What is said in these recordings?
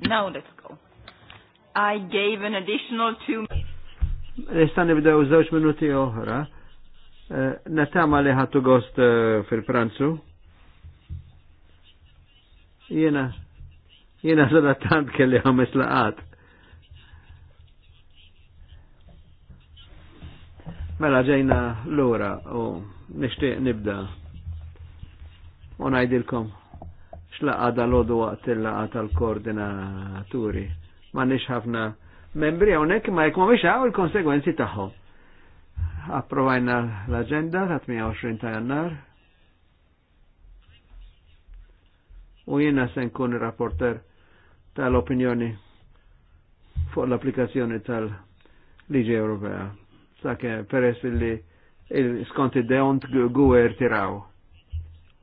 Now let's go. I gave an additional two minutes. Nista nibdew żewġ minuti oħra. Eh, Natama li ħattu gost eh, fil-pranzu. Jena, jena zada tant kelli ħames laqat. Mela ġejna l-ura u nishtiq nibda. Unajdilkom. najdilkom xlaqa dal-ħodu waqt il-laqa tal-koordinaturi. Ma nix ħafna membri għonek ma jek ma biex għaw il konsegwenzi taħħu. Approvajna l-agenda ta' 28 ta' jannar. U jena sen kun il rapporter tal-opinjoni fuq l-applikazzjoni tal-Liġi Ewropea. Sakke peress li il-skonti deont gwer tiraw.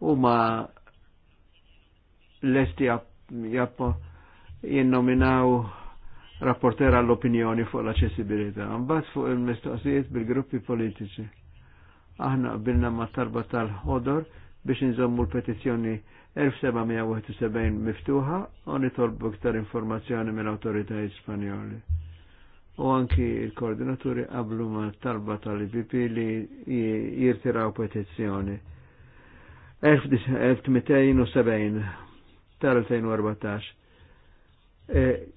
U ma l-esti jappo jinnominaw rapportera l-opinjoni fuq l-accessibilità. Mbagħad fuq il-mistoqsijiet bil-gruppi politiċi. Aħna qbilna ma' tarba tal-ħodor biex nżommu l-petizzjoni 1771 miftuħa u nitolbu iktar informazzjoni mill autoritajiet Spanjoli. U anki il-koordinaturi qablu ma' tarba tal-IPP li jirtiraw petizzjoni. 1770 tal-2014. E,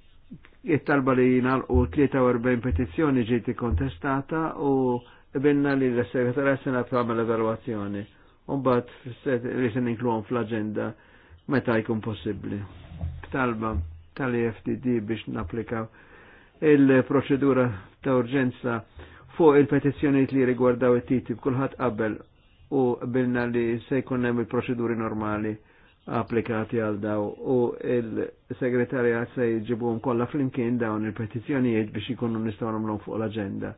it-talba li jinalqu 43 petizzjoni ġieti kontestata u binna li l-segretarja senat l evaluazzjoni. Umbat li se ninkluhom fl-agenda meta jkun possibbli. Talba tal iftd biex naplika il-proċedura ta' urġenza fuq il petizjoni li rigwardaw it-titib kulħadd qabel u bilna li se jkun hemm il-proċeduri normali applikati għal daw u il-segretarjat se jġibuhom kollha flimkien dawn il-petizzjonijiet biex ikunu nistgħu nagħmluhom fuq l-aġenda.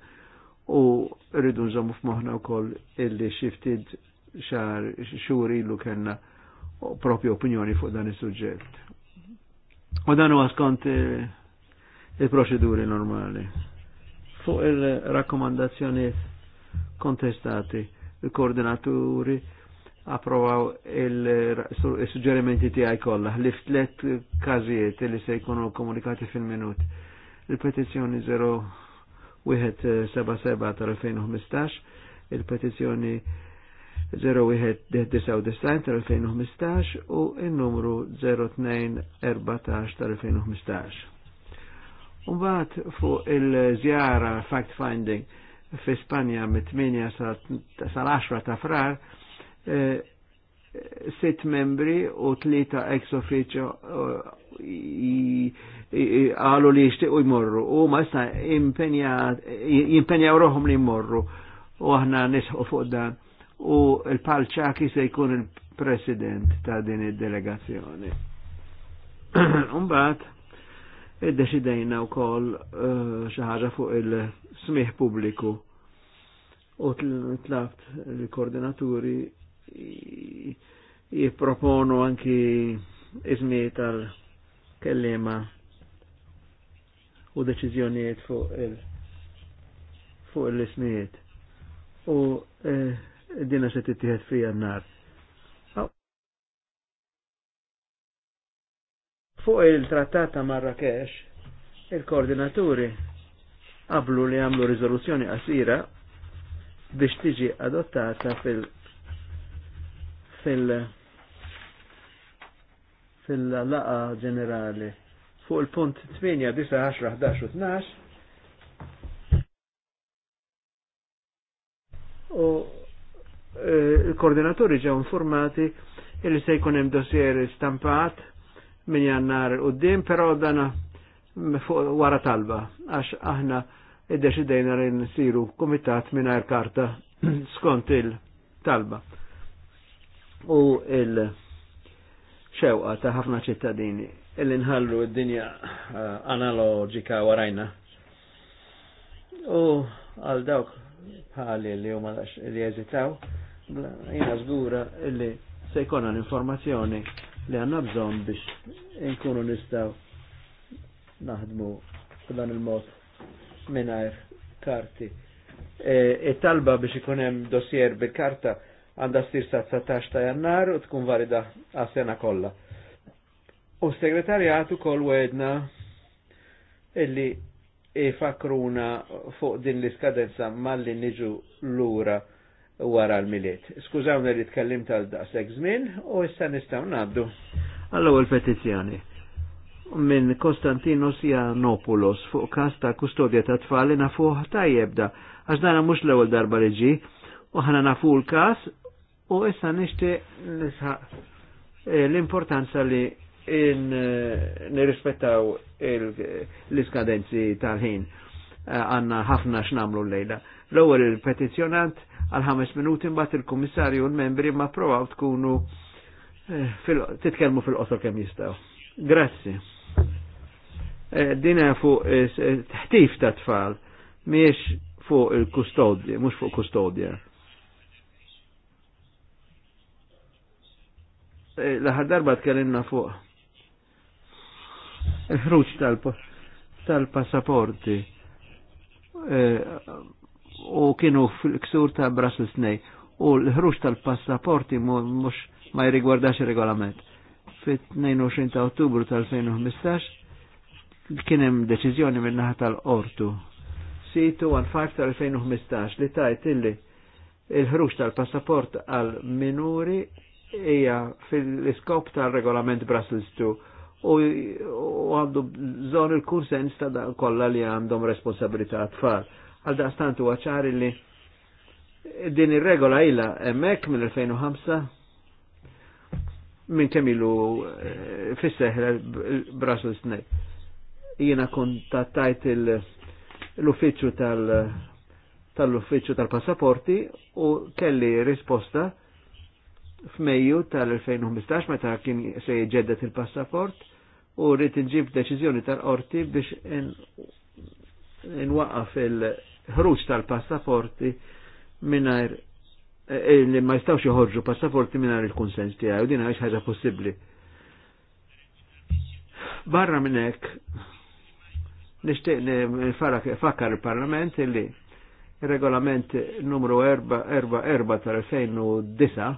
U rridu nżommu f'moħħna wkoll illi xi ftit xar xhur ilu kellna propju opinjoni fuq dan is-suġġett. U dan huwa skont il-proċeduri normali. Fuq il-rakkomandazzjonijiet kontestati, il-koordinaturi, il koordinaturi approvaw il-suġġerimenti tiegħi kollha li f'tlet każijiet li se jkunu komunikati fil-minut. Il-petizzjoni 0177 tal-2015, il-petizzjoni 0199 tal-2015 u il-numru 0214 tal-2015. Umbat fuq il-żjara fact-finding fi Spanja mit-8 sal-10 ta' frar, Eh, sitt membri u tlieta ex officio eh, għalu li u jmorru u ma jista jimpenja uroħum li jmorru u aħna nisħu fuq dan u l-palċaki se jkun il-president ta' din id-delegazzjoni. Umbat, id-deċidejna eh, u koll xaħġa fuq il-smiħ publiku u tlaft il koordinaturi jiproponu anki izmi tal-kellima u deċizjoniet fuq il- fuq l-ismijiet. U eh, dina se tittieħed fija n-nar. Fuq il-trattat ta' Marrakesh, il-koordinaturi qablu li għamlu rizoluzzjoni qasira biex tiġi adottata fil- fil- fil-laqa ġenerali fuq il-punt 8, 9, 10, 11 u 12 e, il-koordinatori ġew informati illi se jkun hemm dossier stampat minn jannar u però dim dana fuq wara talba, għax aħna id-deċidejna li nsiru komitat minn karta skont il-talba u il-xewqa ta' ħafna ċittadini illi nħallu id-dinja eh, analoġika warajna. U għal dawk bħali li huma li jeżitaw, jina żgura illi se jkollna l-informazzjoni li għanna bżon biex inkunu nistaw naħdmu f'dan il-mod mingħajr karti. E, eh, e talba biex ikun hemm dossier bil-karta għandha stirsa sa 19 ta' jannar u tkun valida għas-sena kollha. U s-segretarjat ukoll wedna illi e fakruna fuq din l-iskadenza malli niġu lura wara l-miliet. Skużawna li tkellim tal-daqseg żmien u issa nistgħu naddu. għall-ewwel petizjoni minn Konstantinos Janopoulos fuq kas ta' kustodja ta' tfal nafuħ ta' jebda, għax mux l ewwel darba liġi, u ħana nafu l-kas U issa nixtieq nisħaq eh, l-importanza li eh, nirrispettaw l-iskadenzi tal-ħin eh, għanna ħafna x'namlu l-lejla. L-ewwel il-petizzjonant għal ħames minuti mbagħad il-kummissarju u l-membri ma provaw tkunu titkellmu fil-qosor kemm jistgħu. Grazzi. Dina fuq ħtif ta' tfal, miex fuq il-kustodja, mhux fuq kustodja. Eh, laħar darba tkellimna fuq il-ħruġ tal-passaporti eh, u kienu fil-ksur ta' Brussels nej u l-ħruġ tal-passaporti mux ma jirigwardax il-regolament. Fit-22 ta' ottubru tal-2015 kienem deċizjoni minnaħa tal-ortu. Situ 215 tal-2015 li tajt illi il-ħruġ tal-passaport għal minuri hija fil-iskop tal-regolament Brussels 2 u għandu bżon il-kursens ta' dan kollha li għandhom responsabilità tfal. Għal daqstant huwa ċari li din ir-regola ila hemmhekk mill-2005 minn kemm ilu eh, fisseħ Brussels 2. Jiena kontattajt l-uffiċċju tal- tal-uffiċċju tal-passaporti u kelli risposta f'Mejju tal-2015 meta kien se jġeddet il-passaport u rrit inġib deċiżjoni tal-qorti biex inwaqqaf il-ħruġ tal-passaporti mingħajr eh, eh, li ma jistawx joħorġu passaporti mingħajr il-kunsens tiegħu din għax ħaġa possibbli. Barra minn hekk nixtieq fakkar il-Parlament illi il-regolament numru 4 tal-2009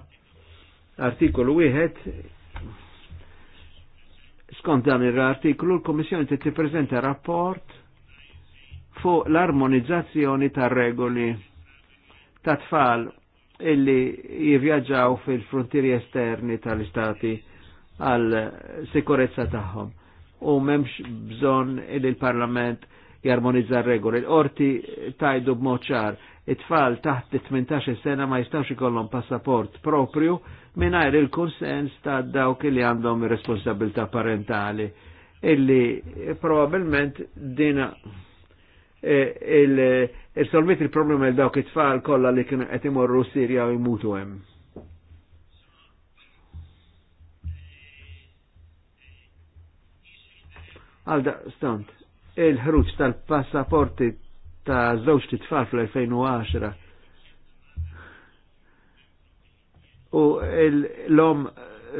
Artikolu wieħed skont dan ir-artiklu l-Kommissjoni trid tippreżenta rapport fuq l-armonizzazzjoni tar-regoli ta' tfal illi jivvjaġġaw fil-frontieri esterni tal-istati għal sikurezza tagħhom. U memx bżonn il parlament jarmonizza regoli. Orti tajdu b'moċar, it-tfal taħt 18 sena ma jistawx ikollhom passaport propju mingħajr il-kunsens ta' dawk li għandhom responsabilità parentali illi probabilment dina e, il-solvit il-problema il dawk it-tfal kolla li kienu qed imorru Sirja u jmutu hemm. Għalda, stant il-ħruġ tal-passaporti ta' żewġ titfal fl-2010 u l-om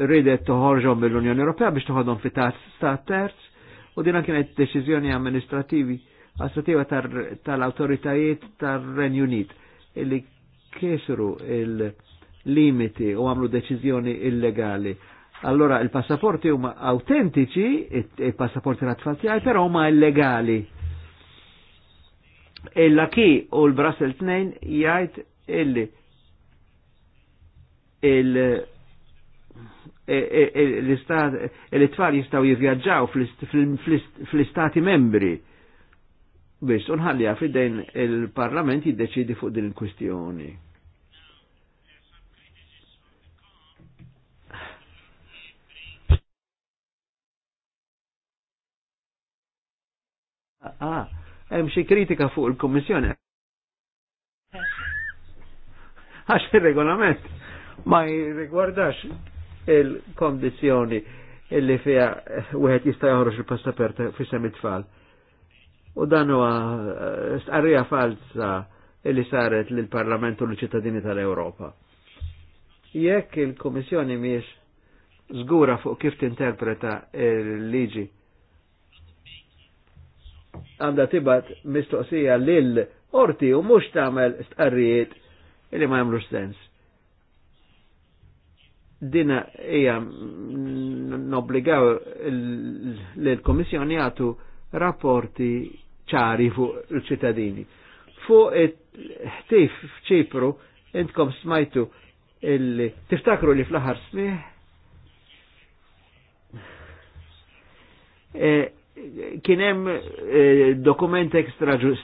ridet toħorġom mill-Unjoni Ewropea biex toħodhom fi stat terz u dina kienet deċiżjoni amministrativi amministrativa tal-autoritajiet tar-Renju Unit illi kesru il-limiti u għamlu deċiżjoni illegali Allora il-passaporti huma autentiċi, il-passaporti tat però huma illegali. E la laki u l Brussels 2 jajt illi il-istat e- e- e- jistaw jivjaġġaw fl-istati membri biex unħallija fid il-parlament jiddeċidi fuq din il-kwistjoni. Ah, ah, hemm xi kritika fuq il-Kummissjoni. Għax il-regolament ma jirrigwardax il-kondizjoni illi fija wieħed jista' joħroġ il-passapert fi semmi tfal. U dan huwa eh, stqarrija falsa illi saret lil parlament u l-ċittadini tal-Ewropa. Jekk il-Kummissjoni miex żgura fuq kif tinterpreta il-liġi għandha tibat mistoqsija lil orti u mhux tagħmel stqarrijiet illi ma jamlux sens. Dina n-obligaw l-Komissjoni għatu rapporti ċari fuq il-ċittadini. Fuq il ħtif f'Ċipru, intkom smajtu illi tiftakru li fl-aħħar smih e, kienem eh, dokument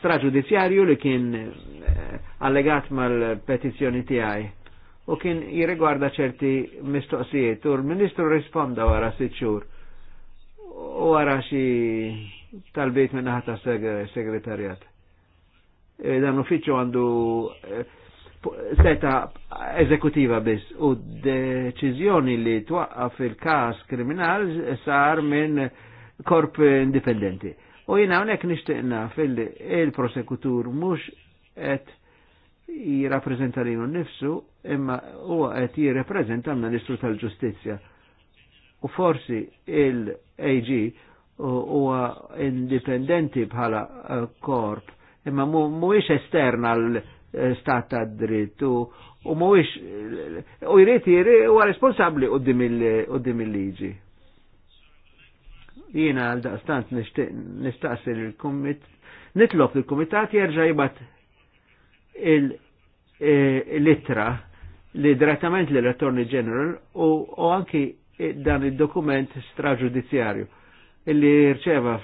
straġudizjarju li kien eh, allegat mal-petizjoni tiegħi u kien jirigwarda ċerti mistoqsijiet u l-ministru risponda wara sitxur u wara xi talbiet minn ħata segretarjat. Eh, dan uffiċċju għandu eh, seta eżekutiva biss u deċiżjoni li twaqqaf il każ kriminal sar minn korp indipendenti. U jina għonek nishtiqna fil-prosekutur mux et jirrapprezenta li nifsu imma u qed jirrapprezenta l-Ministru tal ġustizja U forsi il-AG huwa indipendenti bħala eh, korp imma mhuwiex esterna l-stat eh, ta' drittu u mhuwiex u għal huwa responsabbli d il-liġi. Jiena għal daqstant nistaqsi l-kummit, nitlob il kummitat jerġa jibat il e, ittra li direttament l-Attorney General u anki dan il-dokument straġudizzjarju illi rċeva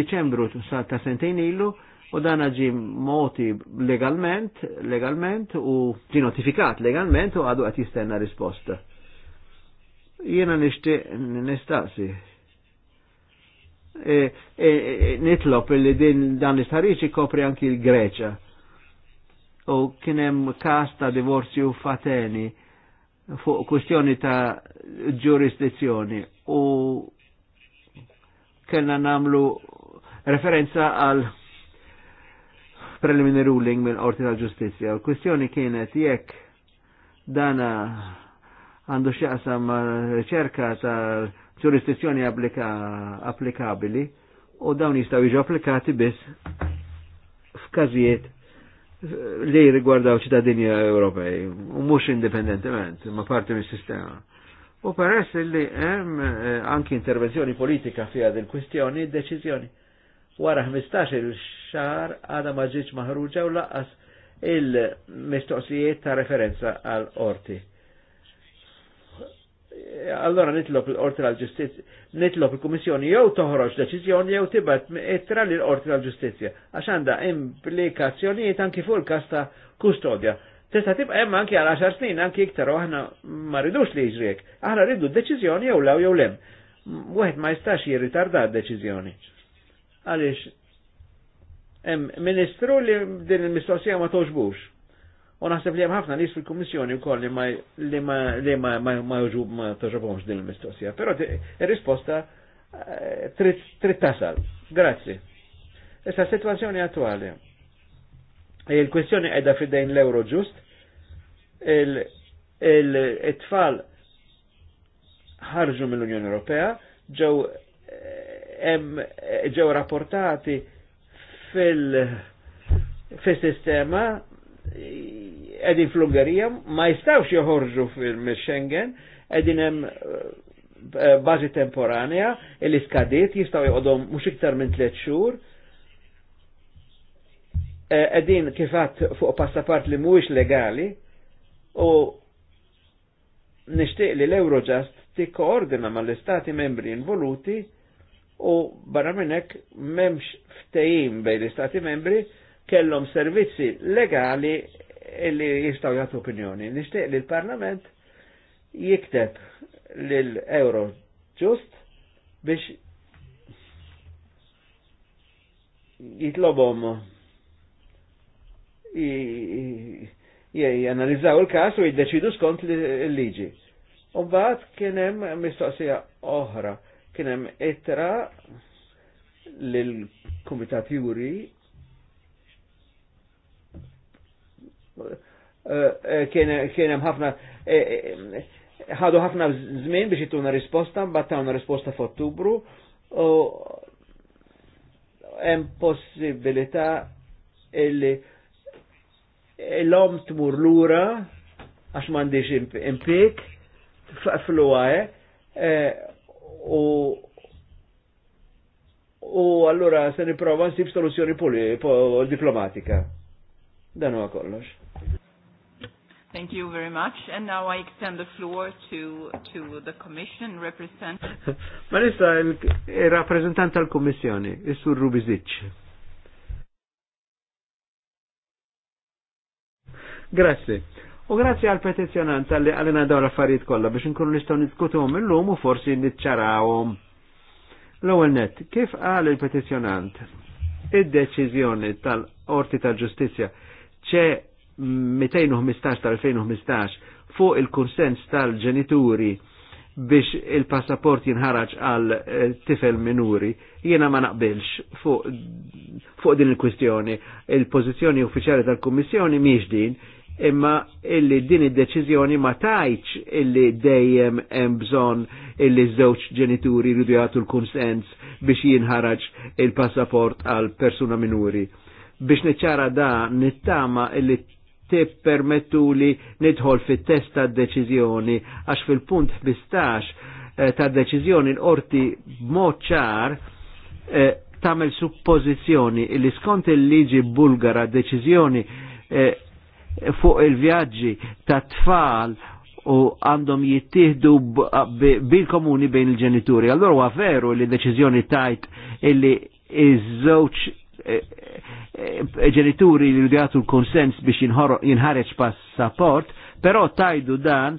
Deċembru ta' sentin ilu u dan ġi moti legalment, legalment u ġi notifikat legalment u għadu għat jistenna risposta. Jena nishti nistaqsi E, e, e, nitlop li din dan l-istħarriċ kopri anki l-Greċa. U kienem kasta divorzju fateni fuq kustjoni ta' ġurisdizzjoni u kellna namlu referenza għal preliminary ruling mill qorti tal-ġustizja. Kwestjoni kienet jekk dana għandu xaqsam riċerka tal- ġurisdizzjoni applikabili u dawn jistaw jiġu applikati biss f'każijiet eh, li rigwardaw ċittadini Ewropej, u mhux indipendentement, ma parti mis sistema U peress li hemm eh, anki intervenzjoni politika fiha il kwistjoni deċiżjoni. Wara 15 il xar għada ma ġietx maħruġa u laqqas il-mistoqsijiet ta' referenza għal orti allora nitlob l-Qorti tal-Ġustizzja, nitlob il-Kummissjoni jew toħroġ deċiżjoni jew tibgħat ittra lil qorti tal-Ġustizzja għax għandha implikazzjonijiet anki fuq il-każ ta' kustodja. Tista' tibqa' hemm anki għal għaxar snin anki iktar u aħna ma rridux li jiġriek. Aħna rridu deċiżjoni jew law jew lem. Wieħed ma jistax jirritarda d-deċiżjoni. Għaliex hemm ministru li din il-mistoqsija ma toġbux U naħseb li hemm ħafna nies fil-Kummissjoni wkoll li ma li ma li ma ma ma toġobhomx din il-mistoqsija. Però ir-risposta eh, trid tasal. Grazzi. Issa situazzjoni attwali. Eh, il-kwestjoni qiegħda fidejn l-euro ġust, il-tfal ħarġu mill-Unjoni Ewropea, ġew eh, ġew rapportati fil-sistema fil sistema edin fl-Ungerija ma jistawx joħorġu fil-Schengen, edin hemm eh, eh, bazi temporanea, li skadiet jistaw jgħodhom mhux iktar minn tliet xhur. Eh, edin kifat fuq passapart li mhuwiex legali u nixtieq li l-Eurojust tikkoordina mal-istati membri involuti u barra minnek memx ftejim bej l-istati membri kellhom servizzi legali illi jistaw jgħatu opinjoni. Nishtiq li l-Parlament jikteb l-Euro ġust biex jitlobom janalizzaw il-kas u jiddeċidu skont l-liġi. Umbat kienem mistoqsija oħra, kienem ittra l-Komitat Juri Eh, eh, kien hemm ħafna eh, ħadu ħafna żmien biex jittuna risposta, mbagħad tawna risposta f'Ottubru u hemm possibilità illi l-om tmur lura għax m'għandix impik fl e u u allura se nipprova nsib soluzzjoni diplomatika. Dan huwa kollox. Thank you very much. And now I extend the floor to, to the Commission representative. Marissa, il-rappresentant tal-Kommissjoni, sur Rubizic. Grazie. U grazie għal petizjonant għalli għalina daw l-affarijiet kollha biex nkunu nistaw nitkutu għom niskutuhom lum u forsi niċċarawhom. l għol net, kif għal il-petizjonant? id deċizjoni tal orti tal ġustizja ċe 215 tal-2015 fuq il-konsens tal-ġenituri biex il-passaport jinħaraġ għal tifel minuri, jiena ma naqbilx fuq, fuq din il-kwistjoni. Il-pozizjoni uffiċjali tal-Kummissjoni miex din, imma illi din id-deċiżjoni ma tajċ illi dejjem hemm bżonn illi żewġ ġenituri jridu jagħtu l-kunsens biex jinħaraġ il-passaport għal persuna minuri. Biex niċċara da nittama illi tippermettu li nidħol fit-test ta' deċiżjoni għax fil-punt 15 eh, ta' deċiżjoni l-qorti moċar ċar eh, tamel suppożizzjoni li skont il-liġi bulgara deċiżjoni eh, fuq il-vjaġġi ta' tfal u għandhom jittihdu bil-komuni bejn il-ġenituri. Allora huwa veru li deċiżjoni tajt illi iż-żewġ Eh, ġenituri li l-għatu l-konsens biex jinħareġ passaport, però tajdu dan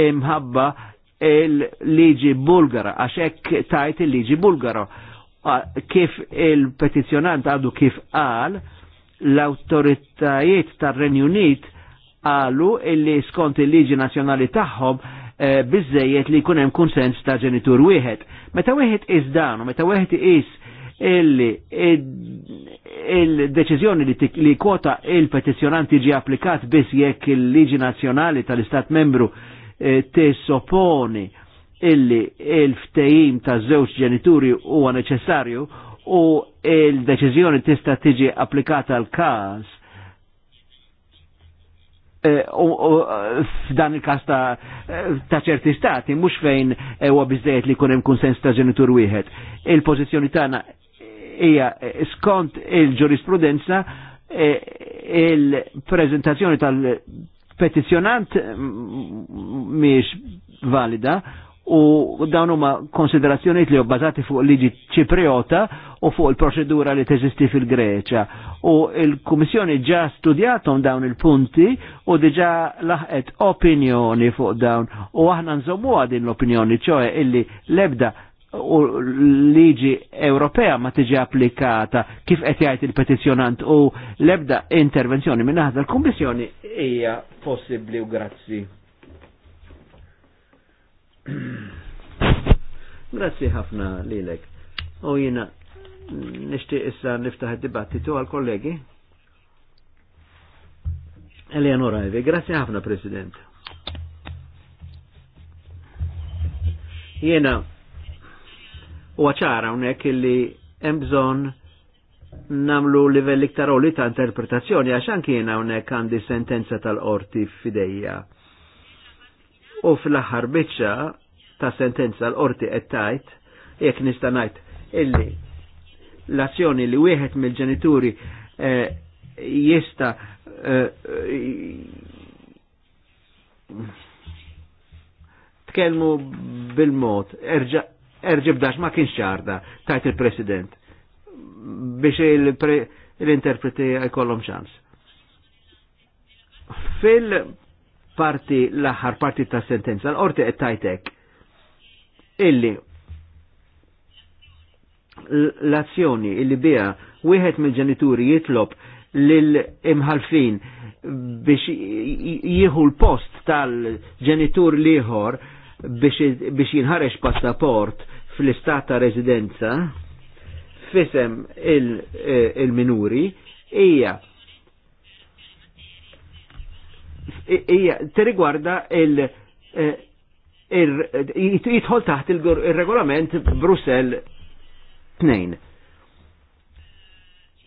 imħabba il-liġi bulgara, għaxek tajt il-liġi bulgara. Kif il-petizjonant għadu kif għal, l-autoritajiet tar-Renju Unit għalu illi skont il-liġi nazjonali tagħhom eh, bizzejiet li kunem konsens ta' ġenitur wieħed. Meta wieħed iż dan u meta wieħed iż illi il-deċizjoni li kwota il-petizjonanti ġi applikat biss jekk il-liġi nazjonali tal-Istat membru eh, sopponi illi il-ftejim ta' żewġ ġenituri huwa neċessarju u il-deċizjoni tista' tiġi applikata l każ eh, f'dan il każ ta' ċerti stati, mhux fejn eh, huwa biżdejjed li jkun hemm kunsens ta' ġenitur wieħed. Il-pożizzjoni tagħna hija eh, skont il-ġurisprudenza eh, il-prezentazzjoni tal-petizjonant miex valida u dawn huma konsiderazzjonijiet li bbażati fuq liġi ċipriota u fuq il-proċedura li teżisti fil-Greċja. U il-Kummissjoni ġa studjatom dawn il-punti u diġa laħqet opinjoni fuq dawn u aħna nżommuha din l-opinjoni, ċoe illi lebda u liġi Ewropea ma tiġi applikata kif qed jgħid il-petizzjonant u l-ebda intervenzjoni minn aħda l-Kummissjoni hija possibbli u grazzi. grazzi ħafna lilek. U jiena nixtieq issa niftaħ id-dibattitu għal-kollegi. Eleonora Evi, grazzi ħafna President. know, u għacħara unek illi jembżon namlu livell iktar li ta' interpretazzjoni, għaxan kiena unek għandi sentenza tal-qorti fidejja. U fl-axar bicċa ta' sentenza l-qorti għettajt, jek nistanajt, illi l-azzjoni li wieħed mill-ġenituri eh, jista eh, eh tkellmu bil-mod, erġa' erġib 11 ma kienx ċarda, tajt il-President, biex l-interpreti kollom ċans. Fil-parti, l-aħħar parti ta' sentenza, l-orti qed tajtek, illi l-azzjoni illi bija wieħed mill-ġenituri jitlob lil-imħalfin biex jieħu l-post tal-ġenitur liħor biex jinħarex passaport fl-istat ta' residenza fisem eh, il-minuri il hija hija tirrigwarda il- eh, jitħol taħt il-regolament Brussel 2.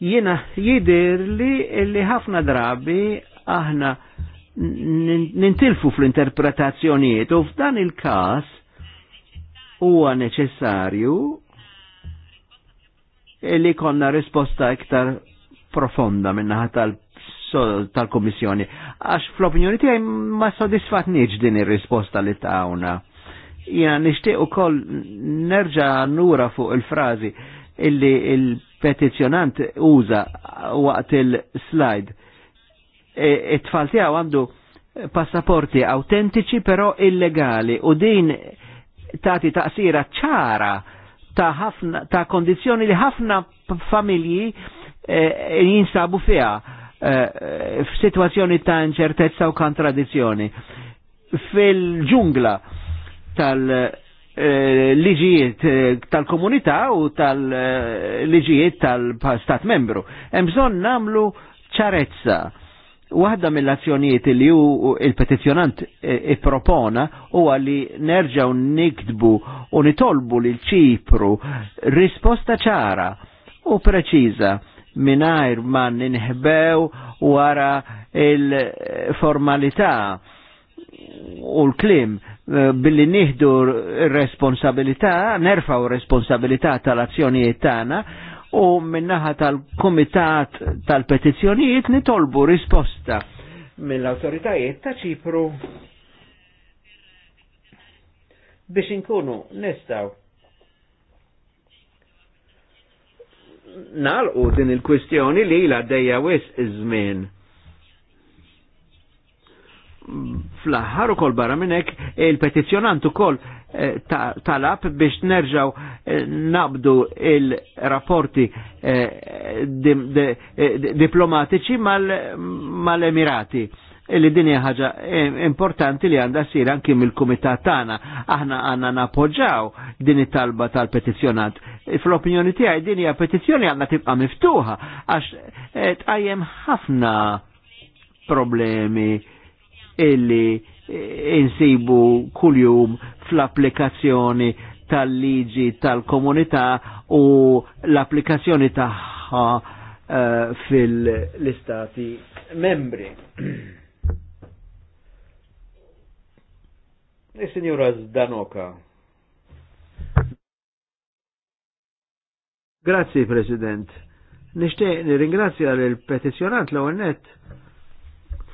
Jiena jidir li li ħafna drabi aħna nintilfu fl-interpretazzjonijiet u f'dan il-każ huwa neċessarju li konna risposta iktar profonda minnaħa tal tal-Komissjoni. Għax fl-opinjoni tiegħi ma sodisfatniġ din ir-risposta li tawna. Ja nixtieq ukoll nerġa' nura fuq il-frażi illi il-petizjonant uża waqt il-slide. E, it-tfal tiegħu għandu passaporti autentiċi però illegali u din tati taqsira ċara ta' ħafna ta' kondizjoni li ħafna familji eh, jinsabu fiha eh, f'sitwazzjoni ta' inċertezza u kontradizzjoni. Fil-ġungla tal-liġijiet eh, eh, tal-komunità u tal-liġijiet tal-stat membru. Hemm bżonn namlu ċarezza Waħda mill-azzjonijiet li ju il-petizjonant e, ippropona huwa li għalli nerġaw nikdbu u nitolbu lil ċipru risposta ċara u preċiża mingħajr ma ninħbew wara il-formalità u l-klim e, billi nieħdu responsabilità, nerfaw responsabilità tal-azzjonijiet tagħna u minnaħa tal-Komitat tal-Petizzjonijiet nitolbu risposta mill-autoritajiet ta' ċipru biex inkunu nistaw nalqu din il-kwistjoni li la dejja wis iż-żmien fl-aħħar ukoll barra minn hekk il-petizzjonant ukoll eh, talab biex nerġaw eh, nabdu il-rapporti eh, diplomatiċi mal-Emirati li din ħaġa importanti li għandha sir anki mill-kumitat tagħna aħna għandna napoġġaw din it-talba tal-petizzjonant. Fl-opinjoni tiegħi din hija petizzjoni għandna tibqa' miftuħa għax tqajjem ħafna problemi illi eh, insibu kuljum fl-applikazzjoni tal-liġi tal-komunità u l-applikazzjoni tagħha uh, fil-istati membri. Il-Signora eh, Zdanoka. Grazzi, President. Nishtiq nirringrazzja l-petizjonant l-għonnet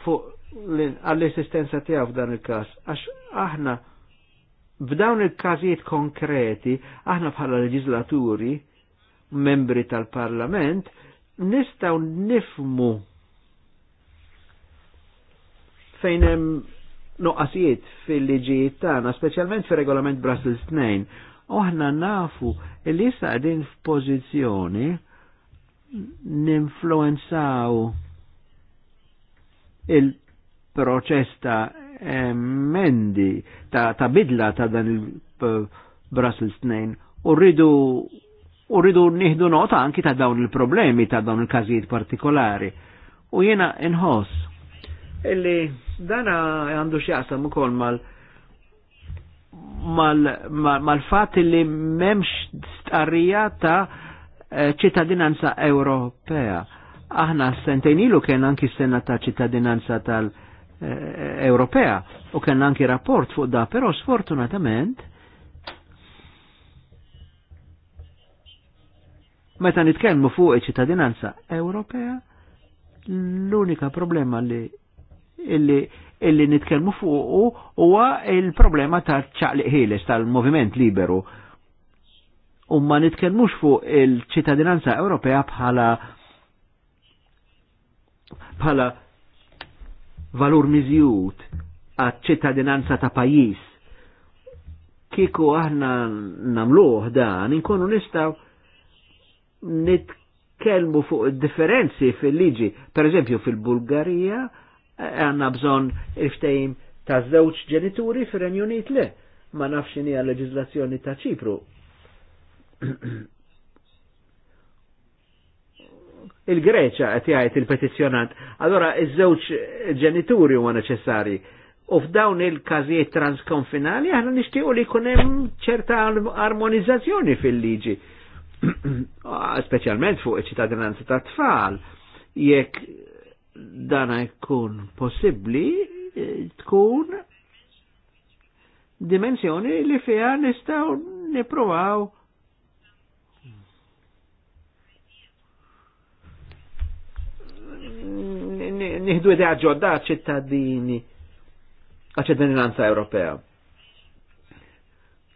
fuq għall-esistenza tiegħu f'dan il-każ għax aħna f'dawn il-każijiet konkreti aħna bħala leġislaturi membri tal-Parlament nistgħu nifmu fejn hemm noqqasijiet fil-liġijiet tagħna, speċjalment fir-regolament Brussels 2, oħna nafu li issa qegħdin f'pożizzjoni ninfluenzaw il proċess ta' emendi eh, ta', ta bidla ta' dan il-Brussels eh, 2 u rridu u rridu nieħdu nota anki ta' dawn il-problemi ta' dawn il-każijiet partikolari. U jiena inħoss illi dana għandu x'jaqsam ukoll mal mal-fat li memx starrija ta' eh, ċittadinanza Ewropea. Aħna sentejnilu kien anki s-sena ta' ċittadinanza tal-Ewropea Eh, Ewropea u kellna anki rapport fuq da, però sfortunatament meta nitkellmu fuq iċ-ċittadinanza Ewropea l-unika problema li illi illi nitkellmu fuq huwa il-problema ta' ċaqliq ħieles tal-moviment liberu. U ma nitkellmux fuq il-ċittadinanza Ewropea bħala bħala valur miżjud għat ċittadinanza ta' pajis. Kiku aħna namluħ dan, inkunu nistaw nitkelmu fuq differenzi fil-liġi. Per eżempju, fil-Bulgarija eh, għanna bżon il ta' żewġ ġenituri fir-Renju Unit le, ma nafx l leġizlazzjoni ta' Ċipru. il-Greċa qed jgħid il-petizzjonant. Allora iż-żewġ ġenituri huwa neċessari. U f'dawn il-każijiet transkonfinali aħna nixtiequ li jkun hemm ċerta armonizzazzjoni fil-liġi. Speċjalment fuq iċ-ċittadinanza ta' tfal. Jekk dan jkun possibbli tkun dimensjoni li fiha nistgħu nippruvaw nihdu id ġodda ċittadini għaċ-ċittadinanza Ewropea.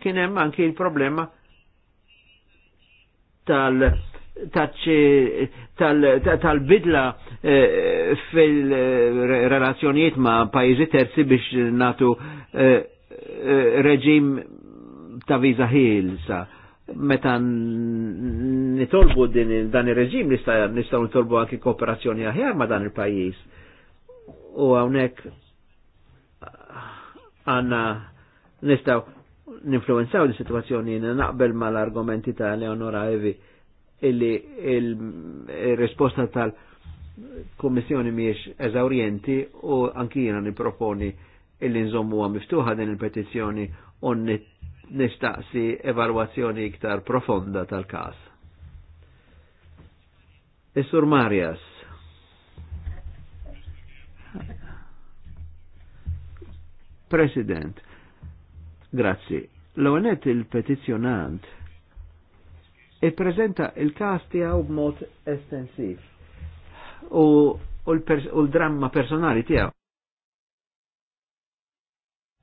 Kien hemm anki il-problema tal tal-bidla eh, fil-relazzjonijiet ma' pajizi terzi biex natu eh, eh, reġim ta' viza ħilsa. Meta nitolbu din dan il reġim nistgħu nitolbu anki kooperazzjoni aħjar ma' dan il-pajjiż u għawnek għanna nistaw ninfluenzaw di situazzjoni naqbel ma l-argumenti ta' Leonora Evi illi il-risposta tal-Kommissjoni miex eżawrienti u anki jena niproponi illi nżommu għam miftuħa din il-petizjoni u nistaqsi evalwazzjoni iktar profonda tal-kas. Isur sur Marjas President, grazzi. l onet il-petizjonant e prezenta il-kas tijaw b-mod estensiv u, l-dramma personali tijaw.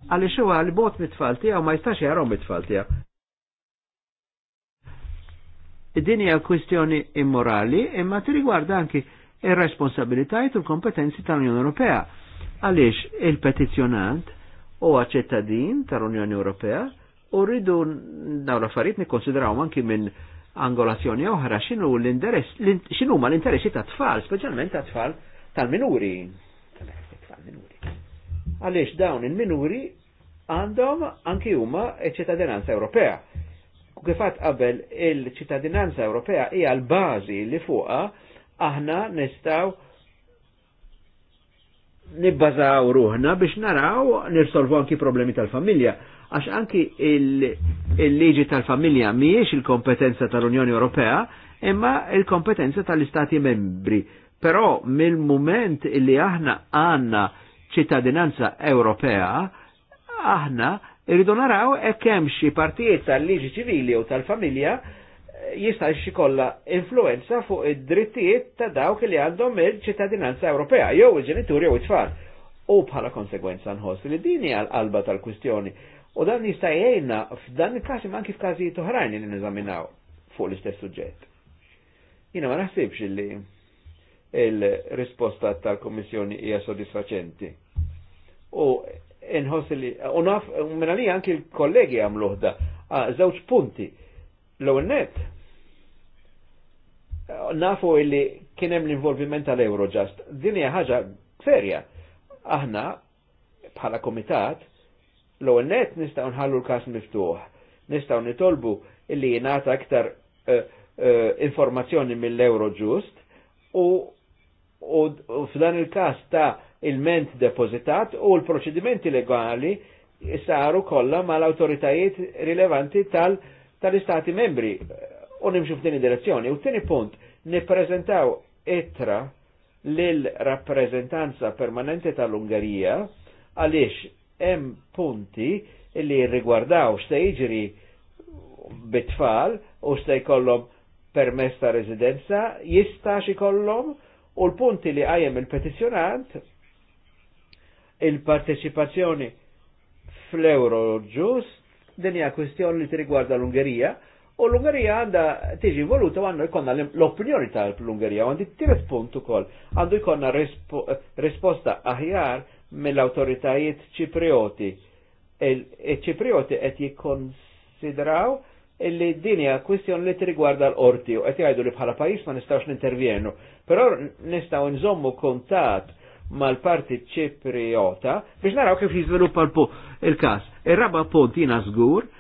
Għalli xo li bot mit-tfal tijaw ma jistax jarom mitfall tfal tijaw. Din hija kwistjoni immorali imma ti rigwarda anki il responsabilitajt u l-kompetenzi tal-Unjoni Ewropea. Għaliex il-petizjonant u ċittadin tal-Unjoni Ewropea u rridu daw l-affarijiet nikkonsidraw anki minn angolazzjoni oħra xinu l-interess, xinu ma l-interessi ta' tfal, specialment ta' tfal tal-minuri. Għaliex dawn il-minuri għandhom anki huma ċittadinanza Ewropea. U kifat qabel il-ċittadinanza Ewropea hija l-bażi li fuqha aħna nistgħu nibbażaw ruħna biex naraw nirsolvu anki problemi tal-familja. Għax anki il-liġi il tal-familja miex il-kompetenza tal-Unjoni Ewropea, imma il-kompetenza tal-Istati membri. Però mill-moment li aħna għanna ċittadinanza Ewropea, aħna irridu naraw e kemm xi partijiet tal-liġi ċivili u tal-familja jista' xikolla influenza fuq id-drittijiet ta' dawk li għandhom il-ċittadinanza Ewropea, jew il-ġenituri jew it-tfal. U bħala konsegwenza nħoss li dini għal-qalba tal-kwistjoni. U dan jista' jgħinna f'dan il-każ imma kif f'każijiet oħrajn li neżaminaw fuq l-istess suġġett. Jiena ma naħsibx li il-risposta tal-Kommissjoni hija sodisfaċenti. U inħoss li u naf minn anki l-kollegi għamluħda ah, żewġ punti l-ewwel net nafu illi kienem l-involviment tal-Eurojust. Din hija ħaġa serja. Aħna bħala komitat l-ewwel net nistgħu nħallu l-każ miftuħ. Nistgħu nitolbu illi jingħata aktar eh, eh, informazzjoni mill-Eurojust u u, u f'dan il-każ ta' il-ment depozitat u l-proċedimenti legali saru kollha mal-awtoritajiet rilevanti tal-istati tal membri u nimxu f'din id-direzzjoni. U t tini punt, nippreżentaw etra l rappreżentanza permanenti tal-Ungarija għaliex hemm punti li rigwardaw xta jiġri bit-tfal u xta jkollom permess ta' residenza, jistax ikollhom u l-punti li għajem il-petizjonant il-parteċipazzjoni fl-Euro Ġus din hija kwestjoni li t-rigwarda l-Ungerija U l-Ungerija għanda tiġi voluta għanna jkonna l-opinjoni tal-Ungerija, għandi t-tiret punt ukoll, għandu jkonna risposta aħjar mill-autoritajiet ċiprioti. Il-ċiprioti qed jikkonsidraw illi din hija kwistjoni li tirigwarda l-qorti u qed jgħidu li bħala pajjiż ma nistgħux nintervjenu. Però nistgħu nżommu kuntat mal-parti ċipriota biex naraw kif jiżviluppa l-każ. Ir-raba punt jiena żgur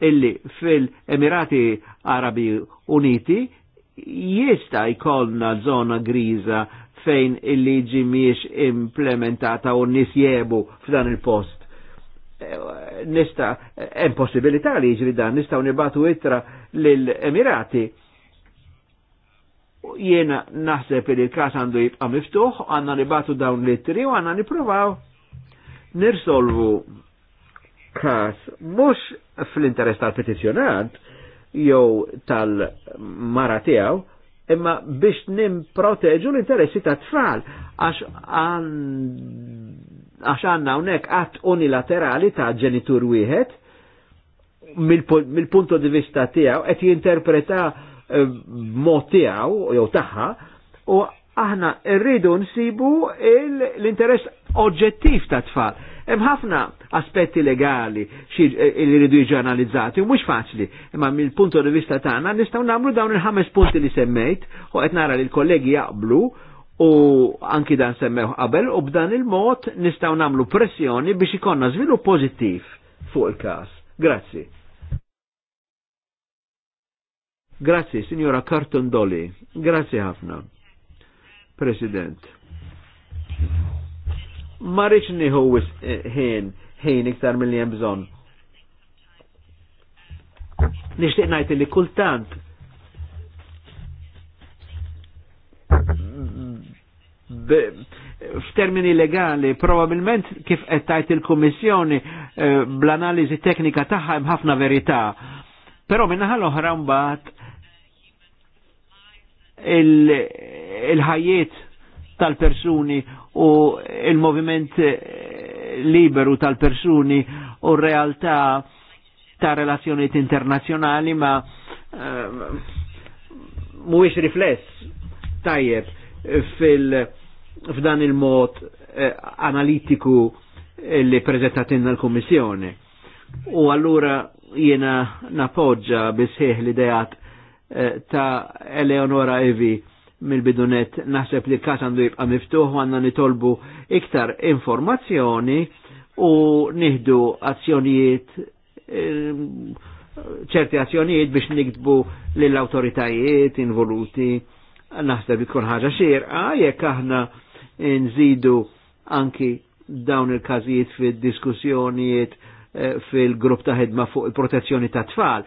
illi fil-Emirati Arabi Uniti jista jkollna zona griża fejn il-liġi miex implementata u nisjebu f'dan il-post. Eh, nista, eh, hemm possibilità li jiġri dan, nista nibatu ittra lill-Emirati. Jiena naħseb li l-kas għandu jibqa' miftuħ, għandna nibatu dawn l-ittri u għanna niprovaw nirsolvu kas mhux fl-interess tal-petizzjonant jew tal-mara tiegħu, imma biex nimproteġu l-interessi ta' tfal għax għanna unek għat unilaterali ta' ġenitur wieħed mill-punto di vista tijaw et jinterpreta eh, mod tijaw jew taħħa u aħna rridu nsibu l-interess oġġettiv ta' tfal. Hemm ħafna aspetti legali eh, li rridu jiġu analizzati, mhux faċli, imma mill-punto di vista tagħna nistgħu nagħmlu dawn il-ħames punti li semmejt, u qed nara li l-kollegi jaqblu u anki dan semmew qabel u b'dan il-mod nistgħu nagħmlu pressjoni biex ikonna żvilupp pożittiv fuq il-każ. Grazzi. Grazzi, signora Carton Dolly. Grazzi ħafna. President. Ma rridx nieħu eh, ħin ħin iktar mill-li hemm bżonn. Nixtieq ngħid li kultant f'termini legali probabilment kif qed tajt il-Kummissjoni eh, bl-analiżi teknika tagħha hemm ħafna verità. Però minnaħa l-oħra mbagħad il-ħajjiet tal-persuni u il-moviment liberu tal-persuni u realtà ta' relazzjoniet internazzjonali ma uh, mhuwiex rifless tajjeb fil f'dan il-mod eh, analitiku li prezentatinna l-Kommissjoni. U allura jiena napoġġa bisħieħ l-idejat eh, ta' Eleonora Evi mill-bidunet naħseb li kas għandu jibqa miftuħ għanna nitolbu iktar informazzjoni u nieħdu azzjonijiet ehm, ċerti azzjonijiet biex nikdbu lill-autoritajiet involuti naħseb li tkun ħaġa xierqa jekk aħna nżidu anki dawn il-każijiet fid-diskussjonijiet fil-grupp ta' ħidma fuq il-protezzjoni ta' tfal.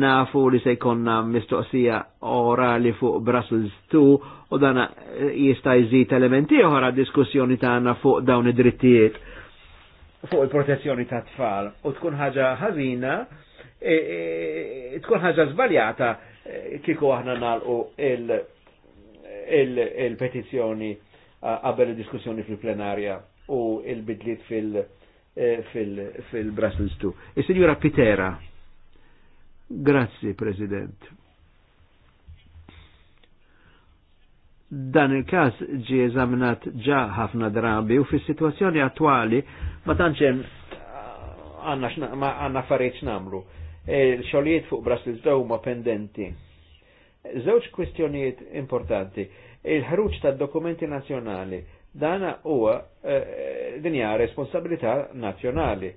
Nafu li se jkonna mistoqsija orali fuq Brussels 2 u dana jista' jżid elementi oħra diskussjoni tagħna fuq dawn id-drittijiet fuq il-protezzjoni ta' tfal u tkun ħaġa ħażina e, e, tkun ħaġa żbaljata e, kieku aħna nagħlqu il-petizzjoni il, il qabel id-diskussjoni fil-plenarja u il-bidliet fil-plenarja Eh, fil-Brussels 2. il e signora Pitera. Grazzi, President. Dan il-kas ġi eżaminat ġa ħafna drabi u fis situazzjoni attwali ma tanċen eh, għanna fariet namlu. Il-xolijiet e fuq Brussels 2 ma pendenti. Zewċ kwestjonijiet importanti. Il-ħruċ tad dokumenti nazjonali Dan huwa eh, eh, dinja responsabilità nazzjonali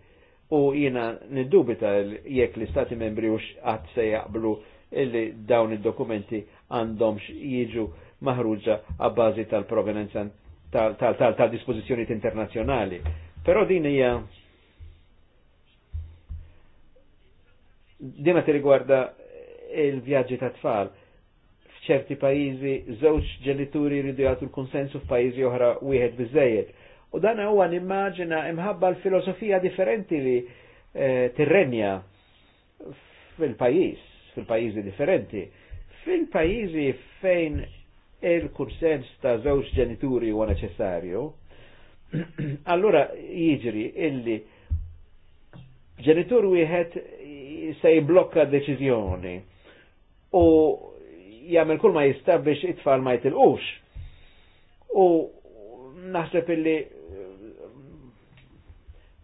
u jina niddubita jekk l-istati membri u xqat se jaqblu illi dawn id-dokumenti għandhomx jiġu maħruġa għabbażi tal-provenenza tal-dispozizjoniet internazjonali. Pero din hija dina ti riguarda il-vjaġġi ta' tfal ċerti pajizi żewġ ġenituri jridu jagħtu l-konsensu f'pajjiżi oħra wieħed biżejjed. U dan huwa nimmaġina imħabba l-filosofija differenti li eh, tirrenja fil-pajjiż, fil-pajjiżi differenti. Fil-pajjiżi fejn il-kursens ta' żewġ ġenituri huwa neċessarju, allura jiġri illi ġenitur wieħed se jiblokka deċiżjoni u jgħamil kull ma jista' biex it-tfal ma jitilqux. U naħseb illi eh,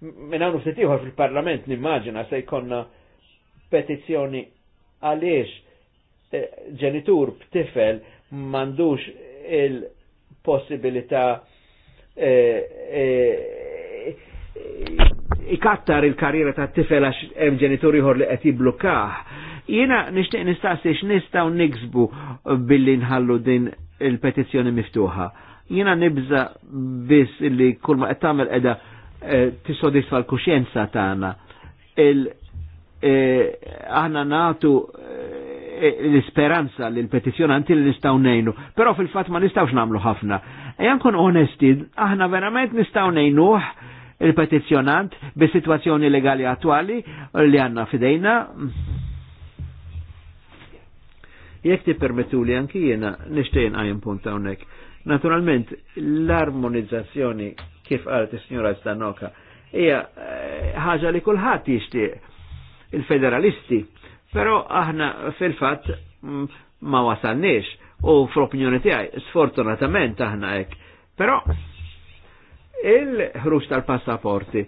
minn hawn ftit ieħor fil-Parlament nimmaġina se jkollna petizzjoni għaliex eh, ġenitur b'tifel m'għandux il-possibilità eh, ikattar il-karriera ta' tifel għax hemm ġenitur ieħor li qed jibblukkaħ jina nishtiq nistaqsi x'nistgħu niksbu billi nħallu din il-petizzjoni miftuħa. Jina nibża biss li kull ma qed tagħmel qiegħda eh, tissodisfa l-kuxjenza tagħna. Eh, aħna nagħtu eh, l-isperanza li l għanti li nistaw nejnu. Pero fil-fat ma nistawx namlu ħafna. Ejan kun onesti, aħna verament nistaw nejnuħ il-petizjonant bi situazzjoni legali attuali li għanna fidejna Jek ti permettu li anki jena nishtejn għajn punt għonek. Naturalment, l-armonizzazzjoni kif għalet il-Signora Stanoka hija eh, ħaġa li kulħadd jixtieq il-federalisti, però aħna fil-fatt mm, ma wasalniex u fl-opinjoni tiegħi sfortunatament aħna hekk. Però il-ħruġ tal-passaporti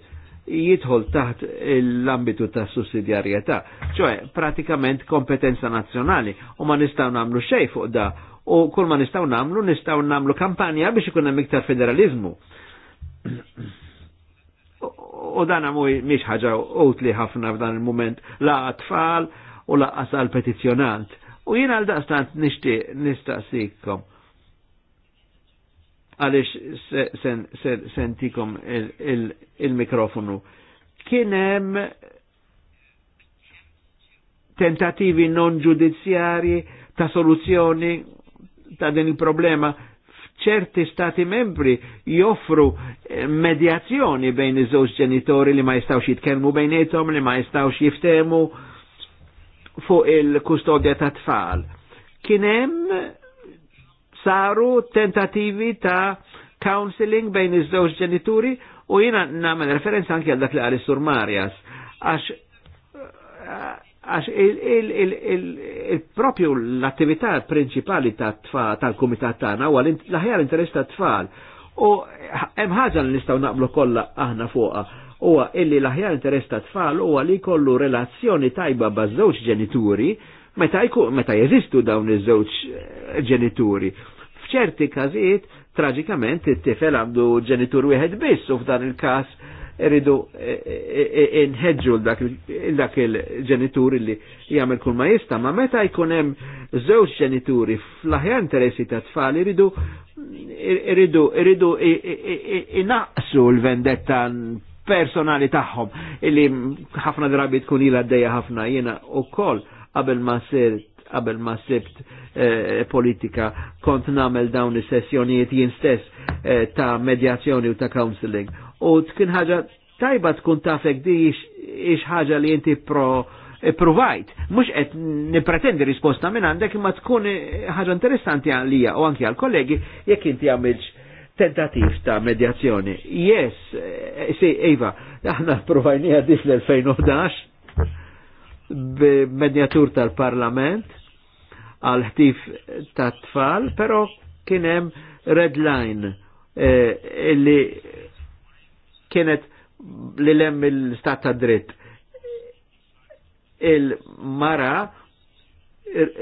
jidħol taħt l-ambitu ta' sussidjarjetà, ċoħe pratikament kompetenza nazzjonali u ma nistaw namlu xej fuq da u kull ma nistaw namlu nistaw namlu kampanja biex ikun hemm iktar federalizmu. u dan mhuj mhix ħaġa utli ħafna f'dan il-mument la tfal u laqqas għal petizzjonant. U jien għal daqstant nixtieq nistaqsikom għalix sentikom il-mikrofonu. Kienem tentativi non ġudizzjari ta' soluzzjoni ta' din il-problema ċerti stati membri joffru eh, medjazzjoni bejn iż-żewġ ġenitori li ma jistawx jitkellmu bejnietom, li ma jistawx jiftemu fuq il-kustodja ta' tfal. Kien hemm saru tentativi ta' counseling bejn iż-żewġ ġenituri u jina nagħmel referenza anke għal dak li għal sur Marjas għax għax il-propju l-attività principali ta' tal-kumitat tagħna huwa l-aħjar interess ta' tfal. U hemm ħaġa li nistgħu naqblu kollha aħna fuqha huwa illi l-aħjar interess ta' tfal huwa li kollu relazzjoni tajba baż-żewġ ġenituri meta meta jeżistu dawn iż-żewġ eh, ġenituri. F'ċerti każijiet traġikament it-tifel għandu ġenitur wieħed biss u f'dan il-każ irridu eh, eh, inħedġu dak il-ġenituri li jagħmel kull ma jista, ma meta jkun hemm żewġ ġenituri fl-aħjar interessi ta' tfal iridu iridu iridu inaqsu l-vendetta personali tagħhom illi ħafna drabi tkun ilha għaddejja ħafna jiena ukoll qabel ma sirt qabel ma sibt eh, politika kont namel dawn is-sessjonijiet jien stess eh, ta' medjazzjoni u ta' counseling. U tkun ħaġa tajba tkun tafek di ix ħaġa li inti pro eh, provajt, mux qed nipretendi risposta minn għandek imma tkun eh, ħaġa interessanti għalija u anki għal kollegi jekk inti għamilx tentativ ta' medjazzjoni. Yes, eh, si, Eva, aħna provajni dis l-2011 b-medjatur tal-Parlament għal ħtif ta' tfal, però kien hemm red line eh, illi kienet li lem il-stat ta' dritt. Il-mara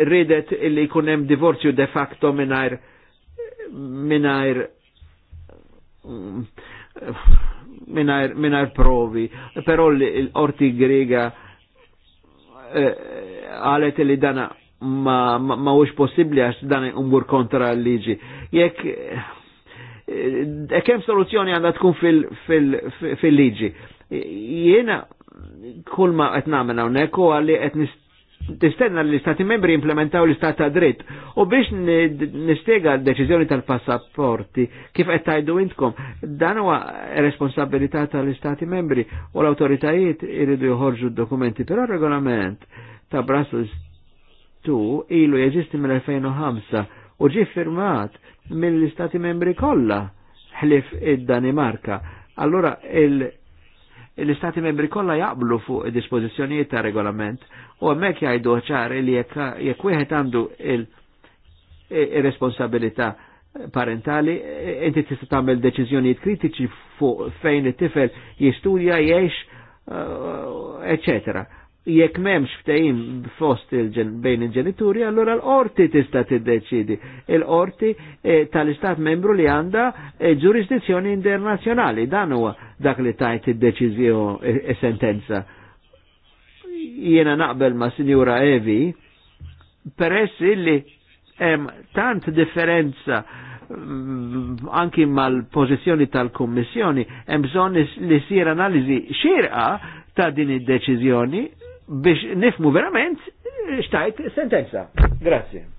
ridet illi kunem hemm divorzju de facto mingħajr mingħajr minar, minar provi, però l-orti grega Eh, għalet li dana ma, ma, possibli għax dan umbur kontra l-liġi. Jekk hemm eh, eh, soluzzjoni għandha tkun fil-liġi. Fil, fil, fil kull ma qed nagħmel hawnhekk huwa li qed tistenna li l-Stati membri implementaw l-Istat ta' dritt. U biex nistega l deċiżjoni tal-passaporti, kif qed tajdu intkom, dan huwa responsabilità tal-Istati membri u l-autoritajiet iridu joħorġu d-dokumenti, però regolament ta' Brussels 2 ilu jeżisti mill-2005 u ġi firmat mill-Istati membri kollha ħlif id-Danimarka. Allora il- l-istati membri kollha jaqblu fuq dispożizzjonijiet ta' regolament u hemmhekk jgħidu ċar li jekk wieħed għandu il-responsabilità parentali, inti tista' tagħmel deċiżjonijiet kritiċi fuq fejn it-tifel jistudja jgħix, eccetera eh, jekk memx ftehim fost bejn il-ġenituri, allora l-orti tista' tiddeċidi. Il-orti tal-istat membru li għanda ġurisdizzjoni internazzjonali, dan huwa dak li tajt id-deċiżjoni sentenza. Jiena naqbel ma' Sinjura Evi, peress illi hemm tant differenza anki mal-pożizzjoni tal-Kummissjoni, hemm bżonn li sir analiżi xirqa ta' din id-deċiżjoni biex nifmu verament xtajt sentenza. Grazie.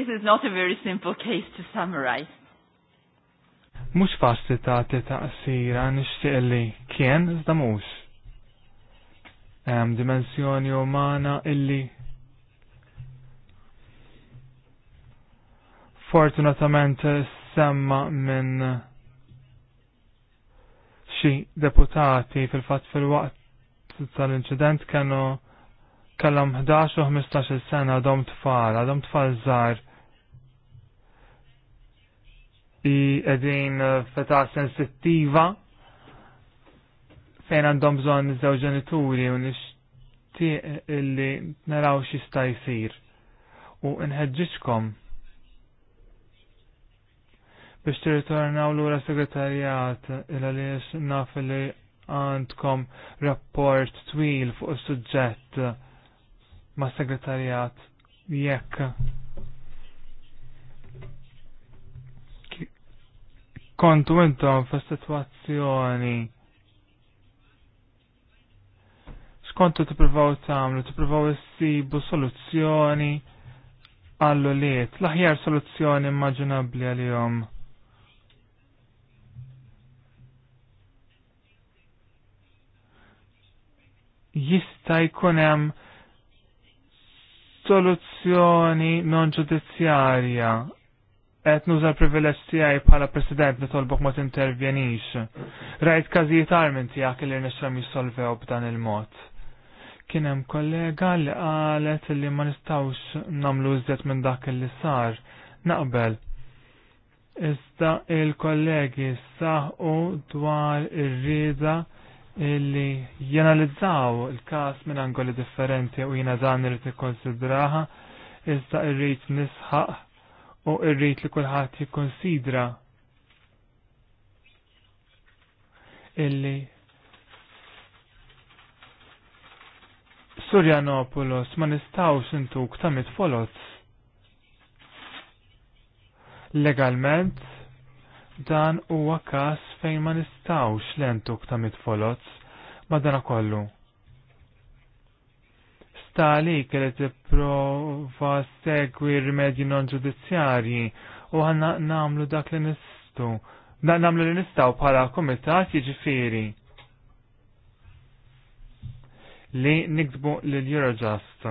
this is not a very simple case to summarize. Mux fasti ta' ti ta' taqsira nixtieq li kien iżda mhux. dimensjoni umana illi fortunatament semma minn xi deputati fil-fatt fil-waqt tal incident kienu kellhom 11 u 15 sena għadhom tfal, għadhom tfal żgħar i edin eh, feta sensittiva fejn għandhom bżon żew ġenituri u nixtieq illi naraw x'ista jsir. U nħeġġiġkom biex tirritornaw lura segretarjat il għaliex naf li għandkom rapport twil fuq is-suġġett ma' segretarjat jekk kontu intom fa' situazzjoni skontu t-provaw tamlu, t-provaw s-sibu soluzzjoni għallu liet, l-aħjar soluzzjoni immaġinabli għal-jom. Jista jkunem soluzzjoni non ġudizzjarja qed nuża l-privileġġ tiegħi bħala President nitolbok ma tintervjenix. Rajt każijiet armin tiegħek li nixtram jissolvew b'dan il-mod. Kien hemm kollega li qalet li ma nistgħux nagħmlu iżjed minn dak li sar. Naqbel. Iżda il-kollegi saħu dwar ir-rieda illi jenalizzaw il-kas minn angoli differenti u jena dan irrid ikkonsidraha iżda irrid nisħaq u irrit li kulħadd jikkonsidra illi Surjanopoulos ma nistawx intuk ta' folot Legalment, dan huwa każ fejn ma nistawx l-entuk ta' mitfolot ma dana kollu tali kellet prova segwi rimedji non ġudizzjarji u għanna namlu dak li nistu. Da namlu li nistaw bħala komitat jġifiri. Li nikdbu l-Eurojust.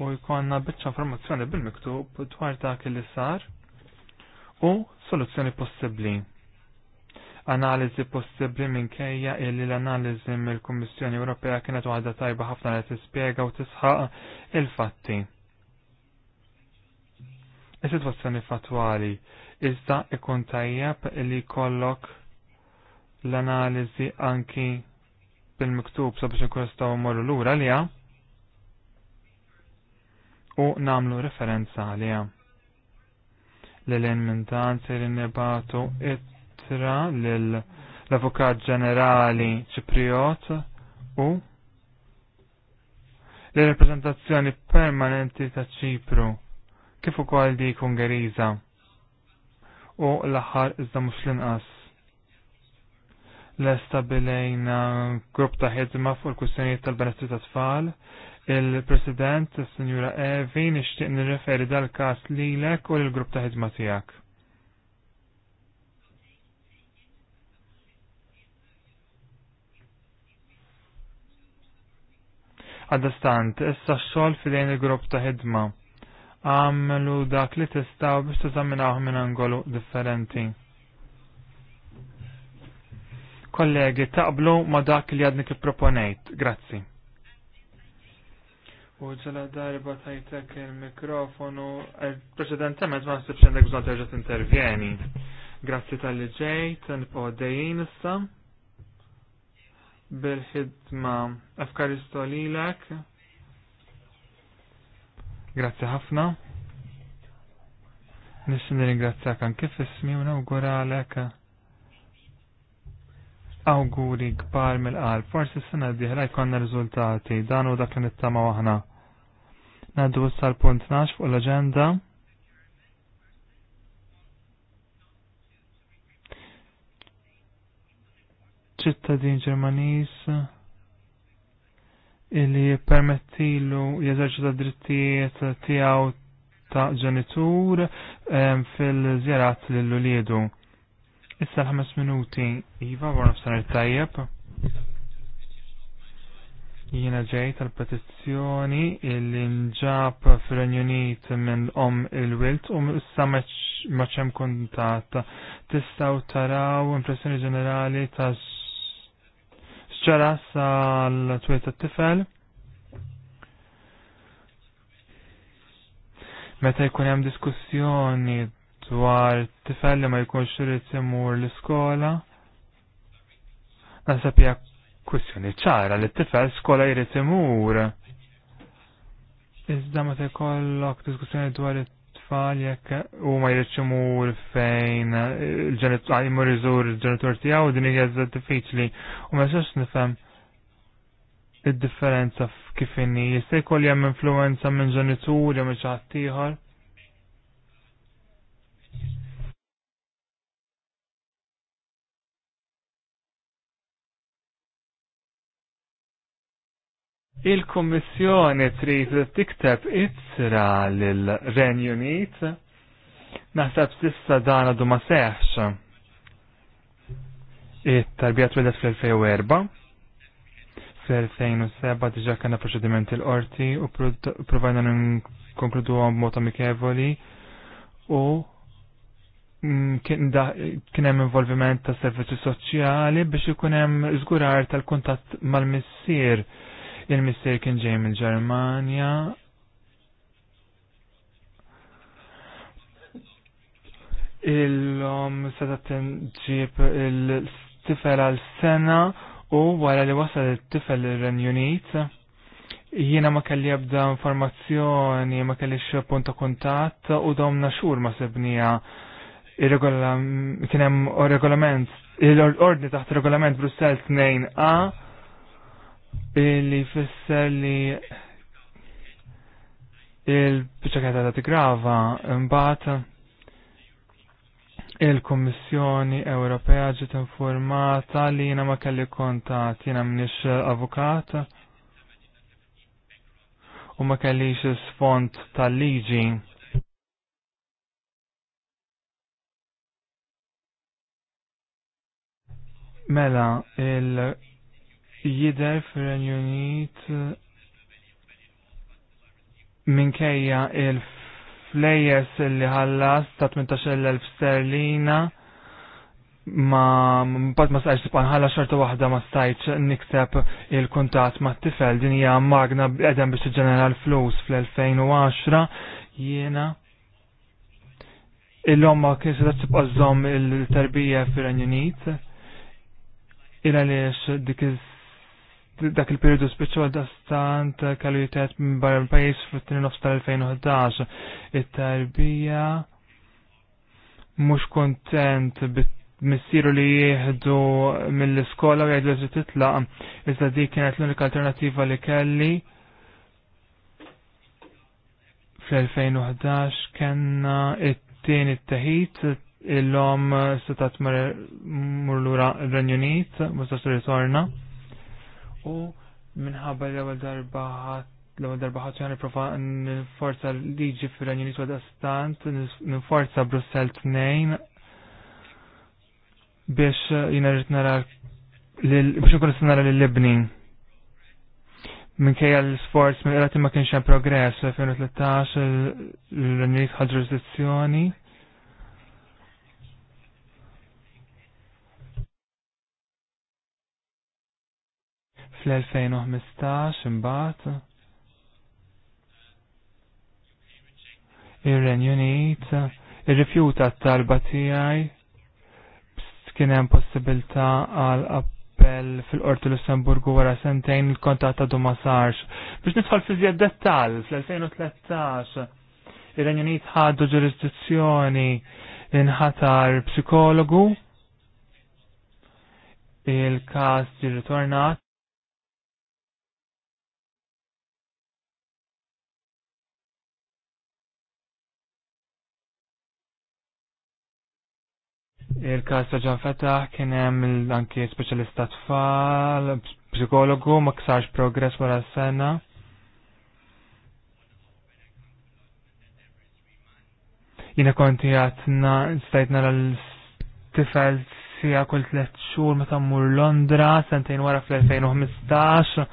U jkonna bieċa informazzjoni bil-miktub dwar dak li sar u soluzzjoni possibli analiżi possibbli minkejja illi l-analiżi mill-Kummissjoni Ewropea kienet waħda tajba ħafna li tispjega u tisħaq il-fatti. Is-sitwazzjoni fatwali iżda ikun tajjeb li kollok l-analiżi anki bil-miktub sabiex nkun nistgħu mmorru lura liha u namlu referenza għaliha. l minn dan se nibatu it ittra l-Avukat Ġenerali Ċipriot u l-reprezentazzjoni permanenti ta' Ċipru kif ukoll dik Ungeriża u l-aħħar iżda mhux l-inqas. L-estabilejna grupp ta' ħidma fuq il-kwistjonijiet tal-benessri ta' tfal, il-President, il-Sinjura Evi, nixtieq nirreferi dal-każ lilek u l-grupp ta' ħidma tiegħek. Għadastant, issa xol fil-lejn il-grupp ta' ħidma. Għamlu dak li testaw biex tazaminaw minn angolu differenti. Kollegi, taqblu ma dak li għadni proponejt. Grazzi. U ġala darba tajtek il-mikrofonu, eh, preċedentement ma nsibx għandek bżon terġa' intervjeni. Grazzi tal-li ġejt, nipodejjin issa bil-ħidma Afkaristo lilek. Grazzi ħafna. Nissin ringrazzjak anke f'ismi u għalek. awguri kbar mill-qalb. Forsi s-sena diħla jkollna riżultati dan u dak li nittama waħna. Naddu s-sal punt naċ fuq l agenda ċittadin Ġermaniż illi jippermettilu jeżerċita drittijiet tiegħu ta' ġenitur fil-żjarat lil uliedu Issa l-ħames minuti, Iva, għor nafsan il-tajjeb. Jiena ġej tal-petizzjoni illi nġab fil-Unit minn om il-wilt u issa maċem kontat. Tistaw taraw impressjoni ġenerali ta' x'ġara għal twiet t tifel Meta jkun hemm diskussjoni dwar tifel li ma jkunx irid imur l-iskola, naħseb hija kwistjoni ċara li t-tifel skola jrid imur. Iżda meta jkollok diskussjoni dwar it tfal jekk u ma jirċimu fejn il-ġenitur ah, jmur iżur il-ġenitur tiegħu din hija żed diffiċli u ma jistax nifhem id-differenza f'kif inni jista' jkoll hemm influenza minn ġenitur jew minn xi ħadd ieħor. il-Kommissjoni trid tikteb ittra lil-Ren Unit naħseb sissa dan għadu ma seħx. It-tarbija twelet fl-2004 fl-2007 diġa kena proċedimenti l-orti u provajna n-konkludu għom mota mikevoli u kien hemm involviment ta' servizzi soċjali biex ikun hemm żgurar tal-kuntatt mal-missier il-mister kien ġej mill-Ġermanja. Il-om seta ġib il-tifel għal-sena u wara li wasal il-tifel il-Renjunit. Jiena ma kelli ebda informazzjoni, ma kelli punt ta' kuntatt u domna xur ma sebnija il-regolament, regolament, il-ordni taħt regolament Brussel 2A Illi fisser li il-bċakata ta' tigrava imbat il-Kommissjoni Ewropea ġiet informata li jiena ma kelli kontat jiena m'nix avukat u ma kellix sfond tal-liġi. Mela, il- jider fir-Renju minkejja il-flejers li ħallas ta' 18.000 sterlina ma mbagħad ma stajx tibqa' nħalla xorta waħda ma stajtx nikseb il-kuntatt ma' tifel din hija magna qegħdem biex tiġġenera l-flus fl-2010 jiena illum ma kienx qed tibqa' żomm il-tarbija fir-Renju Unit ira li dik dak il-periodu speċjal da stant kellu minn barra l-pajis fit-tini tal-2011. It-tarbija mhux kontent missiru li jieħdu mill-iskola u jgħidu li titla, iżda dik kienet l-unika alternativa li kelli fl-2011 kena it-tieni it-teħid il-lom setat mur l-ura Renjunit, mustax ritorna u minħabba l-ewwel darba l-ewwel darba ħadd ġani prova nforza liġi fir-Renju Unit wada stant, nforza Brussell tnejn biex jina rrit nara biex ikun nara l Libnin. Minkejja l-sforz minn qrati ma kienx hemm progress 2013 l-Renju Unit ħaġ ġurisdizzjoni fl-2015 imbagħad ir-Renju Unit irrifjuta t-talba tiegħi kien hemm possibilità għal appell fil-Qorti Lussemburgu wara sentejn il-kontatt għadu ma sarx. Biex nidħol fi żjed dettall fl-2013 ir-Renju Unit ħaddu ġurisdizzjoni inħatar psikologu il-kas ġi ritornat il-kas ta' ġan fetaħ kien hemm anki speċjalista tfal, psikologu ma ksarx progress wara s-sena. Jina konti għatna, stajtna l-tifel sija kull tlet xhur meta mmur Londra, sentejn wara fl-2015.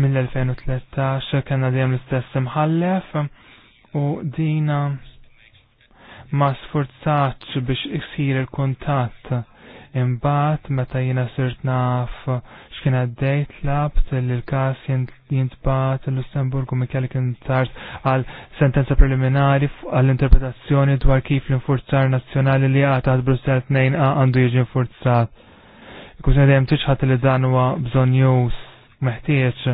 Mill-2013 kena dejjem l-istess imħallef u dina ma sforzaċ biex iksir il kontat Imbat, meta jina sirt naf xkien għaddejt labt li l-kas jintbat l-Lussemburgu mikkel kien tart għal sentenza preliminari għall-interpretazzjoni dwar kif l-infurzar nazjonali li għad Brussel 2 għandu jieġi infurzat. Kusna dejjem tiċħat li dan huwa bżonn jus meħtieġ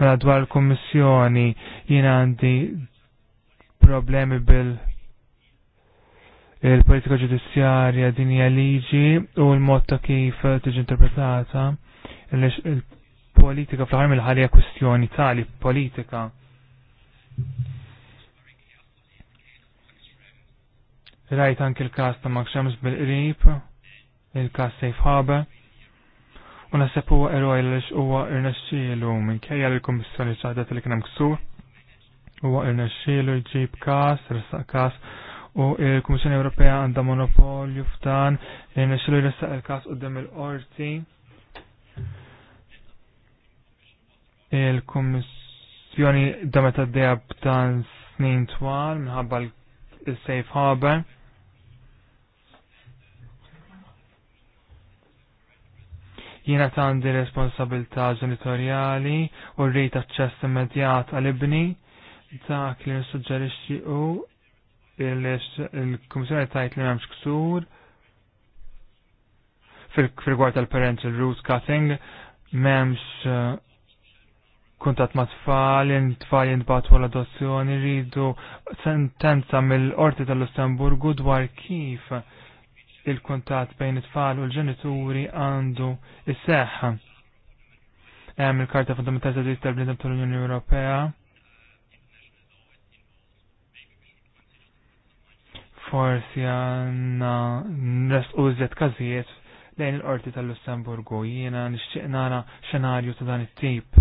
mela dwar l-Kummissjoni jien għandi problemi bil- il-politika ġudizzjarja din hija liġi u l-mod ta' kif tiġi interpretata il-politika fl-ħar mill-ħalija kwistjoni tali politika. Rajt anki l-kas ta' Makxams bil-qrib, il-kas Safe Harbor, u nasib huwa eroj li huwa irnexxielu minkejja l-Kummissjoni ċaħdet li kien hemm ksur, huwa irnexxielu jġib kas, ressaq kas, kas u il-Kummissjoni Ewropea għandha monopolju f'dan li nixxilu jressaq il-każ dem il-qorti. Il-Kummissjoni damet għaddejja b'dan snin twal minħabba il safe harbor. jiena għandi responsabilità ġenitorjali u rrit aċċess immedjat għal ibni dak li nissuġġerixxi u il-Komissjoni tajt li memx ksur fil gwart tal-parental root cutting memx uh, kuntat ma tfal, tfal jintbat wara adozzjoni rridu sentenza mill-Qorti tal-Lussemburgu dwar kif il-kuntat bejn it-tfal u l-ġenituri għandu is-seħħa. Hemm il-Karta Fundamentali tal-Bniedem tal-Unjoni Ewropea forsi għanna nresqu użet kazijiet lejn il-qorti tal-Lussemburgu jiena nixtieq nara xenarju ta' dan it-tip.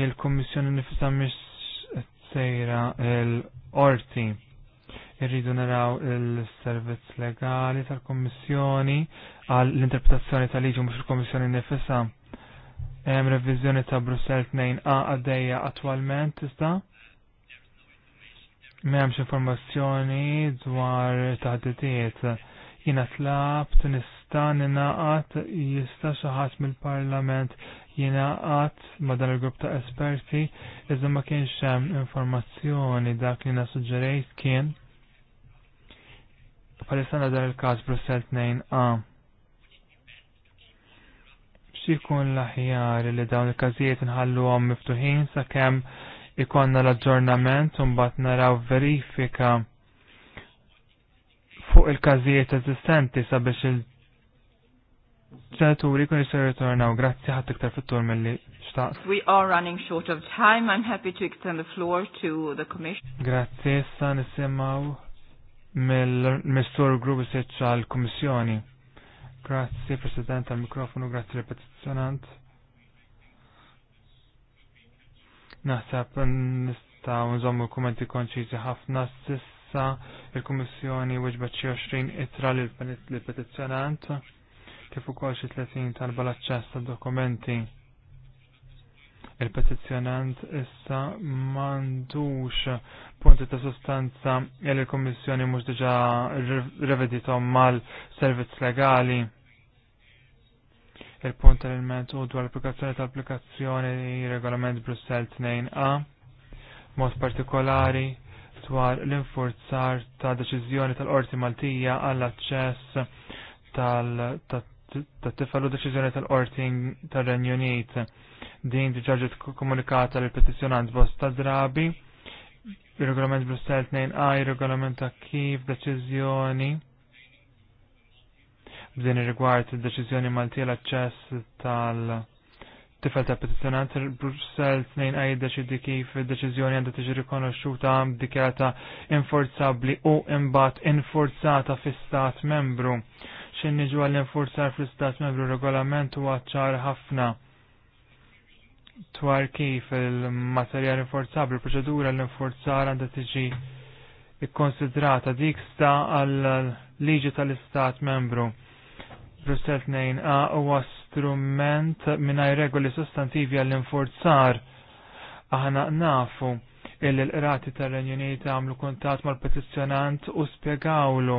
Il-Kommissjoni nifisa mhix sejra l-qorti. Irridu naraw il-servizz legali tal-Kommissjoni għal l-interpretazzjoni tal-liġi mhux il-Kommissjoni nifisa. Hemm reviżjoni ta' Brussell 2A għaddejja attwalment tista' M'hemmx informazzjoni dwar taħditiet. Jiena tlabt nista' ninaqat jista' xi ħadd mill-Parlament jingħaqad ma' dan il-grupp ta' esperti iżda ma kienx hemm informazzjoni dak li nasuġġerejt kien bħalissa dan il-każ Brussel 2A xikun l-aħjar li dawn il-kazijiet nħallu għom miftuħin sa' kem ikonna l-aġġornament un bat naraw verifika fuq il-kazijiet eżistenti sabiex il-ġenituri kun jisir ritornaw. Grazzi ħadd iktar fit-tur mill-li xtaqt. We are running short of time. I'm happy to extend the floor to the commission. Grazzi issa nisimaw mill-Mistur Group Seċċa l-Kummissjoni. Grazzi President tal-mikrofonu, grazzi l-petizzjonant. Naħseb nistaw nżommu kumenti konċizi ħafna sissa il-Kummissjoni wieġbet xi 20 itra lill petizzjonant kif ukoll xi 30 tal-balaċċess tad-dokumenti. Il-petizzjonant issa m'għandux punti ta' sostanza li l-Kummissjoni mhux diġà reveditom mal-servizz legali il-punt tal-ilment u dwar l-applikazzjoni tal-applikazzjoni regolament Brussel 2A, mod partikolari dwar l-infurzar ta' deċiżjoni tal-Qorti Maltija għall-aċċess tal-tifel u deċiżjoni tal-Qorti tal-Renju Unit. Din diġaġet komunikata l-petizjonant bosta drabi, il-regolament Brussel 2A, il-regolament ta' kif deċiżjoni B'din ir-rigward id-deċiżjoni Malti l-aċċess tal- tifel ta' petizjonant Brussel tnejn għajda xiddi kif deċizjoni għandha tiġi rikonoxxuta dikjata inforzabbli u imbagħad infurzata fl-Istat membru. X'in ġu għall-infurzar fl-istat membru regolament huwa ċar ħafna dwar kif il-materjal il proċedura l-infurzar għandha tiġi ikkonsidrata dik sta għal liġi tal-istat membru Brussel 2A huwa strument mingħajr regoli sostantivi għall-infurzar. Aħna nafu illi l irati tal-Renju għamlu kuntat mal-petizzjonant u spiegawlu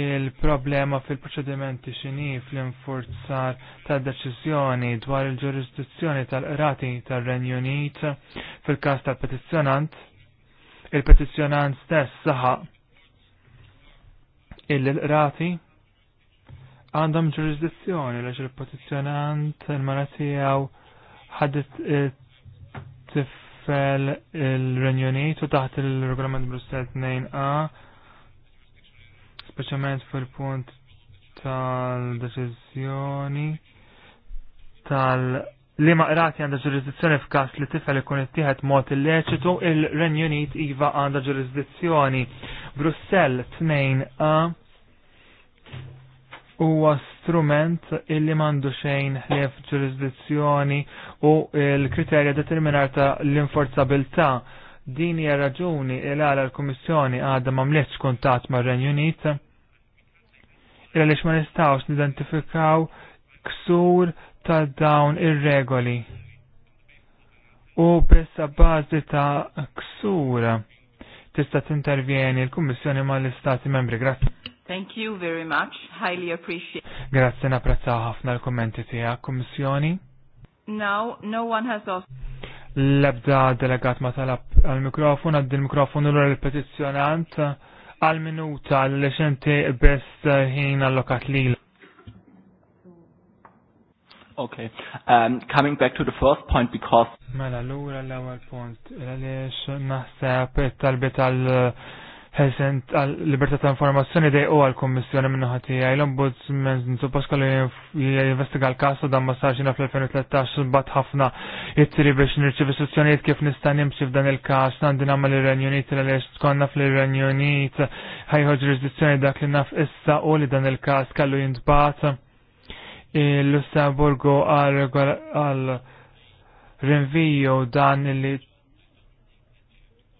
il-problema fil-proċedimenti xini fl inforzar tal deċizjoni dwar il-ġurisdizzjoni tal irati tal-Renju Unit fil-kas tal-petizzjonant, il-petizzjonant stess saħa il-qrati għandhom ġurisdizzjoni lex il-petizjonant il-mara tiegħu ħadet tifel il-Renjonit u taħt il-regolament Brussel 2A specialment fil-punt tal-deċiżjoni tal- li maqrati għandha ġurisdizzjoni f'każ li tifel ikun ittieħed mod illeċitu il-Renju Unit iva għandha ġurisdizzjoni. Brussell 2A huwa strument illi mandu xejn ħlief ġurisdizzjoni u l-kriterja determinar ta' l-inforzabilta. Din hija raġuni il għala l-Kummissjoni għadha ma kuntat kuntatt ma' Renju Unit il għaliex ma nistgħux nidentifikaw ksur ta' dawn ir-regoli. U bessa bażi ta' ksura tista' tintervjeni l-Kummissjoni mal istati Membri. Grazie. Thank you very much, highly appreciate. Grazie napprezzaw ħafna l-kommenti tiegħek, Kummissjoni. Now, no one has asked. L-ebda delegat ma talab għal-mikrofon, għaddi l-mikrofon l l-petizjonant għal-minuta l-leċenti best ħin allokat li. Okay, um, coming back to the first point because... Mela, l l ewwel punt, l naħseb tal-bit -tal ħesent għal libertà ta' informazzjoni dej u għal kommissjoni minna ħati għaj l-ombudsman suppost kollu jinvestiga l-kasu dan ma fl-2013 bat ħafna jittiri biex nirċivi sezzjonijiet kif nista' nimxi f'dan il-kas nandi nagħmel ir-Renjunit għaliex tkonna fl-Renjunit ħajħu ġurisdizzjoni dak li naf issa u li dan il-kas kallu jintbat l-Lussemburgu għal rinvijo dan li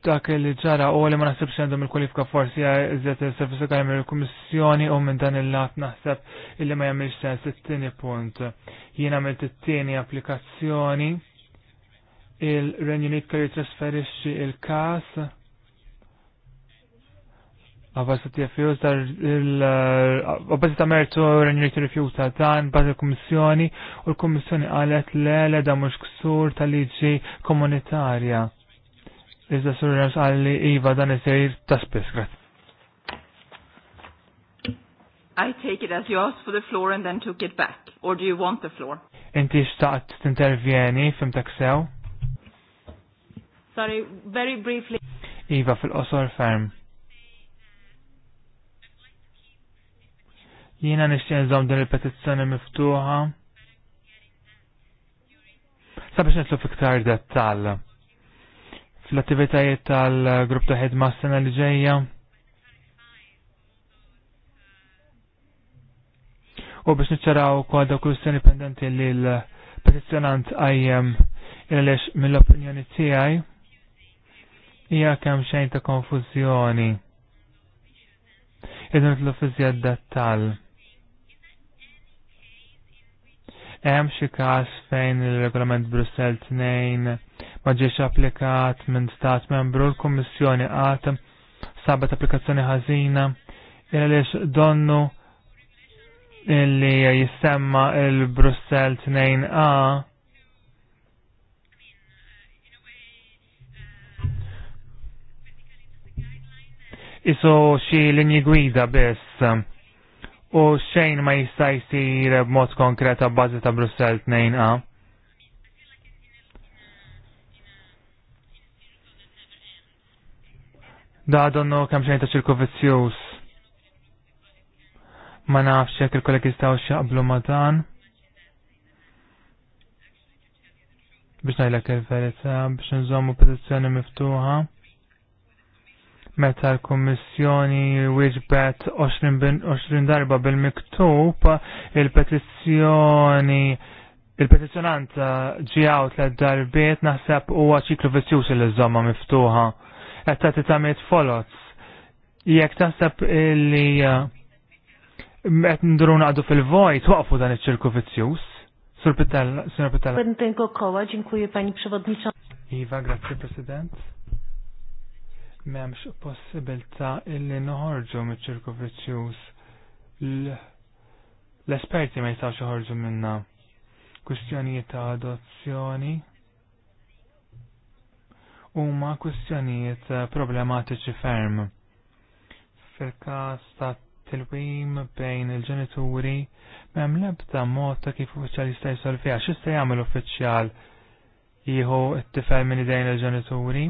dak li ġara u li ma naħsibx għandhom il-kwalifika forsi għazet il-servisika jemmer il komissjoni u minn dan il-lat naħseb illi ma jemmilx sens it-tini punt. Jien għamilt it-tini applikazzjoni il-Renjunit kelli trasferisċi il-kas għabbasit jafjuż dar il-għabbasit għamertu Renjunit rifjuta dan bat il komissjoni u l komissjoni għalet le le da mux ksur tal-liġi komunitarja Iżda s għalli Iva dan il-sejr ta' spess, I take it as you asked for the floor and then took it back. Or do you want the floor? Inti xtaqt t-intervjeni fim sew? Sorry, very briefly. Iva fil-qosor ferm. Jiena nixtieq zom din il-petizzjoni miftuħa. Sabiex nitlu fiktar dettall fl-attivitajiet tal-grupp ta' ħidma s-sena li ġejja. U biex niċċaraw kwa dawk kwistjoni pendenti li l-petizzjonant għajjem il-lex mill-opinjoni tiegħi hija kemm xejn ta' konfużjoni. Idun nitlu fiżja d dattal Hemm xi każ fejn il-regolament Brussell 2 ma ġiex applikat minn stat membru l-Kummissjoni għat sabat applikazzjoni ħażina il għaliex donnu illi jissemma il-Brussel 2A isu xi linji gwida biss u xejn ma jista' jsir b'mod konkret bażi ta' Brussel 2A da donnu kemm xejn ta' ċirku vizzjuż. Ma nafx jekk il-kollegi jistgħu x'jaqblu ma' dan. Biex ngħidlek il-verità biex nżommu pożizzjoni miftuħa meta l-Kommissjoni wieġbet 20 darba bil-miktub il-petizzjoni il-petizzjonant ġijaw tlet darbiet naħseb huwa ċiklu vizzjuż li żomma miftuħa qed tagħti tagħmel folots. Jekk tasab li eh, qed għadu fil-vojt waqfu dan iċ-ċirku Sur Pitella, Sur Pitella. dziękuję Pani przewodnicza. Iva, grazie President. Memx possibilta illi noħorġu mit-ċirku L-esperti ma jistawx joħorġu minna. Kustjoni ta' adozzjoni huma kwistjonijiet eh, problematiċi ferm. Fil-każ ta' tilwim bejn il-ġenituri m'hemm l-ebda mod ta' kif uffiċjal jista' jsolvija x'ista' jagħmel uffiċjal jieħu t-tifel minn idejn il-ġenituri.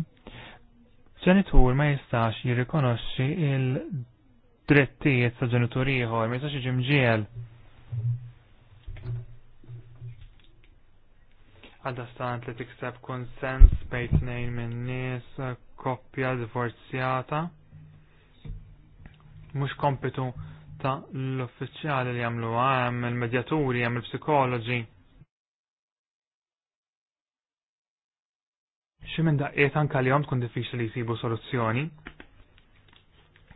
Ġenitur ma jistax jirrikonoxxi il-drittijiet ta' ġenituri ieħor, ma jistax jiġi mġiel. għadastan li tikseb konsens bejt nejn minn nies koppja divorzjata. Mux kompitu ta' l-uffiċjali li jamlu għam, ah, il-medjaturi, għam il-psikologi. Xi minn daqqiet anka li jom tkun diffiċli li jsibu soluzzjoni.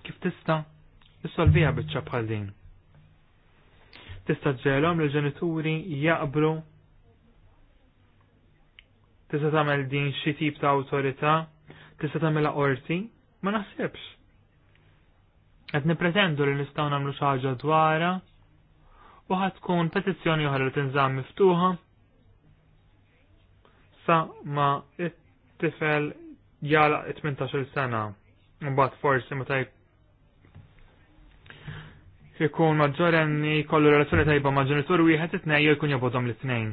Kif tista' jissolvija biċċa bħal din? Tista' li l-ġenituri jaqblu tista' tagħmel din xi tip ta' awtorità, tista' tagħmilha qorti, ma naħsibx. Qed nippretendu li nistgħu nagħmlu xi ħaġa dwarha u ħad tkun petizzjoni oħra li tinżamm miftuħa sa ma it-tifel jala 18 sena. Mbagħad forsi meta jkun maġġorenni kollu relazzjoni tajba ma' ġenitur wieħed it-tnejn jew jkun jobodhom l-tnejn.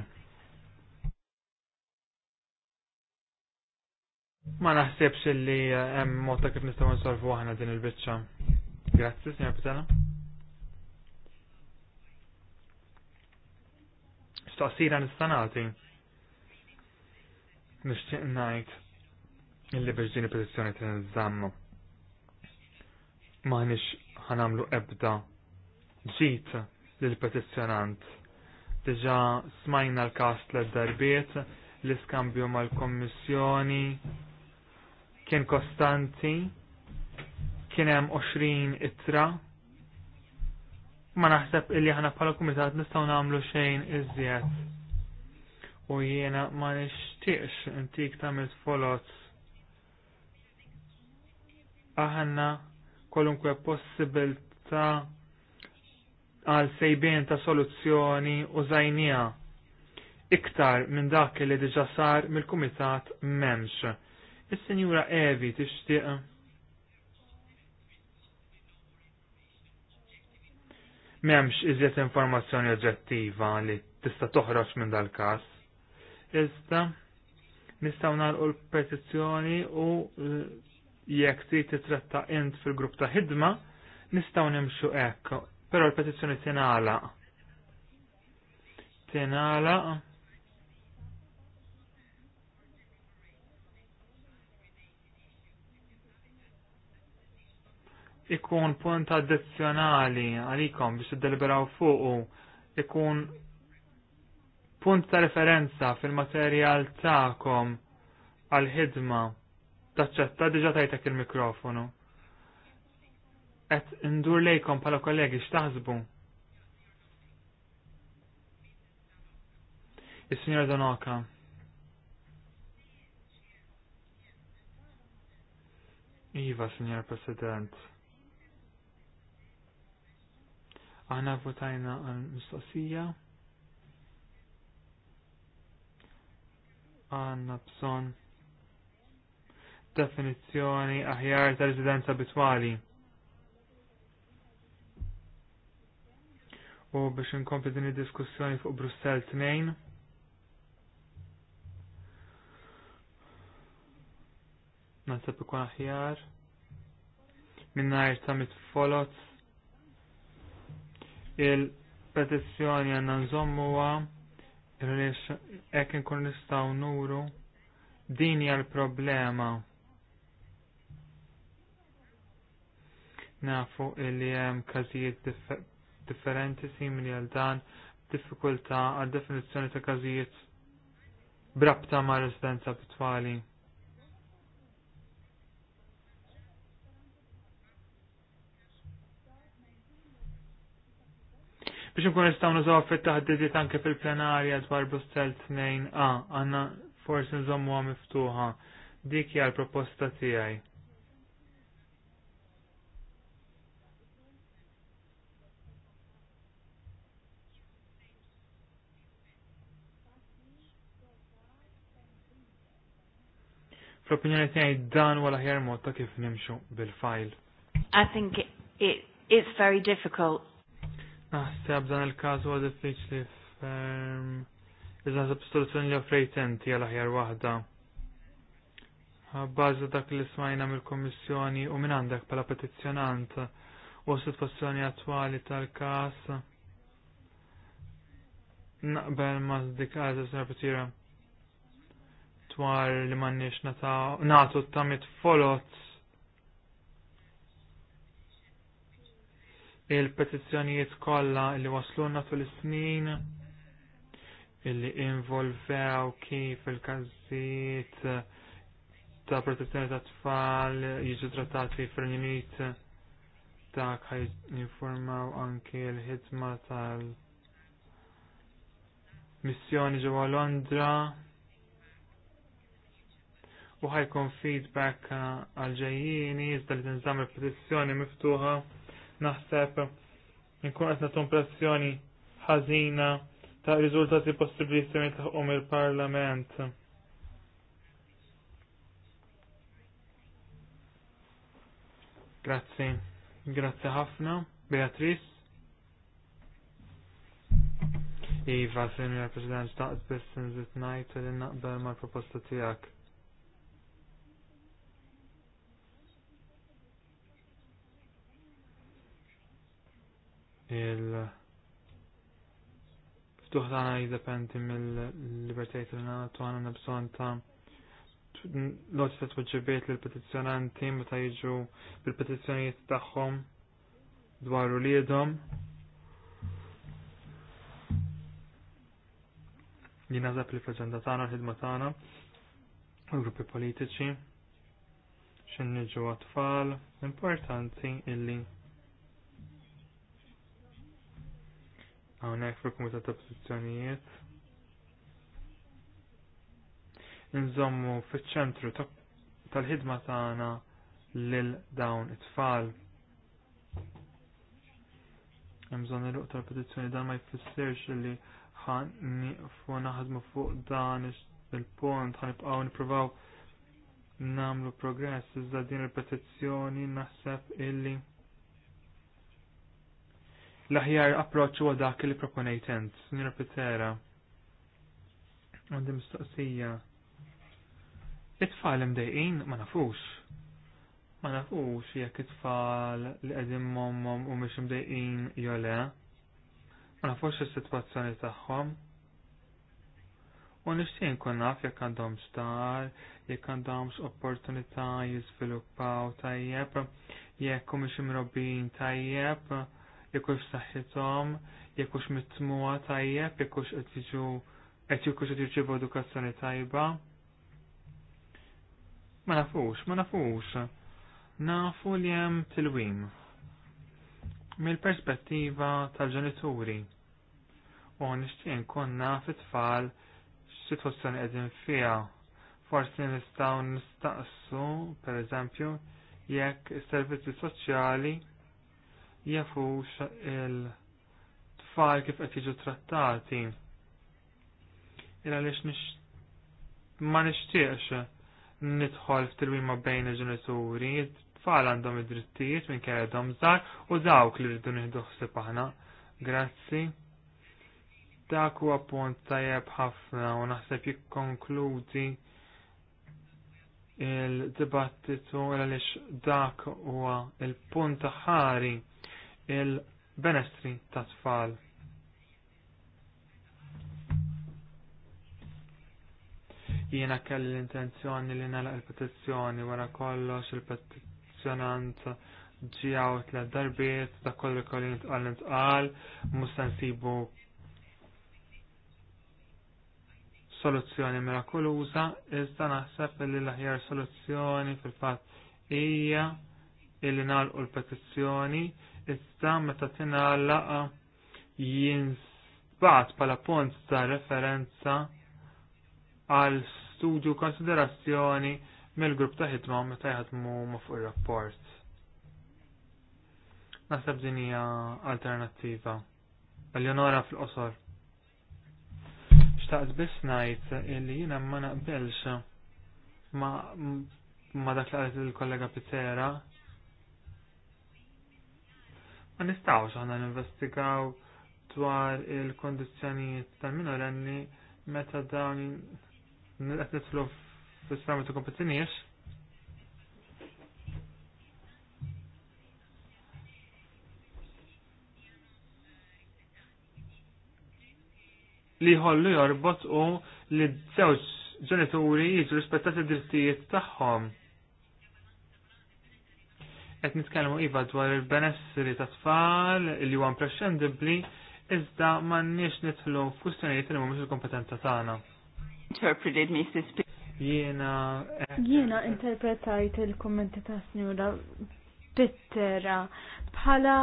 Ma naħsebx li eh, hemm mod ta' kif nistgħu nsolvu aħna din il-biċċa. Grazzi, signor Pitana. Staqsira nistanati. Nixtieq ngħid illi biex din il-petizzjoni Ma M'aħniex ħanamlu ebda ġit lill-petizzjonant. Diġà smajna l-każ l darbiet l-iskambju mal-kommissjoni kien kostanti, kien hemm 20 itra, Ma naħseb illi aħna bħala kumitat nistgħu nagħmlu xejn iżjed. U jiena ma nixtieqx intik tagħmel folot. Aħna kolunkwe possibilità għal sejbien ta' soluzzjoni u zajnija. Iktar minn dak li diġa sar mill-kumitat memx Is-Sinjura Evi tixtieq. M'hemmx iżjed informazzjoni oġġettiva li tista' toħroġ minn dal-każ. Iżda nistgħu nagħlqu l-petizzjoni u eh, jekk trid titratta int fil-grupp ta' ħidma nistgħu nimxu hekk, però l-petizzjoni tingħalaq. Tingħalaq ikun punt addizzjonali għalikom biex id-deliberaw fuqu ikun punt ta' referenza fil-materjal ta'kom għal-ħidma taċċetta diġa tajtek il-mikrofonu. Et ndur lejkom pala kollegi xtaħsbu. Il-Signor Donoka. Iva, Signor President. Aħna votajna għal mistoqsija. Għanna bżon definizzjoni aħjar ta' residenza abitwali. U biex inkompli din id-diskussjoni fuq Brussell 2. Nasab ikun aħjar. Minnajr ta' mitfolot il-petizzjoni għanna nżommuwa għaliex hekk inkun nistgħu nuru din hija l-problema. Nafu li hemm każijiet differenti simili għal dan diffikultà għad definizzjoni ta' każijiet brabta ma' residenza abitwali. biex nkun nistgħu nużaw fit-taħdidiet anke fil-plenarja dwar Brussel tnejn a għandna forsi nżommuha miftuħa. Dik hija l-proposta tiegħi. Fl-opinjoni tiegħi dan wara ħjar mod ta' kif nimxu bil-fajl. I think it, it, it's very difficult Naħseb dan il-każ huwa diffiċli ferm. Iżda naħseb soluzzjoni li offrejt inti għal aħjar waħda. B'bażi dak li smajna mill-Kummissjoni u minn għandek bħala petizzjonant u s-sitwazzjoni attwali tal-każ naqbel ma' dik għaża sarpitira dwar li m'għandniex nagħtu tamit folots il-petizzjonijiet kollha li waslunna tul is-snin illi involvew kif il-każijiet ta' protezzjoni ta' tfal jiġu trattati fil-limit dak ħaj informaw anki l-ħidma tal- missjoni ġewwa Londra u ħajkun feedback għal ġejjini iżda li tinżamm il-petizzjoni miftuħa naħseb nkun qed nagħtu impressjoni ħażina ta' riżultati possibbli se jitlaħqhom il-Parlament. Grazzi. Grazzi ħafna. Beatriz. Iva, Senjor President, taqt biss nżid ngħid li naqbel mal-proposta tiegħek il- ftuħ tagħna jiddependi mill-libertajiet li nagħtu għandna bżonn ta' lotta tweġibiet lil petizzjonanti meta jiġu bil-petizzjonijiet tagħhom dwar uliedhom. Li nażab li fl-aġenda tagħna l-ħidma tagħna u gruppi politiċi x'inniġu għat-tfal importanti illi hawnhekk fil-Kumitat ta' Petizzjonijiet. Nżommu fiċ-ċentru tal-ħidma tagħna lil dawn it-tfal. Hemm bżonn il tal-petizzjoni dan ma jfissirx li ħan naħdmu fuq dan il-pont ħanibqgħu nippruvaw namlu progress iżda din il-petizzjoni naħseb illi L-aħjar approċċ huwa dak li proponejt int, Sinjora Pitera. Għandi mistoqsija. It-tfal imdejqin ma nafux. Ma nafux jekk it-tfal li qegħdin mommhom u mhux imdejqin jew le. Ma nafux is-sitwazzjoni tagħhom. U nixtieq nkun naf jekk għandhom star, jekk għandhomx opportunità jiżviluppaw tajjeb, jekk mhux imrobbin tajjeb jekkux saħħithom, jekkux mitmuwa tajjeb, jekkux qed jiġu qed jekux qed edukazzjoni tajba. Ma nafux, ma nafux. Nafu li hemm tilwim. Mill-perspettiva tal-ġenituri. U nixtieq nkun naf it-tfal x'sitwazzjoni qegħdin fiha. Forsi nistgħu nistaqsu, pereżempju, jekk is-servizzi soċjali jafu il-tfal kif qed jiġu trattati. Illa nix ma nixtieqx nidħol f'tilwima bejn il-ġenituri, tfal għandhom id-drittijiet minn kera żgħar u dawk li rridu nieħdu ħsieb aħna. Grazzi. Dak huwa punt tajjeb ħafna u naħseb jikkonkludi il-dibattitu għaliex dak huwa il-punt ħari il-benestri ta' tfal. Jiena kelli l-intenzjoni li nagħlaq il-petizzjoni wara kollox il-petizzjonant ġijaw tlet darbiet ta' kollu kollu nitqal nitqal, mustansibu nsibu soluzzjoni mirakoluża, iżda naħseb li l-aħjar soluzzjoni fil-fatt hija illi nagħlqu l-petizzjoni issa meta laqa jinsbat bħala punt ta' referenza għal studju konsiderazzjoni mill-grupp ta' ħidma meta jħadmu ma' fuq ir-rapport. Naħseb din hija alternattiva. Eleonora fil-qosor. Xtaqt biss ngħid illi jina ma naqbilx ma ma dak li qalet il-kollega Pitera Ma nistawx aħna ninvestigaw dwar il kondizjoniet tal-minorenni meta dawn qed nitlu fis-sfera ta' kompetizzjonijiex. Li ħollu jorbot u li żewġ ġenituri jiġu rispettati d-drittijiet tagħhom qed nitkellmu iva dwar il-benessri ta' tfal li huwa imprescindibbli iżda m'għandniex nidħlu f'kwistjonijiet li mhumiex il-kompetenza tagħna. Interpreted Mrs. Jiena Jiena interpretajt il-kommenti ta' Snura Pittera bħala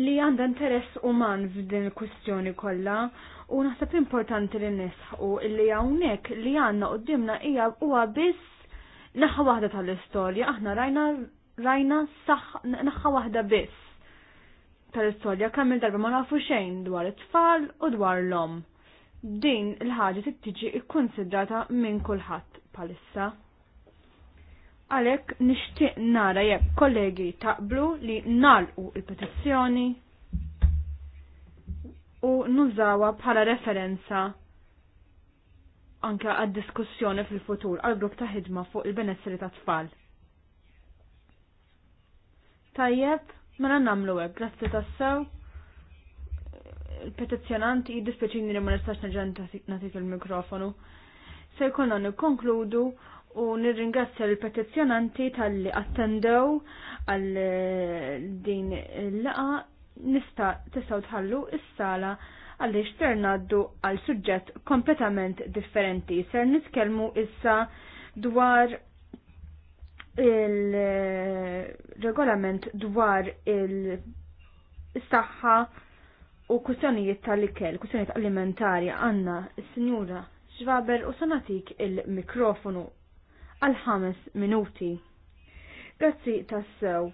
li għandha interess uman f'din il-kwistjoni kollha u naħseb importanti li nisħu illi hawnhekk li għandna qudiemna hija huwa biss naħa waħda tal-istorja aħna rajna rajna naħħa waħda biss tal-istorja kemm il-darba ma nafu xejn dwar it-tfal u dwar l-om. Din il-ħaġa tittiġi ikkonsidrata minn kulħadd palissa. Għalhekk nixtieq nara jekk kollegi taqblu li nalqu il-petizzjoni u nużawa bħala referenza anke għad-diskussjoni fil-futur għal grupp ta' ħidma fuq il-benessri ta' tfal. Tajjeb, mela namlu hekk, grazzi tassew. Il-petizzjonanti jiddispjaċini li ma nistax nerġa' nagħtik il-mikrofonu. Se jkollna nikkonkludu u nirringrazzja l-petizzjonanti tal-li attendew għal eh, din il-laqa nista' tistaw tħallu is-sala għaliex ser naddu għal suġġett kompletament differenti. Ser nitkellmu issa dwar il-regolament dwar il-saħħa u kustjonijiet tal-ikel, kustjonijiet alimentari għanna s-sinjura ġvaber u sanatik il-mikrofonu għal ħames minuti. Grazzi tassew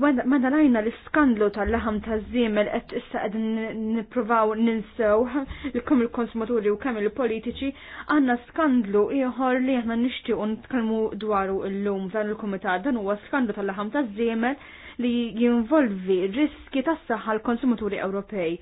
madalajna lajna l-skandlu tal-laħam taż-żiemel qed issa qed nippruvaw ninsew kemm il-konsumaturi u kemm il-politiċi għandna skandlu ieħor li aħna nixtiequ nitkellmu dwaru llum dan il-kumitat dan huwa skandlu tal-laħam taż-żiemel li jinvolvi riski tas-saħħa l-konsumaturi Ewropej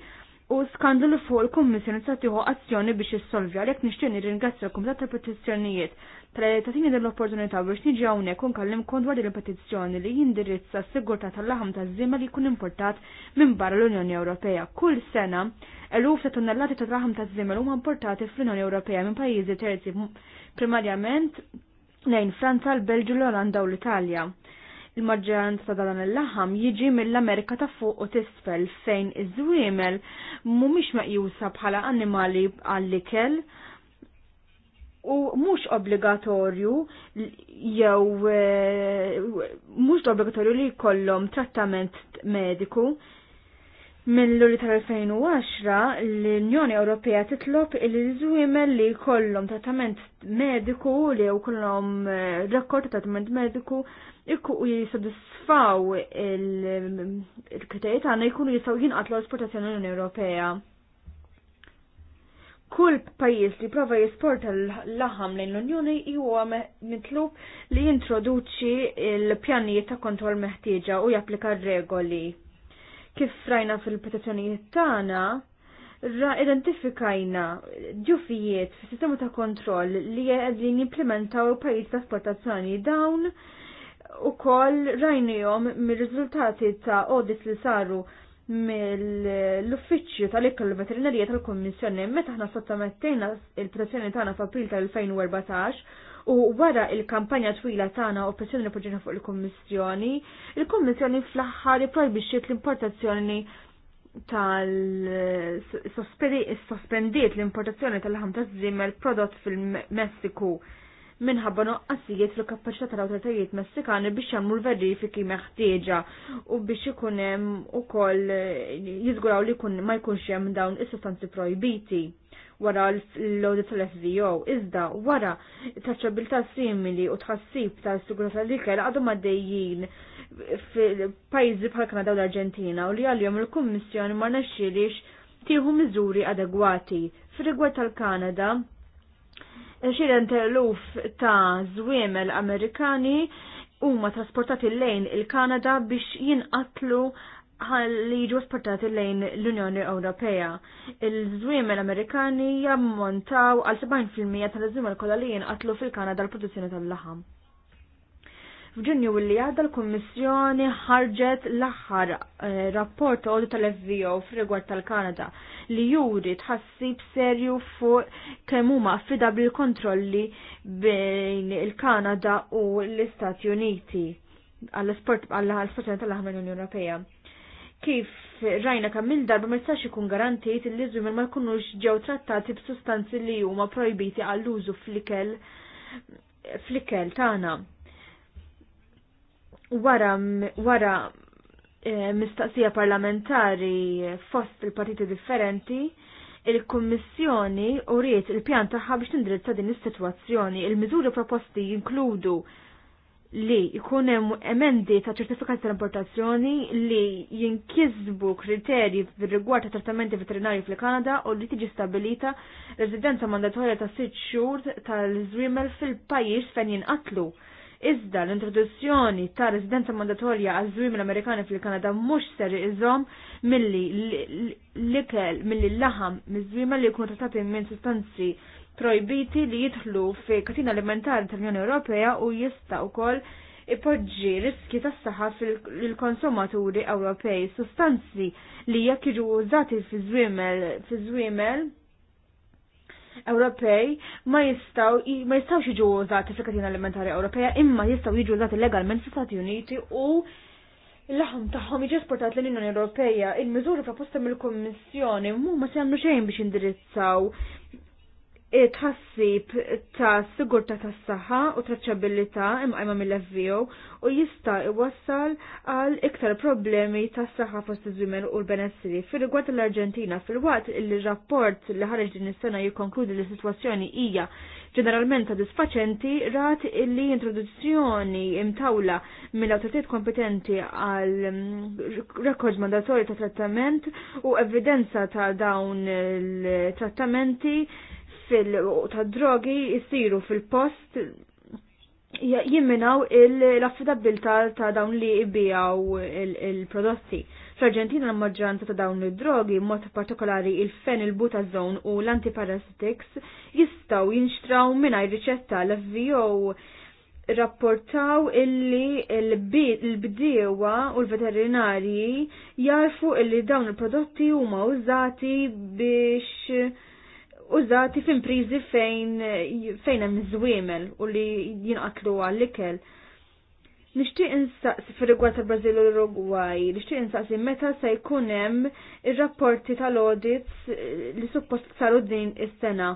u skandalu fuq il-Kummissjoni se tieħu azzjoni biex issolvja għalhekk nixtieq nirringrazzja l petizzjonijiet tal tatini din l-opportunità biex niġi hawnhekk u nkellimkom dwar din il-petizzjoni li jindirizza s-sigurtà tal-laħam taż-żiema li jkun importat minn barra l-Unjoni Ewropea. Kull sena eluf ta' tonnellati ta' laħam taż-żiema huma importati fl-Unjoni Ewropea minn pajjiżi terzi primarjament lejn Franza, l-Belġu, l-Olanda u l-Italja il-maġġoranza ta' dan il-laħam jiġi mill-Amerika ta' fuq u tisfel fejn iż-żwiemel mhumiex meqjusa bħala annimali għall-ikel u mhux obbligatorju jew eh, mhux obbligatorju li jkollhom trattament mediku Mill-luli tal-2010 l-Unjoni Ewropea titlob il-żwiemel li kollhom trattament mediku li u kollhom eh, rekord ta' trattament mediku jisodisfaw il-kriterji tagħna jkunu jistgħu jinqatlu l-esportazzjoni l-Unjoni Ewropea. Kull pajjiż li prova jisporta l-laħam lejn l-Unjoni huwa mitlub li jintroduċi l-pjanijiet ta' kontroll meħtieġa u japplika regoli Kif rajna fil-petizzjonijiet tagħna, ra identifikajna ġufijiet fis sistema ta' kontroll li qegħdin jimplementaw pajjiż ta' esportazzjoni dawn u koll rajnijom mir-riżultati ta' audit li saru mill-uffiċċju tal-ikkel veterinarija tal-Kommissjoni meta aħna sottomettejna il-protezzjoni tagħna f'April tal-2014 U wara il-kampanja twila tagħna u pressjoni li poġġina fuq il-Kummissjoni, il-Kummissjoni fl-aħħar iprojbixxiet l-importazzjoni tal-sospendiet l-importazzjoni tal-ħam ta' żimmel prodott fil-Messiku minħabba noqqasijiet fil kapaċità tal-awtoritajiet messikani biex jagħmlu l-verifiki meħtieġa u biex ikun hemm ukoll jiżguraw li jkun ma jkunx hemm dawn is-sustanzi projbiti wara l-audit tal-FVO, iżda wara taċċabilta simili u tħassib ta' sigurta tal-ikel għadhom għaddejjin fil-pajzi bħal Kanada u l-Arġentina u li għal-jom il-Kummissjoni ma naxxilix tieħu miżuri adegwati. Fir-rigward tal-Kanada, xiren teluf ta' zwiemel Amerikani huma trasportati lejn il-Kanada biex jinqatlu ħalli jiġu sportati lejn l-Unjoni Ewropea. Il-żwiemel Amerikani jammontaw għal 70% tal-żwiemel kollha li jinqatlu fil-Kanada l-produzzjoni tal-laħam. F'Ġunju li għadda l kummissjoni ħarġet l-aħħar eh, rapport għodu tal-FVO f'rigward tal-Kanada li juri tħassib serju fuq kemm huma affidabli kontrolli bejn il-Kanada u l-Istati Uniti għall-esport għall-esportazzjoni tal-laħam l-Unjoni Ewropea kif rajna kam minn darba ma ikun garantit li żwiemel ma jkunux ġew trattati b'sustanzi li huma projbiti għall-użu fl-ikel tagħna. Wara wara eh, mistaqsija parlamentari fost il-partiti differenti, il-Kummissjoni uriet il-pjan tagħha biex tindirizza din is-sitwazzjoni. Il-miżuri proposti jinkludu li jkun hemm emendi ta' ċertifikat tal-importazzjoni li jinkisbu kriterji rigward ta' trattamenti veterinari fil-Kanada u li tiġi stabilita residenza mandatorja ta' sitt xhur tal-żwiemel fil-pajjiż fejn jinqatlu. Iżda l-introduzzjoni ta' residenza mandatorja għal żwimel Amerikani fil-Kanada mhux ser iżom milli l-ikel milli l-laħam miż żwiemel li jkunu trattati minn sustanzi projbiti li jidħlu fi katina alimentari tal-Unjoni Ewropea u jista' wkoll ipoġġi riski tas saħħa fil-konsumaturi Ewropej. Sustanzi li jekk jiġu użati fi żwiemel Ewropej ma jistaw ma jistgħux jiġu użati fi katina alimentari Ewropea imma jistaw jiġu użati legalment fi Stati Uniti u l-laħam taħħom iġi esportat l-Unjoni Ewropeja, il-miżuri proposta mill-Kommissjoni mumma se jagħmlu xejn biex indirizzaw tħassib ta' sigurta tas saħħa u traċabilita imqajma mill-FVO u jista' iwassal għal iktar problemi tas saħħa fost iż u l-benessri. Fir-rigward l-Arġentina, fil-waqt li rapport li ħareġ din is-sena jikkonkludi li s-sitwazzjoni hija ġeneralment disfaċenti rat li introduzzjoni imtawla mill-autoritet kompetenti għal mm, rekord mandatorji ta' trattament u evidenza ta' dawn il-trattamenti fil ta' drogi jisiru fil-post jimminaw l-affidabilta ta' dawn li ibijaw il-prodotti. Fl-Argentina l-maġġoranza ta' dawn id-drogi, mod partikolari il-fen il-butazon u l-antiparasitics, jistaw jinxtraw mingħajr riċetta l-FVO rapportaw illi l-bdiewa u l-veterinarji jarfu illi dawn il-prodotti huma użati biex użati prizi fejn fejn hemm żwiemel u li jinqatlu għall-ikel. Nixtieq insaqsi fir-rigward tal-Brażil u l-Urugwaj, nixtieq insaqsi meta se jkun hemm ir-rapporti tal-audits eh, li suppost saru din is-sena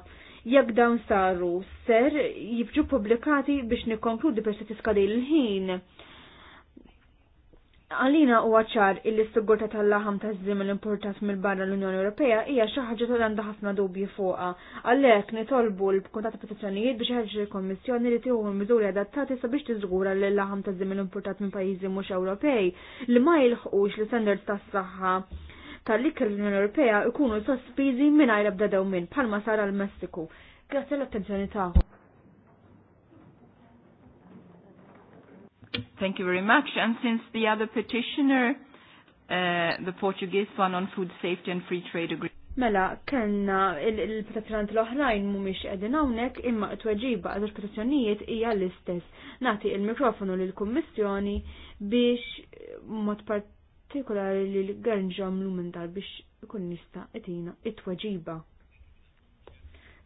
jekk dawn saru ser jibġu publikati biex nikkonkludi per se tiskadi l-ħin Għalina u għacċar il-sigurta tal-laħam ta' zim l-importat mill-barra l-Unjoni Ewropea hija xi ħaġa li għandha ħafna dubji fuqha. Għalhekk nitolbu l-kuntat petizzjonijiet biex ħarġu l-Kommissjoni li tieħu miżuri adattati sabiex tiżgura l laħam ta' zim l-importat minn pajjiżi mhux Ewropej li ma li l standards tas-saħħa tal-ikel l-Unjoni Ewropea ikunu sospiżi mingħajr ebda dewmin bħalma sara l-Messiku. Grazzi l-attenzjoni tagħhom. Thank you very much. And since the other petitioner, uh, the Portuguese one on food safety and free trade agreement. Mela, kellna il-petizjonanti l-oħrajn mumiex qegħdin hawnhekk imma t-tweġiba għad il ija hija l-istess. Nagħti il-mikrofonu lill-Kummissjoni biex mod partikolari li l għarnġom l umendar biex ikun nista' itina it-tweġiba.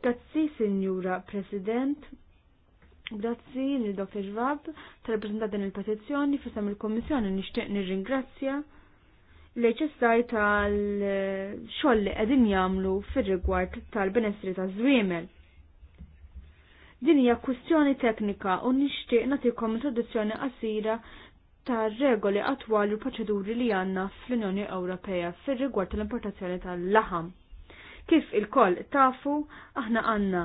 Grazzi, Sinjura President. Grazzi lil Dr. Ġvab tal-prezentat din il-petizzjoni fisem il-Kommissjoni nixtieq nirringrazzja l eċessaj tal-xogħol li qegħdin jagħmlu fir-rigward tal-benessri taż-żwiemel. Din hija kwistjoni teknika u nixtieq nagħtikom introduzzjoni qasira tar-regoli attwali u proċeduri li għandna fl-Unjoni Ewropea fir-rigward tal-importazzjoni tal-laħam. Kif il-koll tafu, aħna għanna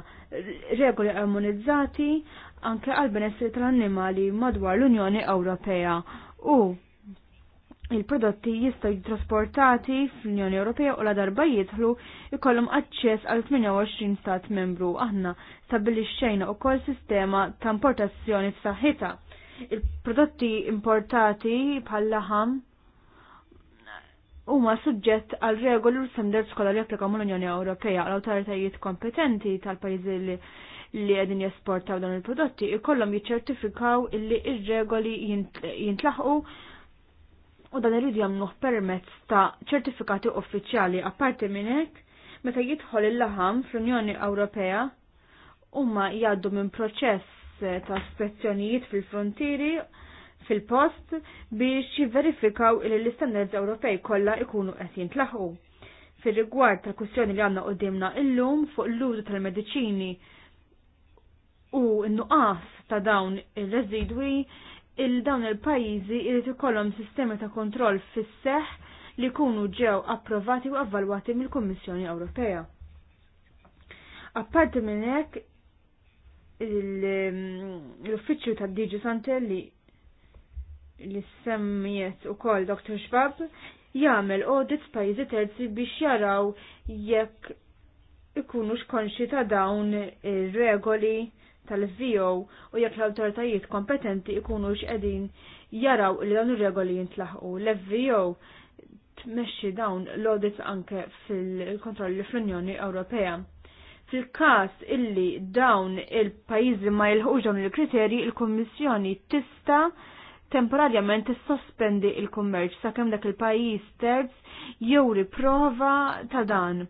regoli armonizzati anke għal benessri tal-annimali madwar l-Unjoni Ewropea u il-prodotti jistaw trasportati fl-Unjoni Ewropea u la darba jidħlu jkollhom aċċess għal 28 stat membru. Aħna u wkoll sistema ta' importazzjoni f'saħħitha. Il-prodotti importati bħal laħam huma suġġett għal regoli u standards kollha li applikaw mal-Unjoni Ewropea l-awtoritajiet kompetenti tal-pajjiżi li li qegħdin jesportaw dawn il-prodotti ikollom jiċċertifikaw illi il regoli jintlaħu u dan irid jagħmluh permezz ta' ċertifikati uffiċjali apparti minn hekk meta jidħol il-laħam fl-Unjoni Ewropea huma jgħaddu minn proċess ta' spezzjonijiet fil-frontieri fil-post biex jiverifikaw li l-istandards Ewropej kollha ikunu qed jintlaħu. Fir-rigward tal-kwistjoni li għandna qudiemna illum fuq l-użu tal-mediċini u n-nuqas ta' dawn ir-residwi il-dawn il-pajjiżi irid ikollhom sistemi ta' kontroll fis-seħħ li kunu ġew approvati u avvalwati mill-Kummissjoni Ewropea. Apparti minn hekk l-uffiċċju tad Diġi Santelli li semmiet u kol Dr. Schwab jagħmel audit pajjiżi terzi biex jaraw jekk ikunu xkonxi ta' dawn ir-regoli tal-VO u jekk l-awtoritajiet kompetenti ikunu x'qegħdin jaraw li dawn ir-regoli jintlaħqu. L-VO tmexxi dawn l-audits anke fil-kontrolli fl-Unjoni Ewropea. Fil-każ illi dawn il-pajjiżi ma jilħuġhom il-kriterji, il-Kummissjoni tista' temporarjament tissospendi il-kummerċ sakemm dak il-pajjiż terz jew riprova ta' dan.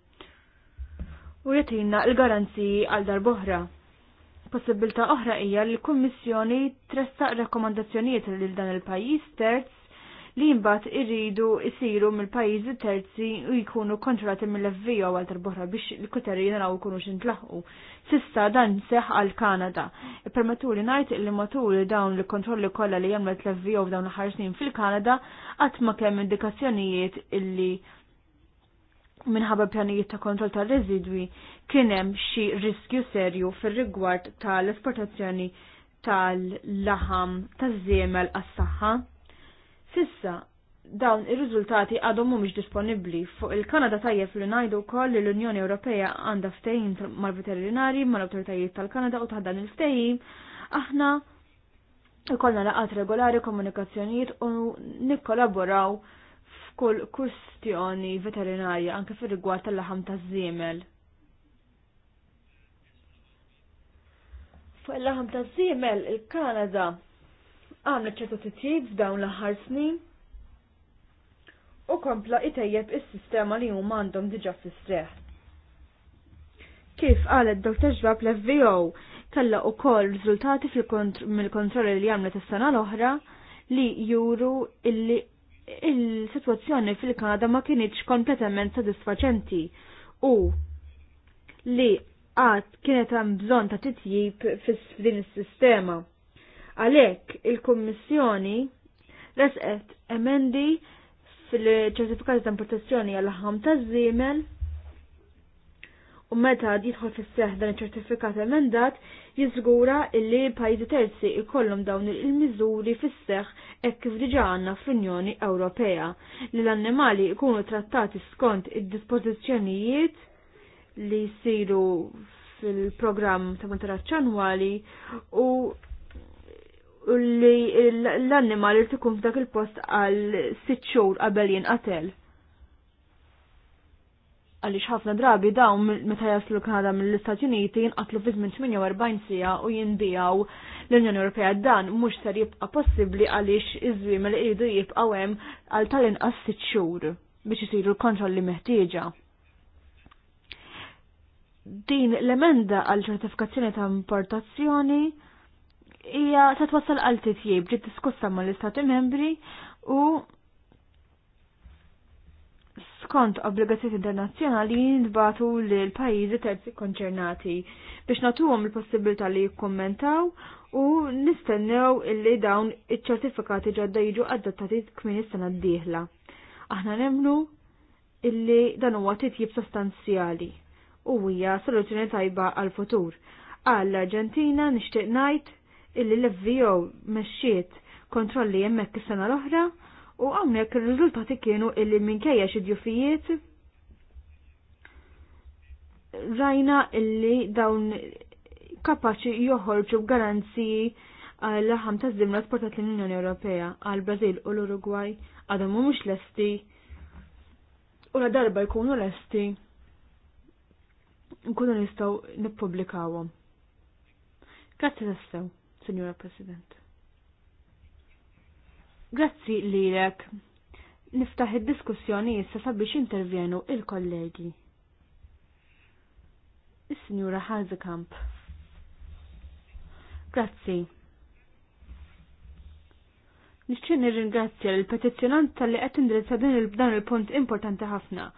U jatina l-garanziji għal darboħra. Possibilta oħra hija li l-Kummissjoni tressaq rakkomandazzjonijiet lil dan il-pajjiż terz li jimbat irridu jsiru mill-pajjiżi terzi u jkunu kontrati mill-FVO għal tarbohra biex l-kriterji naraw ikunu tlaħu. Sissa dan seħ għal Kanada. Permaturi ngħid li matul dawn li kontrolli kollha li jagħmlet l-FVO f'dawn l-aħħar snin fil-Kanada qatt ma kemm indikazzjonijiet illi minħabba pjanijiet ta' kontrol ta' residwi kien hemm xi riskju serju fir-rigward tal-esportazzjoni tal-laħam taż-żiemel għas-saħħa. Sissa, dawn ir-riżultati għadhom mhumiex disponibbli. Fuq il-Kanada tajjeb li ngħidu wkoll li l-Unjoni Ewropea għandha ftehim mal-veterinari, mal-awtoritajiet tal-Kanada u taħdan il-ftehim, aħna ikollna laqat regolari komunikazzjonijiet u nikkolaboraw f'kull kustjoni veterinarja anke fir-rigward tal-laħam taż-żiemel. Fuq il-laħam taż-żiemel il-Kanada għamlet ċertu titjib f'dawn l-aħħar snin u kompla itejjeb is-sistema li huma għandhom diġa fis-seħ. Kif qalet Dr. Ġbab l-FVO kella u koll riżultati mill-kontrolli li għamlet is-sena l-oħra li juru illi il-situazzjoni fil-Kanada ma kienieċ kompletament sodisfaċenti u li għad kienet hemm bżonn ta' titjib fis din is-sistema. Għalhekk il-Kummissjoni resqet emendi fil-ċertifikati ta' importazzjoni għal ħam ta' żiemel u meta jidħol fis-seħ dan iċ-ċertifikat emendat jiżgura illi pajjiżi terzi jkollhom dawn il-miżuri fis-seħ hekk kif diġà għandna fl-Unjoni Ewropea li l-annimali jkunu trattati skont id-dispożizzjonijiet li jsiru fil-programm ta' kontrat ċanwali u u li l-annimal li f'dak il-post għal sitt xhur qabel jinqatel. Għaliex ħafna drabi dawn meta jaslu Kanada mill-Istati Uniti jinqatlu fi minn 48 sija u jinbijaw l-Unjoni Ewropea dan mhux ser jibqa' possibbli għaliex iż-żwiem li jridu jibqgħu hemm għal tal-inqas sitt xhur biex isiru l-kontrolli meħtieġa. Din l-emenda għal ċertifikazzjoni ta' importazzjoni hija se twassal għal titjib ġiet diskussa mal-Istati Membri u skont obbligazzjoni internazzjonali jintbatu l pajjiżi terzi konċernati biex natuhom il-possibilità li jikkommentaw u nistennew illi dawn iċ-ċertifikati ġodda jiġu adattati kmin is-sena d-dieħla. Aħna nemnu illi dan huwa titjib sostanzjali u hija soluzzjoni tajba għal-futur. Għall-Arġentina nixtieq ngħid illi l-FVO mexxiet kontrolli jemmek is-sena l-oħra u hawnhekk ir-riżultati kienu illi minkejja xi rajna illi dawn kapaċi joħorġu b'garanziji għal ħam ta' zimra sportat l-Unjoni Ewropea għal Brazil u l-Urugwaj għadhom mhumiex lesti u la darba jkunu lesti nkunu nistgħu nippubblikawhom. Grazzi tassew. Signora President. Grazzi lilek. Niftaħ id-diskussjoni issa sabiex intervjenu il-kollegi. Is-Signora Hazekamp. Grazzi. Nixtieq nirringrazzja l petizzjonant tal-li qed indirizza din il il-punt importanti ħafna.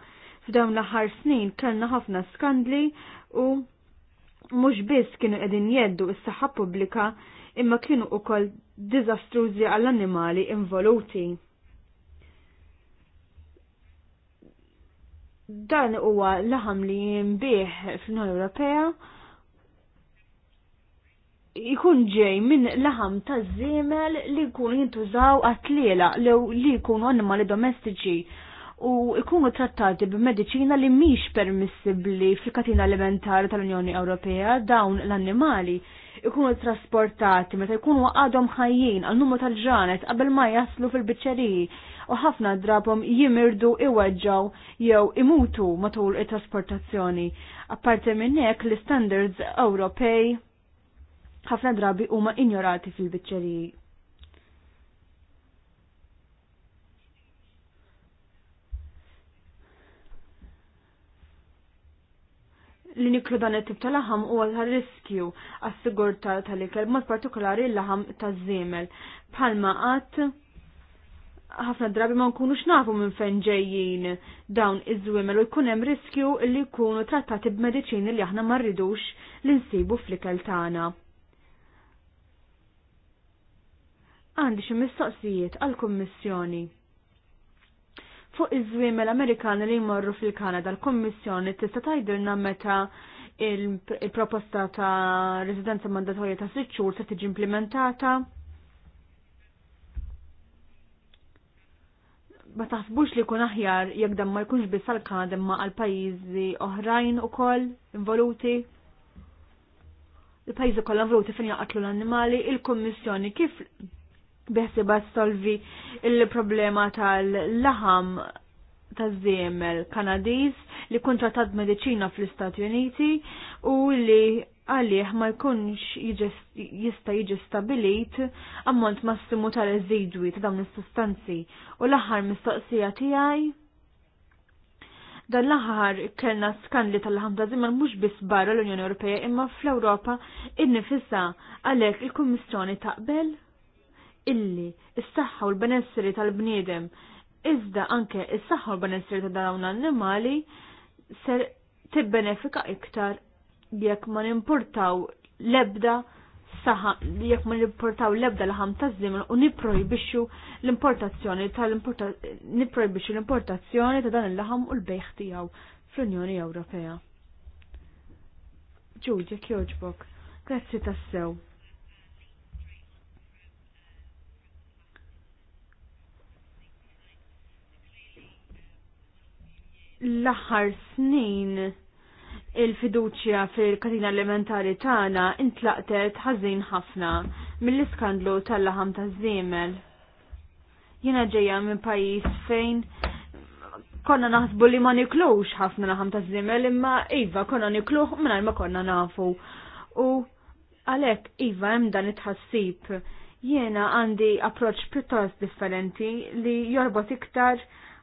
F'dawn l-aħħar snin kellna ħafna skandli u mhux biss kienu qegħdin jeddu is saħħa pubblika imma kienu koll diżastrużi għall-annimali involuti. Dan huwa laħam li jimbieħ fl-Unjoni Ewropea jkun ġej minn laħam ta' zimel li jkun jintużaw għatliela lew li jkunu annimali domestiċi u jkunu trattati b'mediċina li mhix permissibbli fil-katina alimentari tal-Unjoni Ewropea dawn l-annimali ikunu trasportati meta jkunu għadhom ħajjin għal numru tal-ġranet qabel ma jaslu fil-biċċeriji u ħafna drabhom jimirdu iweġġaw jew imutu matul it-trasportazzjoni. Apparti minn hekk l-standards Ewropej ħafna drabi huma injorati fil-biċċeriji. li niklu dan it-tip ta' laħam huwa ta' riskju għas-sigurtà tal-ikel, mod partikolari l-laħam taż-żiemel. Bħalma qatt ħafna drabi ma nkunux nafu minn fejn ġejjin dawn iż-żwiemel u jkun hemm riskju li jkunu trattati b'mediċini li aħna ma rridux li nsibu fl-ikel tagħna. Għandi xi mistoqsijiet għall-Kummissjoni fuq iż-żwiemel Amerikani li jmorru fil-Kanada l-Kommissjoni tista' tgħidilna meta il-proposta ta' residenza mandatorja ta' sitt xhur se tiġi implementata. Ma taħsbux li jkun aħjar jekk dan ma jkunx biss għall-Kanada imma għal pajjiżi oħrajn ukoll involuti il-pajzi kollha involuti fejn jaqatlu l-annimali, il-Kommissjoni kif beħsiba solvi il-problema tal-laħam taż-żiemel Kanadiż li kuntratat mediċina fl-Istati Uniti u li għalih ma jkunx jista' jiġi stabilit ammont massimu ta' residwi ta' dawn is-sustanzi u l-aħħar mistoqsija tiegħi dan l-aħħar kellna skandli tal-ħam ta' żiemel mhux biss barra l-Unjoni Ewropea imma fl-Ewropa innifissa għalhekk il-Kummissjoni taqbel illi s-saħħa u l-benessri tal-bniedem iżda anke s-saħħa u l-benessri ta' dawn annimali ser tibbenefika iktar jekk ma nimportaw lebda saħa jekk ma nimportaw lebda laħam ta' żimen u niprojbixu l-importazzjoni tal-importazzjoni l-importazzjoni ta' dan il-laħam u l-bejħ tiegħu fl-Unjoni Ewropea. Ġuġi, kjoġbok, grazzi tassew. l-aħħar snin il-fiduċja fil-katina elementari tagħna intlaqtet ħażin ħafna mill-iskandlu tal-laħam ta' żiemel Jiena ġejja minn pajjiż fejn konna naħsbu li ma niklux ħafna laħam ta' zimel imma iva konna nikluħ minna ma konna nafu. U għalek iva hemm dan it-ħassib. Jiena għandi approċ pjuttost differenti li jorbot iktar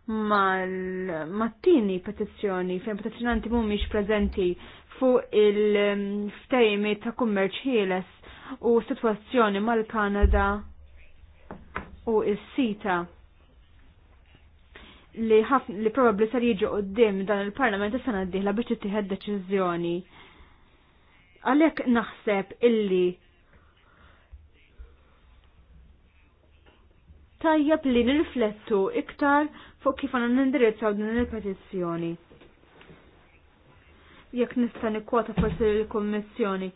mal-mattini petizzjoni fejn petizjonanti mhumiex preżenti fuq il-ftejmi ta' kummerċ ħieles u situazzjoni mal-Kanada u il sita li, li probabli sar jiġu għoddim dan il-Parlament is-sena d-dieħla biex tiħed deċiżjoni. Għalhekk naħseb illi tajjeb li nirriflettu iktar fuq kif għandna nindirizzaw din il-petizzjoni. Jekk nista' nikkwota forsi l-Kummissjoni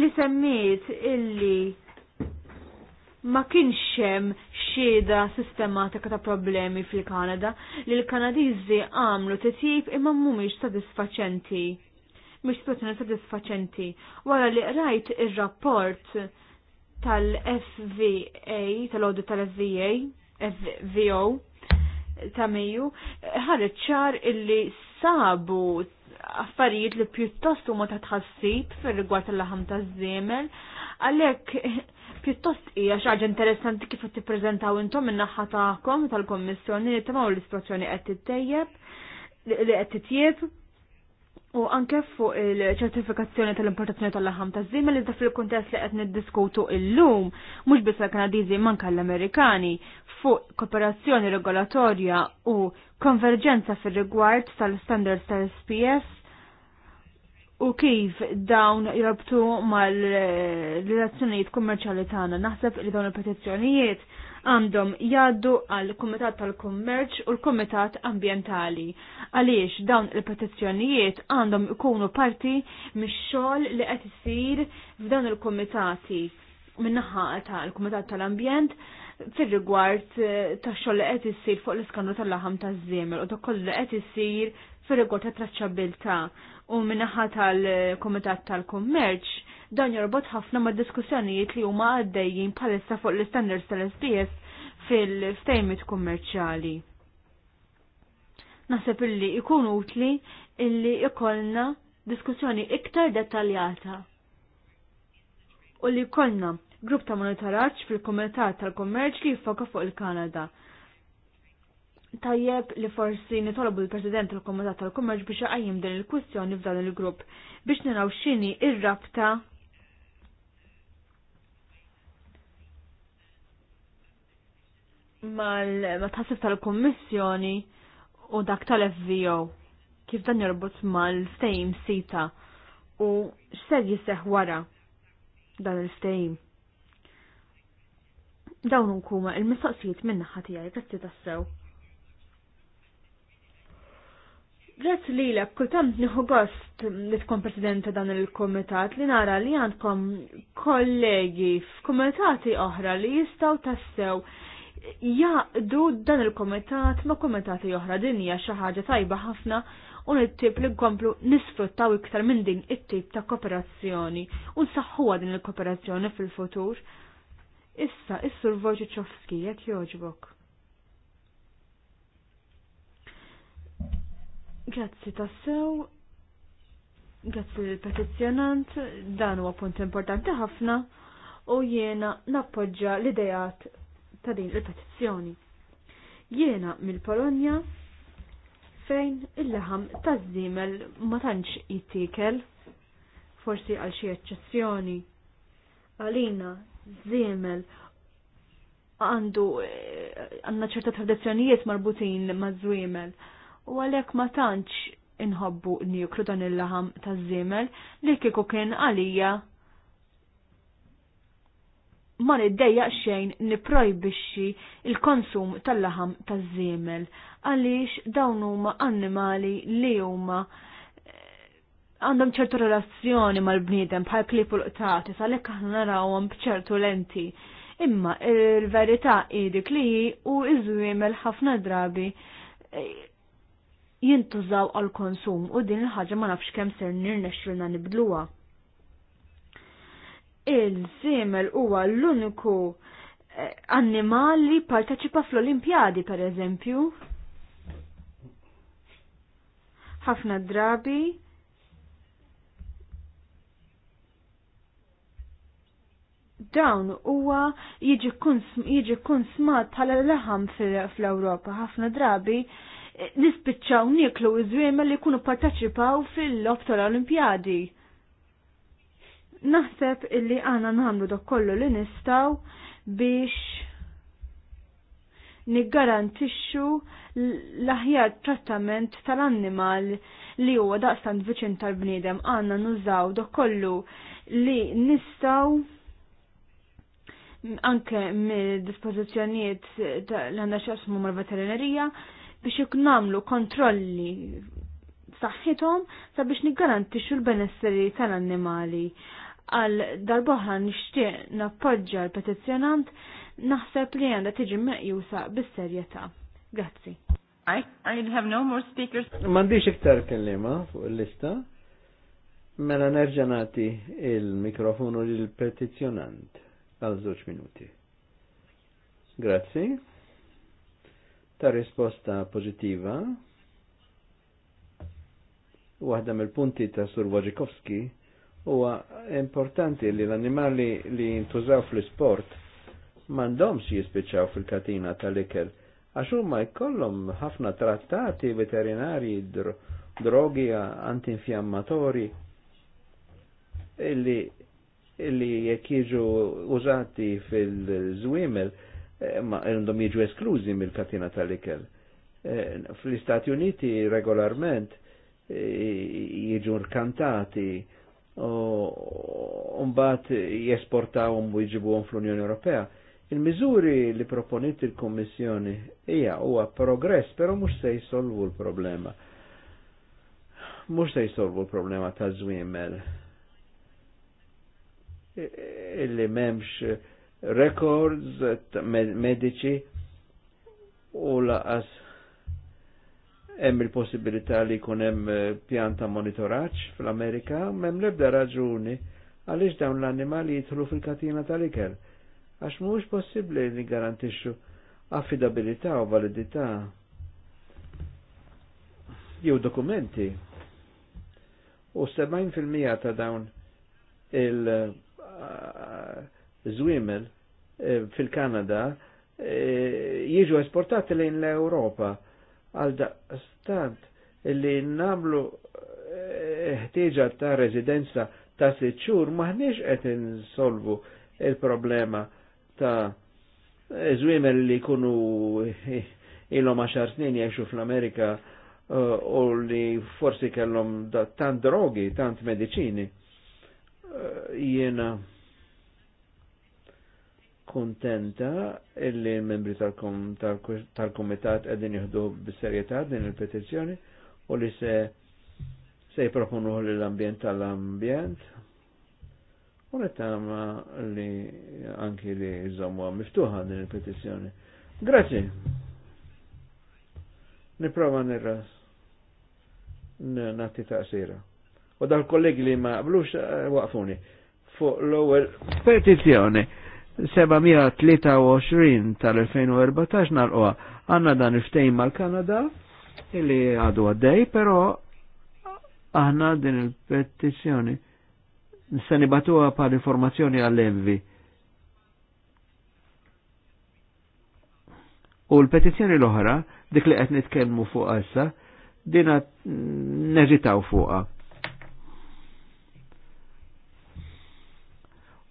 li semmiet illi ma kienx hemm xieda sistematika ta' problemi fil-Kanada li l-Kanadiżi għamlu t-tip imma mhumiex sadisfaċenti. Mhux situazzjoni sadisfaċenti. Wara li rajt ir-rapport tal-FVA, tal-Audit tal-FVA, FVO, ta' Mejju ċar illi sabu affarijiet li pjuttost huma ta' tħassib fir-rigward tal-laħam taż-żiemel, għalhekk pjuttost hija xi ħaġa interessanti kif qed tippreżentaw intom in naħa tagħkom tal-Kommissjoni li tagħmlu l-istruzzjoni qed tittejjeb li qed titjieb U anke fuq il-ċertifikazzjoni tal-importazzjoni tal-laħam ta' zima li fil kuntest li qed niddiskutu illum mhux biss għall-Kanadiżi manka l-Amerikani fuq kooperazzjoni regolatorja u konverġenza fir-rigward tal-standards tal-SPS u kif dawn jirabtu mal-relazzjonijiet kummerċjali tagħna. Naħseb li dawn il-petizzjonijiet għandhom jaddu għal Kumitat tal-Kummerċ u l-Kumitat Ambientali. Għaliex dawn il-petizzjonijiet għandhom ikunu parti mix-xogħol li qed isir f'dawn il-kumitati minnaħa tal-Kumitat tal-Ambjent fil rigward eh, ta' xogħol li qed issir fuq l-iskandlu tal-laħam taż-żiemel u dokoll li qed isir fir rigward ta' traċċabilità u minnaħa tal-Kumitat tal-Kummerċ Dan jorbot ħafna ma' diskussjonijiet li huma għaddejjin bħalissa fuq l-standards tal-SPS fil-ftejmit kummerċjali. Naħseb illi ikun utli illi ikollna diskussjoni iktar dettaljata. U li kollna grupp ta' monitoraċ fil-Kumitat tal-Kummerċ li jiffoka fuq il-Kanada tajjeb li forsi nitolbu l-President tal-Komitat tal kommerċ biex għajjim din il-kwistjoni f'dan il-grupp biex naraw x'inhi ir-rabta mal tħassif tal-Kommissjoni u dak tal-FVO kif dan jorbot mal-ftejm sita u x'ser jiseħ wara dan il-ftejm. Dawn nkuma il-mistoqsijiet minna ħatijaj, grazzi tassew. Grazzi li l kultant niħu gost li tkun presidenta dan il-komitat li nara li għandkom kollegi f'komitati oħra li jistaw tassew jaqdu dan il-komitat ma' komitati oħra din hija xi ħaġa tajba ħafna u nittib li nkomplu nisfruttaw iktar minn din it-tip ta' kooperazzjoni u nsaħħuha din il-kooperazzjoni fil-futur. Issa, is-Sur ċofski, jekk jogħġbok. Grazzi tassew, grazzi l-petizjonant, dan huwa punt importanti ħafna u jiena nappoġġa l-idejat ta' din il-petizzjoni. Jiena mill-Polonja fejn il-laħam ta' zimel ma tantx jittikel, forsi għal xi eċċezzjoni. Għalina zimel għandu għanna ċerta tradizzjonijiet marbutin ma' zimel u għalhekk ma tantx inħobbu niklu dan il-laħam ta' zimel li kieku kien għalija ma niddejjaq xejn niprojbixxi il-konsum tal-laħam taż-żiemel għaliex dawn huma annimali li huma eh, għandhom ċertu relazzjoni mal-bniedem bħal klip u l-qtati għalhekk aħna narawhom b'ċertu lenti. Imma il-verità hi dik li u iż-żwiemel ħafna drabi eh, jintużaw għal konsum u din il-ħaġa ma nafx kemm ser nirnexxilna nibdluha il-żiemel huwa l-uniku eh, annimal li parteċipa fl-Olimpjadi per eżempju. Ħafna drabi dawn huwa jiġi kun smat bħala leħam fl-Ewropa ħafna drabi eh, nispiċċaw niklu iż żwiema li jkunu parteċipaw fil-lob tal-Olimpjadi. Naħseb illi għana nħamlu dok kollu li nistaw biex niggarantixxu l-aħjar trattament tal-annimal li huwa daqstant viċin tal-bniedem għanna nużaw dok kollu li nistaw anke mid-dispożizzjonijiet l-għanna xasmu mal-veterinerija biex iknamlu kontrolli saħħithom sabiex niggarantixxu l-benesseri tal-annimali għal darboħra nixtieq nappoġġa l-petizzjonant naħseb li għandha tiġi meqjusa bis-serjetà. Grazzi. I, I have no more speakers. Mandiċ iktar kellima fuq il-lista. Mela nerġa' nagħti il-mikrofonu lill petizzjonant għal żewġ minuti. Grazzi. Ta' risposta pożittiva. Waħda mill-punti ta' Sur Wojcikowski huwa importanti li l-annimali li jintużaw fl-sport mandomx jispiċċaw fil-katina tal-ikel għax huma jkollhom ħafna trattati veterinari dr drogi antinfiammatori illi illi jekk jiġu użati fil-żwiemel eh, ma għandhom jiġu esklużi mill-katina tal-ikel. Eh, Fl-Istati Uniti regolarment eh, jiġu rkantati Umbat jesportawhom u jġibuhom fl-Unjoni Ewropea. il mizuri li proponit il-Kommissjoni hija huwa progress, però mhux se jsolvu l-problema. Mhux se jsolvu l-problema ta' żwiemel. Illi m'hemmx records medici u laqas hemm il-possibilità li jkun hemm eh, pjanta monitoraġġ fl-Amerika, m'hemm l-ebda raġuni għaliex dawn l-annimali jidħlu fil-katina tal-ikel. Għax mhuwiex possibbli li garantixxu affidabilità u validità jew dokumenti. U 70% ta' dawn il-żwiemel eh, eh, fil-Kanada jiġu esportati lejn l-Ewropa għal daqstant illi namlu eh, ħtieġa ta' residenza ta' sitxur maħniex qed insolvu il-problema ta' żwiemer li jkunu ilhom għaxar snin jgħixu fl-Amerika eh, u li forsi kellhom tant drogi, tant mediċini. Eh, jiena kontenta illi membri tal-komitat għedin jihdu b-serjetà din il-petizjoni u li se se jiproponu l-ambjent tal-ambjent u li tama li anki li jizzomu miftuħa din il-petizjoni. Grazie. Niprofa nirras nati sira. U dal-kollegi li ma qablux eh, waqfuni fuq l-ewwel petizzjoni. 723 tal-2014 nalqwa għanna dan iftejn mal-Kanada illi għadu għaddej, pero aħna din il-petizjoni nistani batuwa pal informazzjoni għall-envi. U l-petizjoni l-oħra, dik li qed nitkellmu fuq issa, dina neġitaw fuqha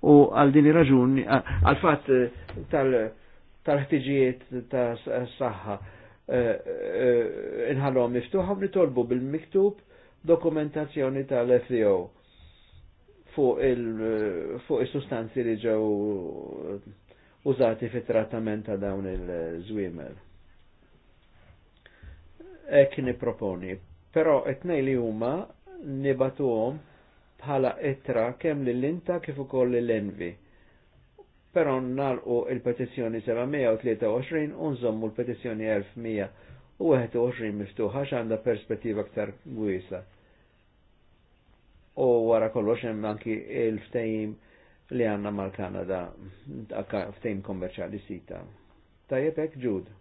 u għal din raġuni għal fatt eh, tal-ħtiġijiet tal eh, saħħa eh, inħallhom miftuħom nitolbu bil-miktub dokumentazzjoni tal-FDO fuq il-sustanzi li ġew użati fit-trattament ta' dawn il-żwiemel ek niproponi. Pero etnej li huma nibatuhom bħala ittra kemm l inta kif ukoll l envi Però nalqu il-petizzjoni 723 u nżommu l-petizzjoni 1121 miftuħa għandha perspettiva aktar gwisa. U wara kollox hemm anki il-ftehim li għanna mal-Kanada ftejm kommerċali sita. Tajjeb hekk ġud.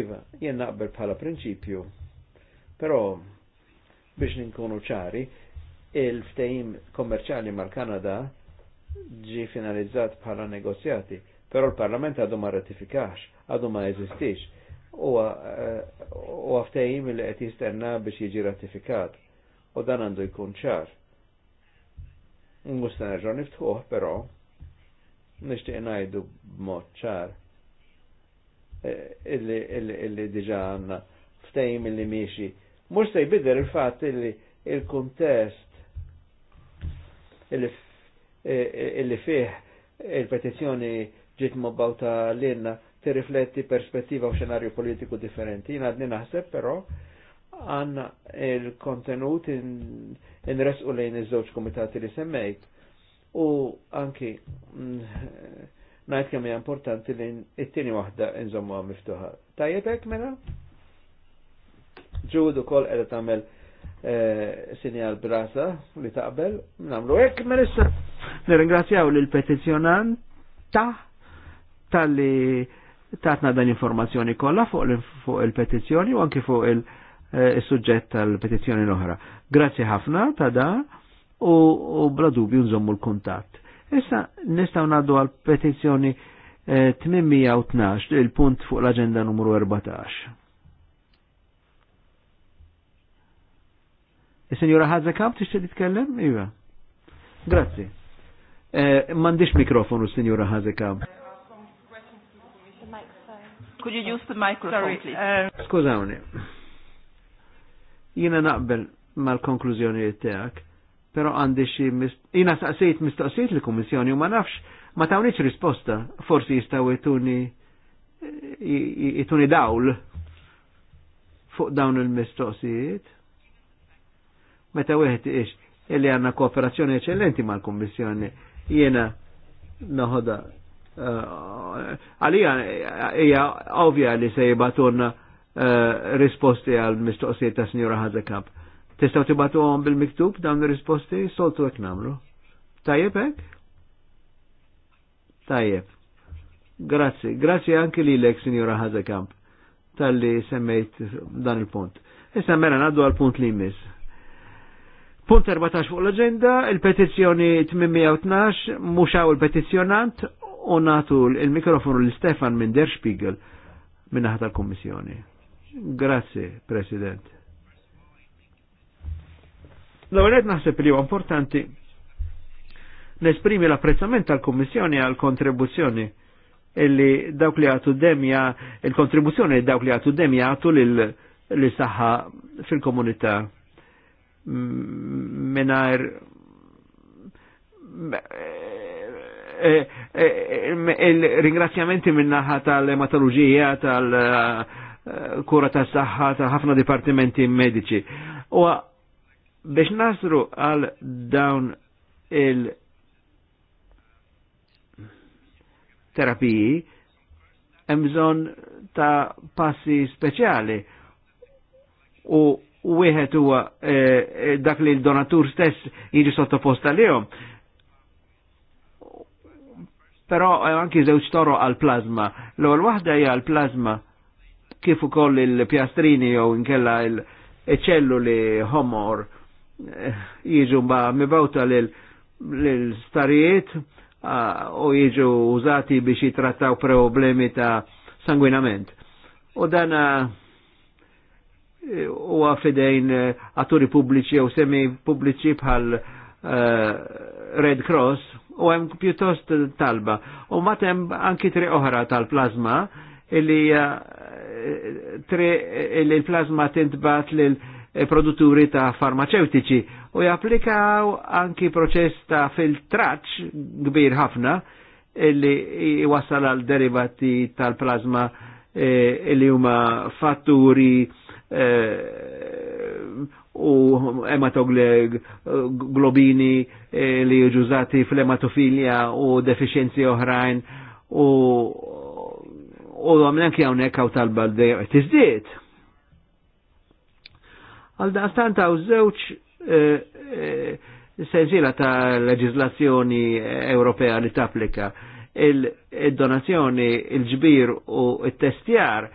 Iva, jien naqbel bħala prinċipju, però biex ninkunu ċari, il-ftehim kommerċali mal-Kanada ġi finalizzat bħala negozjati, però l-Parlament għadu ma ratifikax, għadu ma eżistix, u għaftejim eh, li qed jistenna biex jiġi ratifikat, u dan għandu jkun ċar. Musta nerġgħu niftħuh, però nixtieq ngħidu b'mod ċar eh, illi diġà għandna ftehim illi miexi mux se jbidder il-fat illi il-kontest illi fih il-petizjoni ġit mobbawta l-inna tirrifletti perspettiva u xenarju politiku differenti. Jina għadni naħseb, però, għanna il-kontenut in-resqu lejn iż-żewġ komitati li semmejt. U anki mm, najt kemm hija importanti li t-tieni waħda inżommu miftuħa. Tajjeb hekk mela? ġud u koll edha tamel eh, sinjal brasa li taqbel, namlu ek, merissa. Nirringrazzjaw li l-petizjonan ta' tal-li tatna dan informazzjoni kollha fuq il-petizjoni u anki fuq il eh, sujġet tal-petizjoni l-oħra. Grazzi ħafna ta' da u bla dubju nżommu l-kuntatt. Issa nistgħu ngħaddu għal petizzjoni 812 eh, il-punt fuq l-aġenda numru 14. is ħazza Ħazzakab tixtieq titkellem? Iva. Grazzi. Eh, m'għandix mikrofonu, Sinjura Ħazzakab. Could you use the microphone, please? Uh, Skużawni. Jiena naqbel mal-konklużjoni tiegħek, però għandi xi jiena saqsejt mistoqsijiet il-Kummissjoni u ma nafx ma tawniċ risposta, forsi jistgħu jtuni eh, jituni dawl fuq dawn il-mistoqsijiet meta wieħed ix illi għandna kooperazzjoni eċċellenti mal-Kummissjoni jena noħoda eh, għalija hija ovvja li se jibatunna eh, risposti għal mistoqsijiet ta' Sinjura Ħazekamp. Tistgħu tibatuhom bil-miktub dawn risposti soltu hekk nagħmlu. Tajjeb hekk? Tajjeb. Grazzi, grazzi anki lilek, Sinjura Ħazekamp, tal-li semmejt dan il-punt. Issa mela ngħaddu għal punt li jmiss. Punt 14 fuq l-agenda, il-petizjoni 812, muxaw il-petizjonant, u natu il-mikrofonu l-Stefan minn Der Spiegel minn naħta l-Kommissjoni. Grazie, President. L-għonet naħseb li huwa importanti nesprimi l-apprezzament tal-Kommissjoni għal-kontribuzzjoni illi dawk li għatu demja, il-kontribuzzjoni dawk li għatu demja għatu l-saħħa fil-komunità minar e- e- e- il-ringrazzjamenti minnaħa tal-ematologija, tal-kura ta' saħħa ta' ħafna dipartimenti medici. U biex nasru għal dawn il- terapiji, hemm ta' passi speċjali u wieħed huwa eh, eh, dak li l-donatur stess jiġi sottoposta lihom. Però eh, anki żewġ toro għal plazma. L-ewwel waħda hija għal plazma kif ukoll il-pjastrini jew inkella il-ċelluli homor eh, jiġu mba mibawta l-starijiet ah, u jiġu użati biex jitrattaw problemi ta' sanguinament. U dana ah, u għafidejn eh, atturi pubbliċi u semi pubbliċi bħal uh Red Cross u għem pjuttost talba. U matem anki tre oħra tal-plazma illi eh, tre illi l-plazma tintbat lil produtturi ta' farmaceutiċi u japplikaw anki proċess ta' filtraċ kbir ħafna illi jwassal għal derivati tal-plazma illi huma fatturi u ematogleg globini eh, li juġużati fl-ematofilja u deficienzi oħrajn u u għamlenk jawnek għaw talba l-dejja tizdiet. Għal-daqstant għaw zewċ eh, eh, sensila ta' leġizlazzjoni Ewropea li tapplika il-donazzjoni, il-ġbir u il-testjar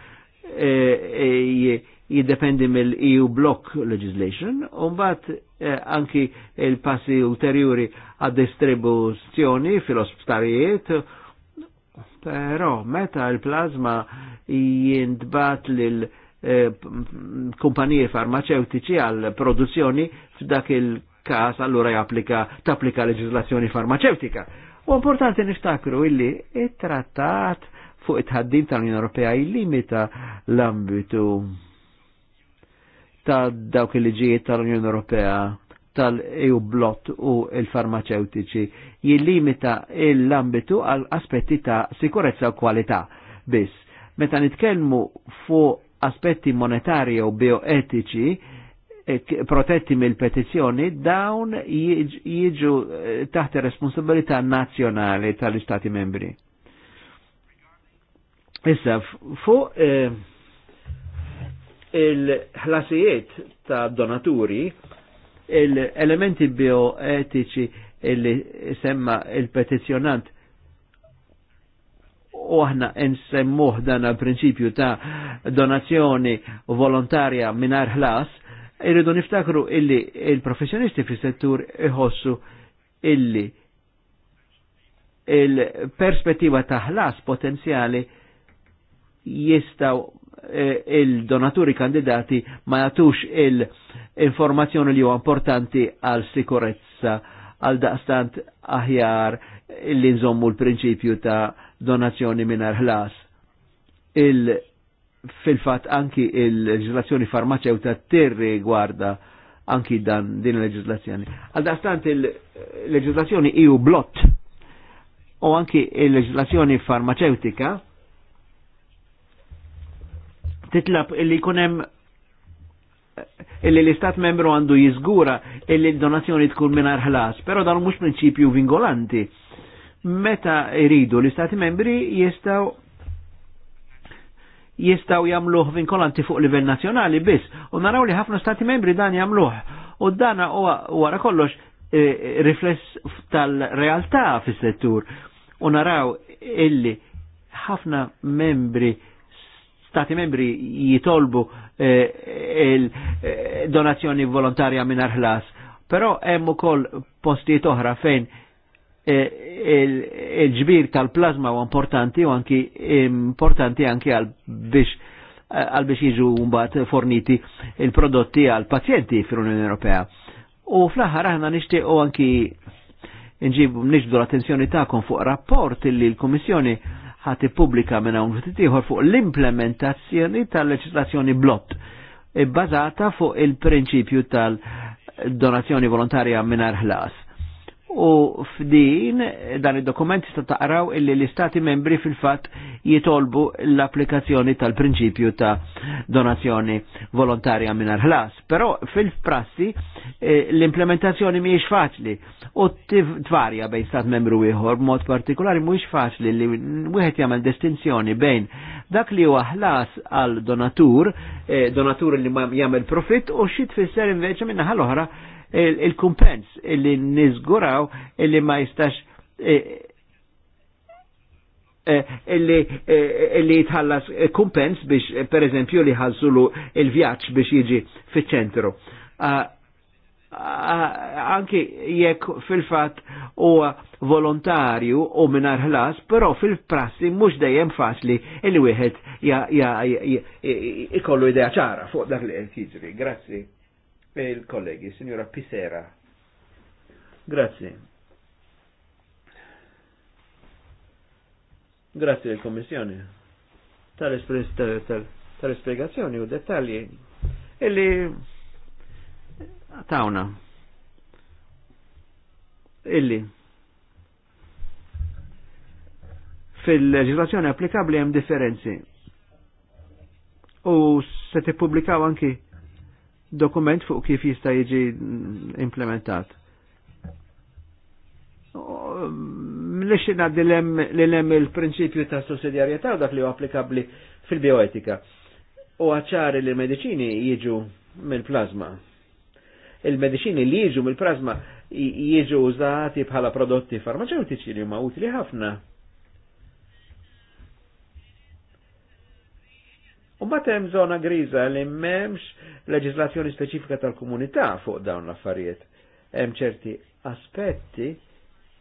jiddependi mill-EU block legislation, bat eh, anki il-passi ulteriori għad distribuzzjoni fil-osptarijiet, però meta il-plazma jindbat lil eh, kumpanije farmaceutiċi għal produzzjoni f'dak il-kas allura japplika tapplika leġislazzjoni farmaceutika. U importanti niftakru illi it-trattat fuq it-ħaddim tal-Unjoni Ewropea jillimita l-ambitu ta' dawk il-liġijiet tal-Unjoni Ewropea tal-EU blot u il-farmaceutiċi jillimita l-ambitu għal aspetti ta' sikurezza u kwalità biss. Meta nitkellmu fuq aspetti monetari u bioetiċi, e, protetti mill-petizzjoni dawn jiġu e, taħt responsabilità nazzjonali tal-Istati membri. Issa, fuq eh, il-ħlasijiet ta' donaturi, l-elementi bioetiċi li semma il-petizjonant u aħna nsemmuh dan prinċipju ta' donazzjoni volontarja minar ħlas, irridu niftakru illi il-professjonisti fis settur iħossu illi il-perspettiva ta' ħlas potenzjali jistaw Eh, il-donaturi kandidati ma jatux il-informazzjoni li huwa importanti għal sikurezza għal daqstant aħjar li nżommu l-prinċipju ta' donazzjoni minar ħlas. Fil-fat anki il-leġislazzjoni farmaceuta terri gwarda anki dan din il-leġislazzjoni. Għal daqstant il-leġislazzjoni iju e blott u anki il-leġislazzjoni farmaceutika titlab illi kunem illi l-istat membru għandu jizgura illi l-donazzjoni tkun minar ħlas, pero dan mux prinċipju vingolanti. Meta iridu l-istati membri jistaw jistaw jamluħ vinkolanti fuq livell nazjonali biss, u naraw li ħafna stati membri dan jamluħ, u dana u wara kollox e, rifless tal-realtà fis settur u naraw illi ħafna membri stati membri jitolbu eh, il-donazzjoni eh, volontarja minn ħlas. Però hemm ukoll postijiet oħra fejn eh, il-ġbir tal-plazma u importanti u anki importanti anki għal biex biex jiġu mbagħad forniti il-prodotti għal pazjenti fil unjoni Ewropea. U fl-aħħar aħna nixtiequ anki nġibu nixdu l-attenzjoni tagħkom fuq rapport li l-Kummissjoni ħati pubblika minna hawn ieħor fuq l-implementazzjoni tal-leġislazzjoni blott e bazata fuq il-prinċipju tal-donazzjoni volontarja mingħajr ħlas U f'din dan id-dokument tista' taqraw illi l-istati membri fil-fatt jitolbu l-applikazzjoni tal-prinċipju ta' donazzjoni volontarja mingħajr ħlas. Però fil-prassi eh, l-implementazzjoni mhijiex faċli u tvarja bejn stat membru ieħor b'mod partikolari mhuwiex faċli li wieħed jagħmel distinzjoni bejn dak li huwa ħlas għal donatur, eh, donatur li jagħmel profitt u xi tfisser inveċa naħa l-oħra il-kumpens il illi nizguraw illi ma jistax e, e, illi e, illi jitħallas kumpens biex per eżempju li ħalsulu il-vjaċ biex jiġi fiċ-ċentru. Anki jekk fil-fat u volontarju u minar ħlas, però fil-prassi mux dejjem faċli il wieħed ikollu idea ċara fuq dak li qed jiġri. Grazzi il-kollegi, signora Pisera. Grazie. Grazie l-Kommissjoni tal spiegazioni u dettalji e tauna. E illi fil legislazione applicabile hemm differenzi u se pubblicavo anche? dokument fuq kif jista' jiġi implementat. Mlix ngħaddi li hemm il-prinċipju ta' sussidjarjetà u dak li hu applikabbli fil-bioetika. U għacċari li l-medicini jiġu mill plasma Il-medicini li jiġu mill plasma jiġu użati bħala prodotti farmaceutiċi li huma utili ħafna U mbagħad hemm żona griża li m'hemmx leġislazzjoni speċifika tal-komunità fuq dawn l-affarijiet. Hemm ċerti aspetti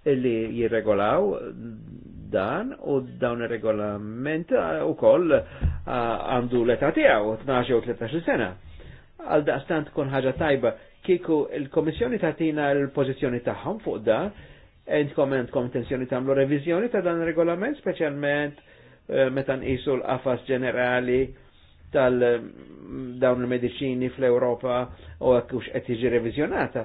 li jirregolaw dan u dawn ir-regolament uh, ukoll uh, għandu l-età tiegħu 12 u 13 sena. Għal daqstant tkun ħaġa tajba kiku il-Komissjoni tatina l-pożizzjoni tagħhom fuq dan, entkom entkom intenzjoni tagħmlu reviżjoni ta' dan ir-regolament, speċjalment uh, meta nqisu l-qafas ġenerali tal-dawn il-medicini fl-Europa u għak ux għetiġi revizjonata.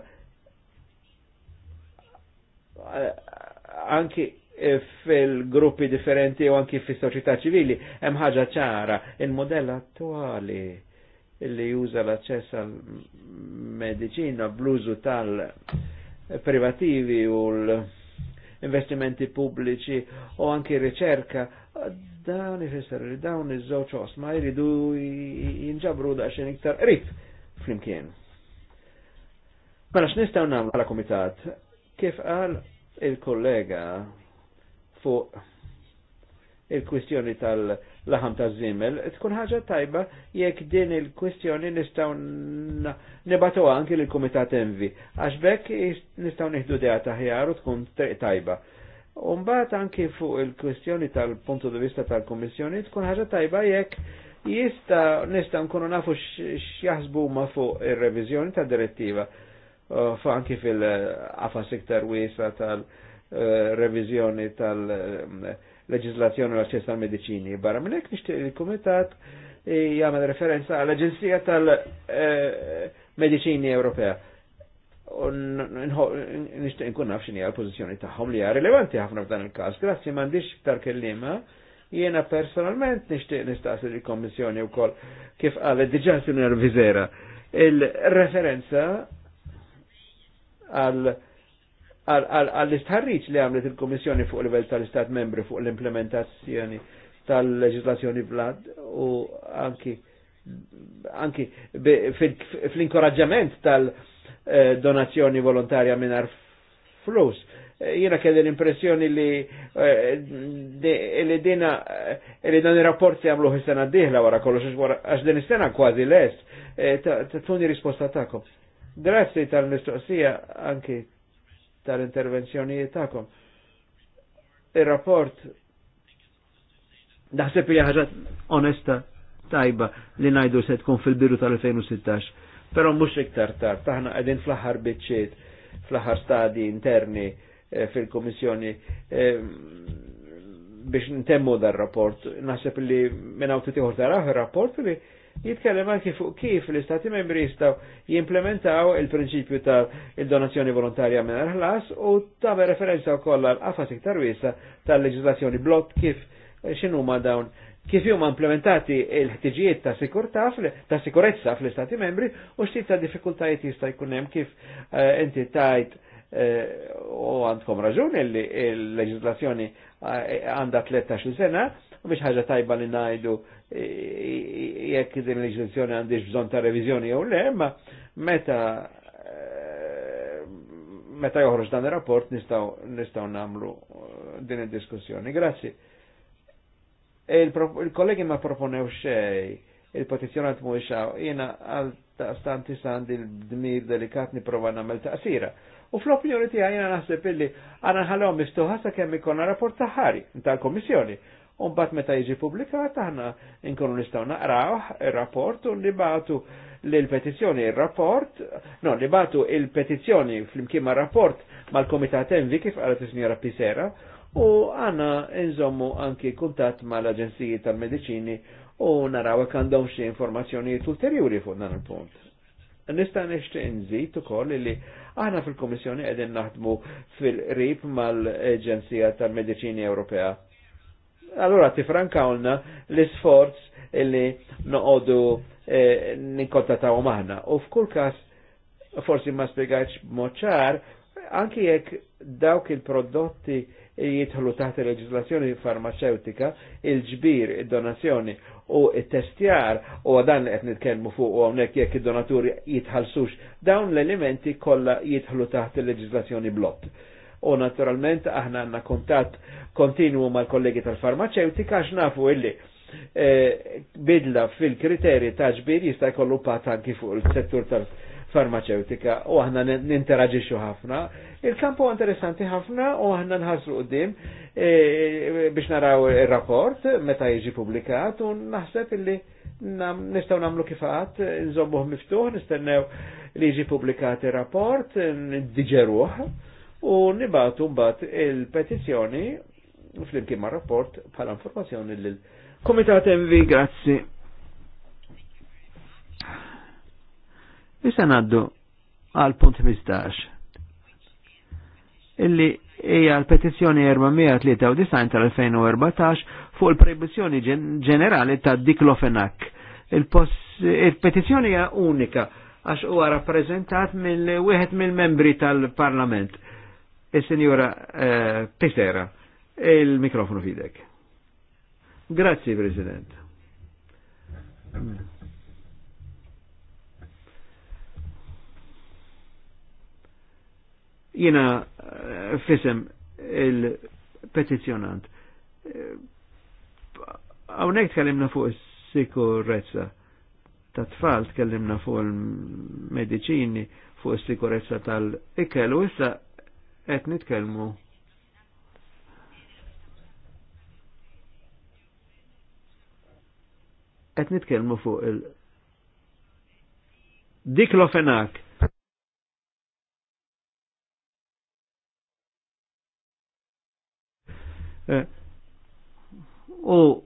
Anki fil-gruppi differenti u anki fil-soċieta ċivili, hemm ħaġa ċara, il-modell attuali li juża l-aċċess għal medicina bluzu tal-privativi u l-investimenti pubblici u anki riċerka Dan ifisser li dawn iż-żewġ osma jridu jinġabru daqsxejn iktar qrib flimkien. Mela x'nistgħu nagħmlu bħala kumitat kif qal il-kollega fuq il-kwistjoni tal-laħam ta' zimel, tkun ħaġa tajba jekk din il-kwistjoni nistaw nibatuha anki l-Komitat Envi, għax bekk nistaw nieħdu dea taħjar u tkun tajba. Umbat anki fuq il-kwestjoni tal-puntu di vista tal-Kommissjoni tkun ħaġa tajba jekk jista nista nkunu nafu x'jaħsbu ma fuq ir-reviżjoni tad direttiva uh, anki fil-qafas iktar wiesa tal-reviżjoni tal-leġislazzjoni l-aċċess tal medicini Barra minn hekk nixtieq il-Kumitat jagħmel referenza għall-Aġenzija tal eh, medicini Ewropea nishtiq nkun naf x'inhi l-pożizzjoni tagħhom li hija rilevanti ħafna f'dan il-każ. Grazzi m'għandix iktar kellima. Jiena personalment nixtieq nistaqsi l kommissjoni wkoll kif qalet diġà Sinjor Vizera il-referenza għall-istħarriċ li għamlet il-Kommissjoni fuq livell tal-Istat membri fuq l-implementazzjoni tal-leġislazzjoni vlad u anki anki fl-inkoraġġament tal- Eh, donazzjoni volontarja minar flus. Eh, jina kelli l-impressjoni li eh, li dina li dan il-rapport għamlu għamluħi sena diħla wara kollox, għax din is-sena kważi les, tuni risposta ta'kom. Grazzi tal-mistoqsija anki tal intervenzjoni ta'kom. Il-rapport daħseb li onesta tajba li najdu se tkun fil-biru tal-2016 pero mux iktar tard, taħna għedin fl-ħar bieċiet, fl-ħar stadi interni eh, fil-komissjoni eh, biex nintemmu dar rapport. Naħseb li minn għaw titiħor taraħ rapport li jitkellem anki fuq kif l-istati membri jistaw jimplementaw il-prinċipju ta' il-donazzjoni volontarja minn ħlas u ta' referenza u kollha l-qafas iktar wiesa tal-leġislazzjoni blott kif eh, xinuma dawn kif huma implementati l-ħtiġijiet ta' sikurtà ta' sikurezza fl-Istati membri u xtit ta' diffikultajiet jista' jkun hemm kif eh, inti tajt eh, u għandkom raġuni li l-leġislazzjoni eh, għandha 13 sena u biex ħaġa tajba li najdu jekk din leġislazzjoni għandix bżon ta' revizjoni jew le, ma meta meta joħroġ dan ir-rapport nistgħu nistgħu nagħmlu din id-diskussjoni. Grazzi. Il-kollegi ma proponew xej, il-petizjonant mu ixaw, jena għal tastanti sand il-dmir delikat niprofa namel sira. U fl-opinjoni tiegħi għajna nasib illi għana nħallhom miftuħa sakemm ikollna rapport taħari tal Un bat meta jiġi publikat aħna inkonu nistaw naqraw il rapport u nibatu l petizjoni il rapport no, nibatu il petizjoni fl imkima rapport mal-Komitat Envi kif qalet is-Sinjora Pisera u għanna nżommu anki kuntat mal-Aġenziji tal-Mediċini u naraw jekk għandhom xie informazzjonijiet ulterjuri fuq dan il-punt. Nista' nixtieq nżid ukoll li aħna fil-Kummissjoni qegħdin naħdmu fil-qrib mal-Aġenzija tal-Mediċini Ewropea. Allura tifrankawlna l-isforz illi noqogħdu eh, ninkontataw maħna. U f'kull każ forsi ma spjegajtx b'mod ċar, anki jekk dawk il-prodotti jidħlu taħt il-leġislazzjoni farmaceutika il-ġbir, id-donazzjoni u il-testjar u għadan qed nitkellmu fuq u hawnhekk jekk id-donaturi jitħallsux dawn l-elementi kollha jidħlu taħt il-leġislazzjoni blott. U naturalment aħna għandna kontatt kontinwu mal-kollegi tal-farmaceutika għax nafu illi bidla fil-kriterji ta' ġbir jista' jkollu pat anki fuq il-settur tal-farmaceutika u aħna ninteraġixxu ħafna il kampo interessanti ħafna u ħanna nħasru qoddim e, e, biex naraw il-rapport meta jiġi publikat u naħseb illi nistaw namlu kifat, nżommuh miftuħ, nistennew li jiġi publikat il-rapport, diġeruħ u nibatu mbagħad il-petizzjoni fl-imkien mar-rapport bħala informazzjoni l Komitat MV, grazzi. Issa naddu għal punt 15 illi hija l-petizzjoni 493 tal-2014 fuq il-proibizjoni ġenerali ta' diklofenak. Il-petizzjoni hija unika għax huwa rappreżentat mill wieħed mill-membri tal-Parlament. Is-Sinjura eh, il-mikrofonu fidek. Grazzi, President. Jina eh, fisem il-petizjonant. Għawnek eh, tkellimna fuq sikurezza. Ta' tfal tkellimna fuq il-medicini, fuq sikurezza tal-ikel, u issa qed nitkellmu qed nitkellmu fuq il- diklofenak E, u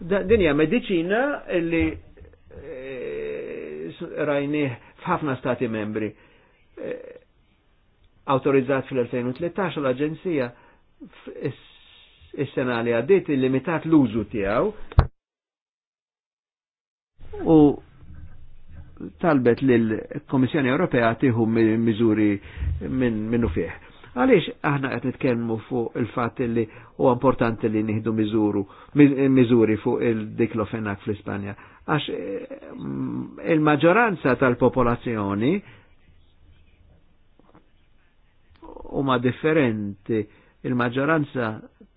Dinja medicina li e, rajnih f'ħafna stati membri. E, autorizzat fil-2013 l-Aġenzija is-sena li illimitat l-użu tiegħu u talbet li l-Komissjoni Ewropea tiħu miżuri minn minnu fih. Għaliex aħna qed nitkellmu fuq il-fatt li huwa importanti li nieħdu miżuru miżuri fuq il-diklofenak fl-Ispanja. Għax eh, il-maġġoranza tal-popolazzjoni huma differenti il-maġġoranza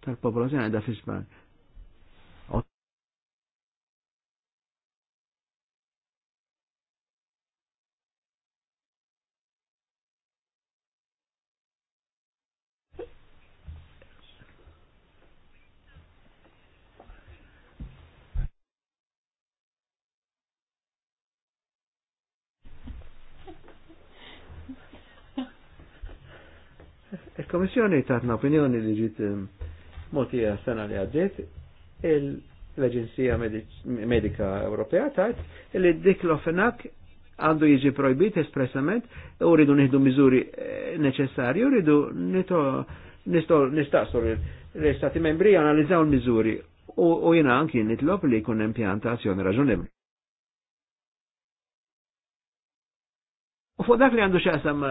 tal-popolazzjoni da fl-Ispanja Il-Komissjoni tatna opinjoni li ġit ehm, motija sena li għaddiet l-Aġenzija Medika Ewropea tajt li dik l-ofenak għandu jiġi projbit espressament u rridu nieħdu miżuri eh, neċessarju, rridu nistaqsu l-Stati membri analizzaw l-miżuri u jina anki nitlob li jkun hemm azzjoni raġunevoli. U fuq dak li għandu xaqsam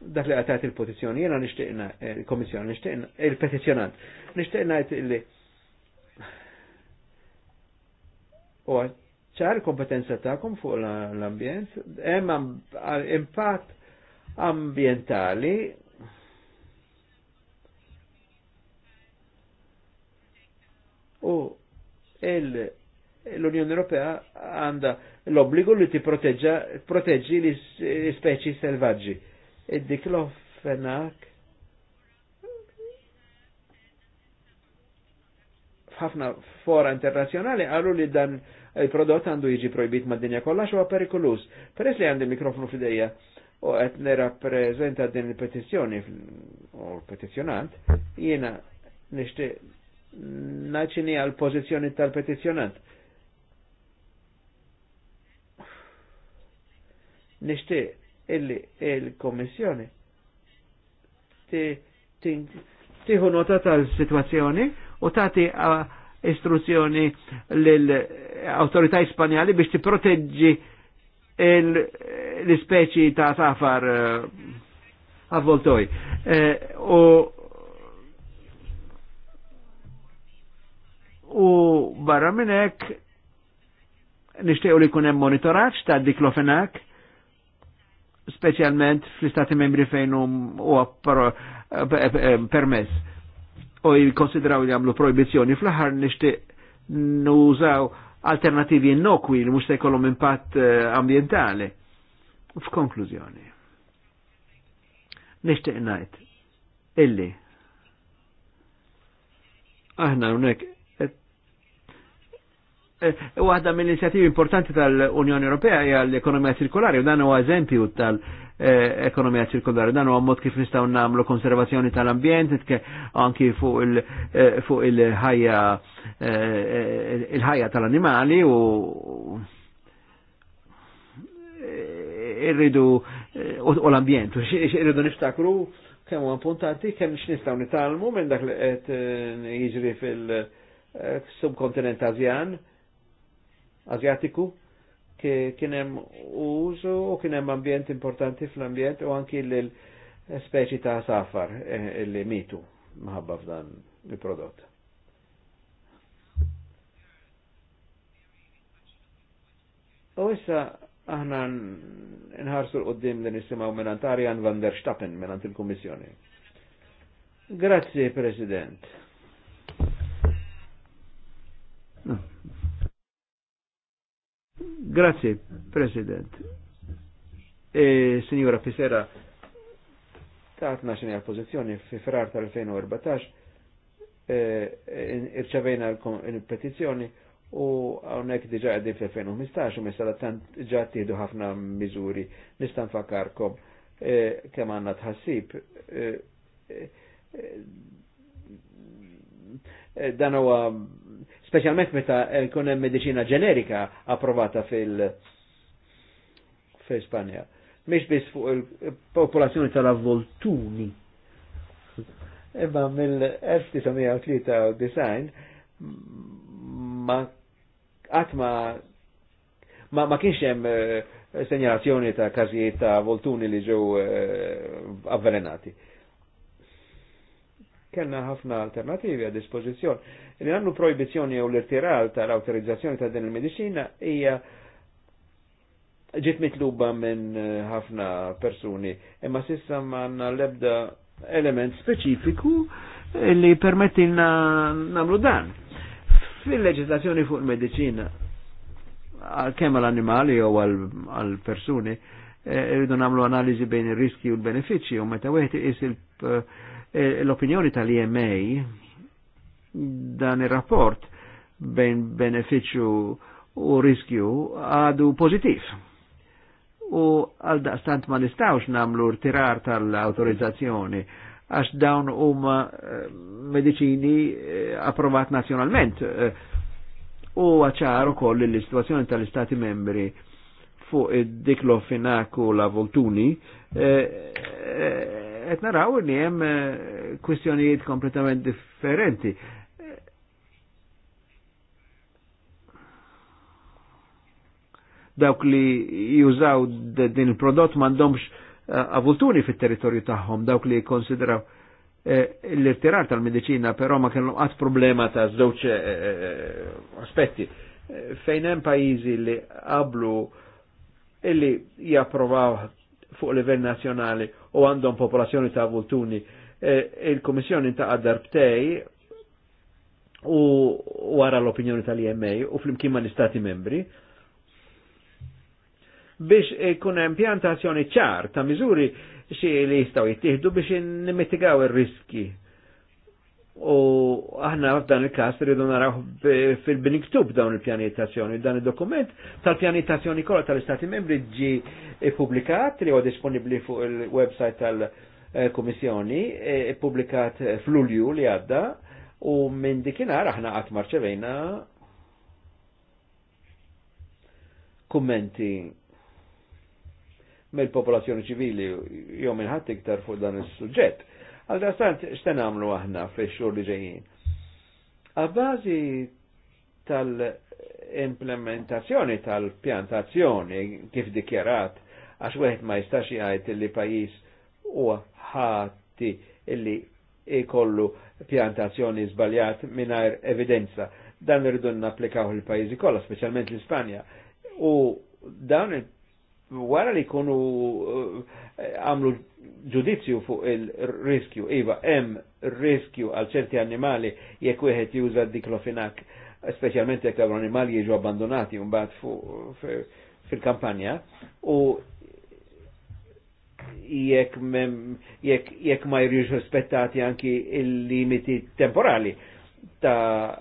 dak li għatajt il-petizjoni, jena nishtiqna, il-komissjoni nishtiqna, il-petizjonant, nishtiqna għajt li u ċar kompetenza ta'kom fuq l-ambjent, hemm impatt ambientali u l-Unjoni Ewropea għanda l-obbligu li ti proteġġi li speċi selvaġġi id-diklofenak ħafna fora internazjonali għallu li dan il-prodott għandu jiġi projbit ma' dinja kollha huwa perikolus. Peress li għandi mikrofonu fideja u qed nirrappreżenta din il-petizzjoni u l-petizzjonant, jiena nixtieq naċini għal pożizzjoni tal-petizzjonant. Nixtieq illi il-Komissjoni tiħu nota tal-situazzjoni u tati istruzzjoni l-autorità ispanjali biex ti tiproteġġi l-ispeċi ta' safar eh, avvoltoj. Eh, u u barra minnek nishtiqu li kunem monitoraċ ta' diklofenak specialment fl-istati membri fejn u eh, eh, eh, permess. U jikonsidraw li għamlu proibizjoni fl-ħar nishtiq nużaw alternativi innokwi li mux se jkollhom impatt ambientali. F'konklużjoni. Nishtiq ngħid illi aħna unek. Eh, waħda mill-inizjativi importanti tal-Unjoni Ewropea hija l-ekonomija ċirkolari u dan huwa eżempju tal-ekonomija eh, ċirkolari. Dan huwa mod kif nistgħu nagħmlu konservazzjoni tal-ambjent anki fuq eh, il-ħajja il-ħajja tal-annimali u irridu u l-ambjent u irridu niftakru kemm huwa puntanti, kemm x'nistgħu nitalmu minn dak li qed jiġri fil- subkontinent Azjan Azjatiku kien hemm użu u kien hemm ambjent importanti fl-ambjent u anki l-speċi ta' safar eh, li mitu maħabba f'dan il-prodott. U issa aħna nħarsu l-qoddim li nisimaw minnant Arjan van der Stappen minnant il-Kommissjoni. Grazie, President. Grazie, President. E, signora Fisera, taħtna xini għal-pozizjoni fi ferrar tal-2014 e, irċavejna l petizjoni u għonek diġa għedin fl-2015 u missala tant ġa tiħdu ħafna mizuri nistan fakarkom e, kem għanna tħassib e, dan huwa specialment meta jkun hemm medicina ġenerika approvata fil fil-Spanja. Mhix biss fuq il-popolazzjoni tal-avvoltuni. Imma mill-1993 ma qatt ma ma, ma kienx hemm eh, segnalazzjoni ta' każijiet ta' voltuni li ġew uh, avvelenati kellna ħafna alternativi a dispożizzjoni. Li għannu proibizjoni u l-irtiral tal-autorizzazzjoni ta' din il-medicina hija ġiet mitluba minn eh, ħafna persuni, imma sissa manna lebda element speċifiku eh, li permetti namlu dan. Fil-leġislazzjoni fuq il-medicina, kemm għal-animali eh, u għal-persuni, irridu namlu analizi bejn il riski u l benefici u meta wieħed is il- Eh, l-opinjoni tal-IMA dan ir-rapport bejn beneficju u riskju għadu pozitiv. U għal daqstant ma nistawx namlu r-tirar tal-autorizzazzjoni għax dawn huma eh, medicini eh, approvat nazjonalment. U għacħar u koll l-istituazzjoni tal-Istati membri fuq id u la voltuni eh, eh, et naraw li hemm eh, kwistjonijiet kompletament differenti. Dawk li jużaw din il-prodott m'għandhomx eh, avulturi fit-territorju tagħhom, dawk li jkonsidraw eh, l-irtirar tal-medicina, però ma kellhom qatt problema ta' żewġ aspetti. Fejn hemm pajjiżi li qablu illi japprovaw fuq livell nazzjonali u għandhom popolazzjoni ta' vultuni. E, Il-Komissjoni ta' għaddar btej u għara l-opinjoni tal-IMA u fl-imkien ma' l-Istati membri biex ikun pjantazzjoni ċar ta' miżuri xi li jistgħu jittieħdu biex nimitigaw ir-riski U aħna f'dan il-kas rridu naraw fil-biniktub dawn il-pjanitazzjoni. Dan il-dokument tal-pjanitazzjoni kolla tal-Istati membri ġi publikat li huwa disponibli fuq il-website tal-Komissjoni, e publikat fl-Ulju li għadda, u minn dikinar aħna qatt marċevejna kummenti mill-popolazzjoni ċivili jew minn ħadd iktar fuq dan is-suġġett Għalda sant, xten għamlu aħna fi xur li ġejjin? Għabbażi tal-implementazzjoni tal-pjantazzjoni kif dikjarat, għax weħet ma jistax jgħid li pajis u ħati illi ikollu pjantazzjoni zbaljat minnajr evidenza. Dan irridu n-applikaw il-pajizi kolla, specialment l-Ispanja. U dan wara li kunu eh, għamlu uh, ġudizzju fuq il-riskju, iva, hemm riskju għal ċerti animali jekk wieħed juża diklofinak speċjalment jekk dawn animali jiġu abbandonati mbagħad fil-kampanja u jekk jekk jekk ma jirriġ rispettati anki il-limiti temporali ta'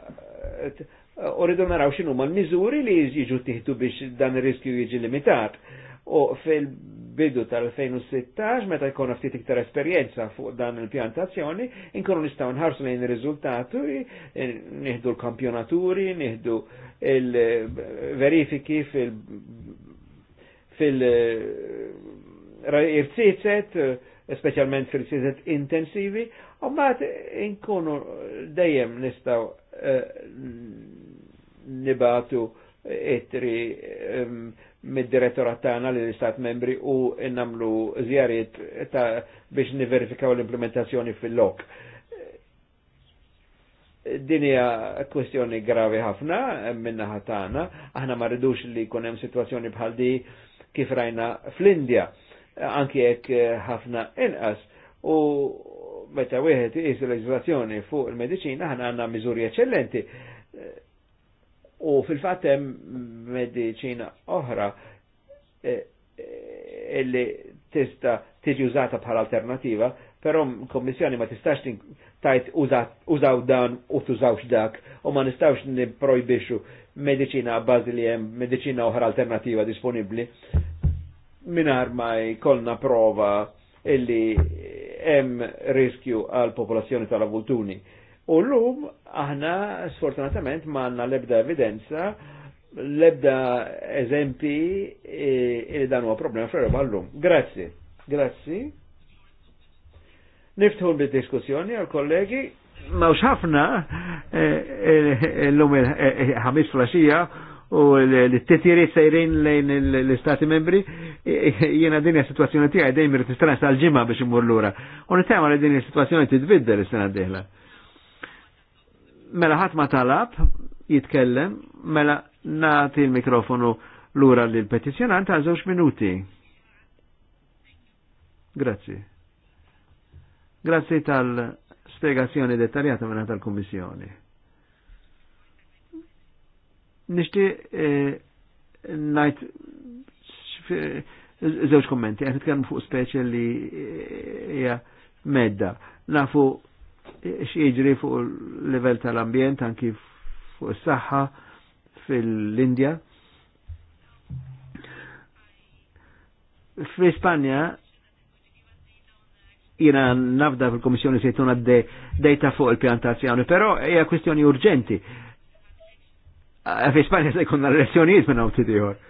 u ridu naraw xinu ma' l-miżuri li jiġu tiħtu biex dan ir-riskju jiġi limitat. Uh, u fil-bidu tal-2016, meta jkun ftit iktar esperjenza fuq dan il-pjantazzjoni, inkunu nistaw nħarsu lejn il-rizultatu, nieħdu l-kampjonaturi, nieħdu il-verifiki fil- fil irtsizet, specialment fil-sizet intensivi, u mbagħad inkunu dejjem nistaw eh, nibatu itri ehm, mid-direttorat tagħna lill istat membri u nnamlu zjarit ta' biex niverifikaw l-implementazzjoni fil-lok. Din hija kwestjoni gravi ħafna minnaħa tagħna, aħna ma rridux li jkun hemm sitwazzjoni bħal di kif rajna fl-Indja, anki hekk ħafna inqas u meta wieħed is leġislazzjoni fuq il-mediċina aħna għandna miżuri eċċellenti U fil-fatt hemm mediċina oħra eh, eh, illi tista tiġi użata bħal alternativa, però kommissjoni ma tistax tajt użaw dan u tużawx dak u ma nistawx niprojbixu medicina bazi li hemm medicina oħra alternativa disponibbli minar ma jkollna prova illi hemm riskju għal popolazzjoni tal-avultuni U l-lum aħna sfortunatament manna lebda evidenza, lebda eżempi li e, e dan huwa problema fl-Europa l-lum. Grazzi, grazzi. Niftħu bid-diskussjoni għal-kollegi, ma ħafna e, l-lum il-ħamis flasġija u l-tetiri sejrin lejn l-istati membri, jena din situazzjoni tijaj dejjem t istrans għal-ġimma biex imur l-ura. Unitema li din situazzjoni titbiddel is-sena d-dihla mela ħadd ma talab jitkellem, mela nagħti l-mikrofonu lura lil petizzjonant għal żewġ minuti. Grazzi. Grazzi tal-spiegazzjoni dettaljata minna tal-Kommissjoni. Nishti eh, najt zewġ kommenti, għet fuq speċi li hija medda. Nafu xieġri fuq level tal-ambjent anki fuq s saħħa fil-Indja. Fi ispanja jina nafda fil-Komissjoni se jtuna dejta fuq il-pjantazzjoni, pero hija kwestjoni urġenti. Fi ispanja se jkun relazzjonijiet minn t titiħor.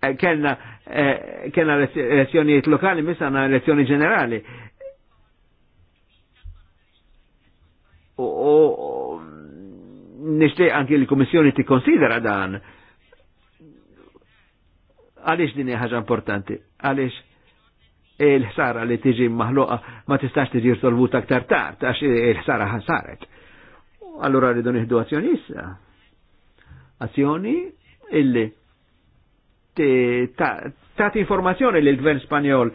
Eh, kellna Eh, kena elezzjoni lokali, misa għanna elezzjoni ġenerali. U nishtiq anki l-Komissjoni ti konsidera dan. Għalix din ħaġa importanti? Għalix il-ħsara li tiġi maħluqa ma tistax tiġi solvuta aktar tard, għax il-ħsara ħasaret. Allura rridu nieħdu azzjoni issa. Azzjoni illi ta' informazzjoni li l-gvern Spanjol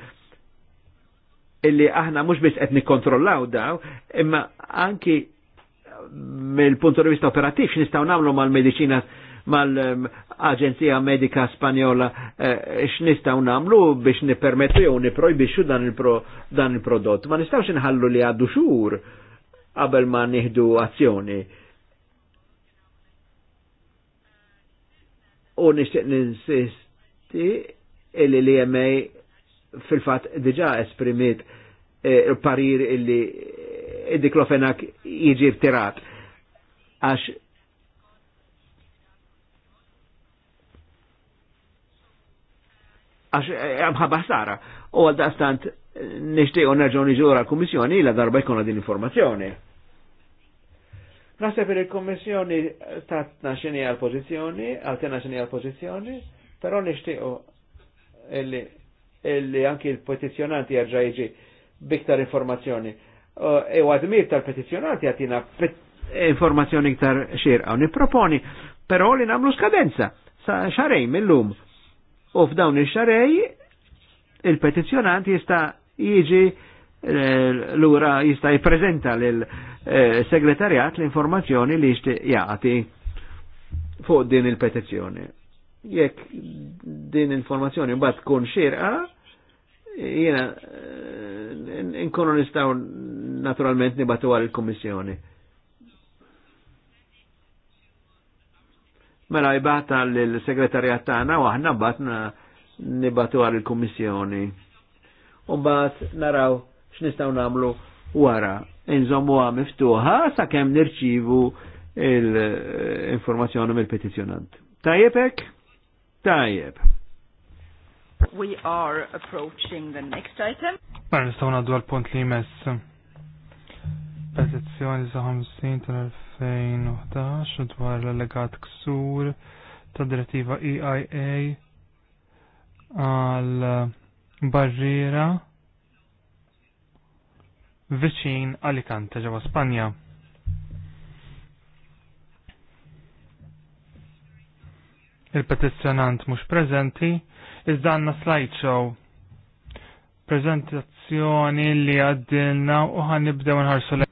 illi aħna mhux biss qed nikkontrollaw daw, imma anki mill-punt di vista operativ x'nistgħu nagħmlu mal-mediċina mal-Aġenzija Medika Spanjola eh, x'nistgħu nagħmlu biex nippermettu jew niprojbixxu dan il-prodott. Ma nistgħux inħallu li għaddu xhur qabel ma nieħdu azzjoni. U nixtieq ninsisti konvinti illi li jemmej fil-fat diġa esprimit eh, parir illi eh, id-diklofenak jiġi tirat. Għax għax għamħabba eh, sara. U għal daqstant nishtiqo nerġoni ġura l-Kommissjoni la darba jkun din informazzjoni. Nasa per il-Kommissjoni ta' xini għal-pozizjoni, għal għaltena xini għal-pozizjoni, Però nixtiequ illi, illi anki l-petizjonanti jerġa' jiġi biktar informazzjoni. E għadmir tal-petizjonanti għatina informazzjoni iktar xirqa. Niproponi, però li namlu skadenza sa xarej mill-lum. U f'dawn il-xarej il petizjonanti jista' jiġi eh, l-ura jista' jiprezenta lill-segretarjat eh, l-informazzjoni li jixtieq jagħti fuq din il-petizzjoni jekk din informazzjoni mbagħad tkun xirqa, jiena eh, nkunu nistgħu naturalment nibatu għal il-Kummissjoni. Mela jibata l-segretarjat tagħna wahna batna nibatu għal il-Kummissjoni. mbagħad naraw x'nistgħu nagħmlu wara. Inżommuha għam miftuħa sakemm nirċivu l-informazzjoni eh, mill-petizjonant. Tajjeb hekk? Tajjeb. We are approaching the next item. Bar nistaw naddu għal-punt li jmess. Petizzjoni 59 tal-2011 dwar l-legat ksur ta' direttiva EIA għal barriera viċin Alicante ġewwa Spanja. il-petizzjonant mhux prezenti. iżda għandna slideshow. Prezentazzjoni li għaddilna u nibdew nħarsu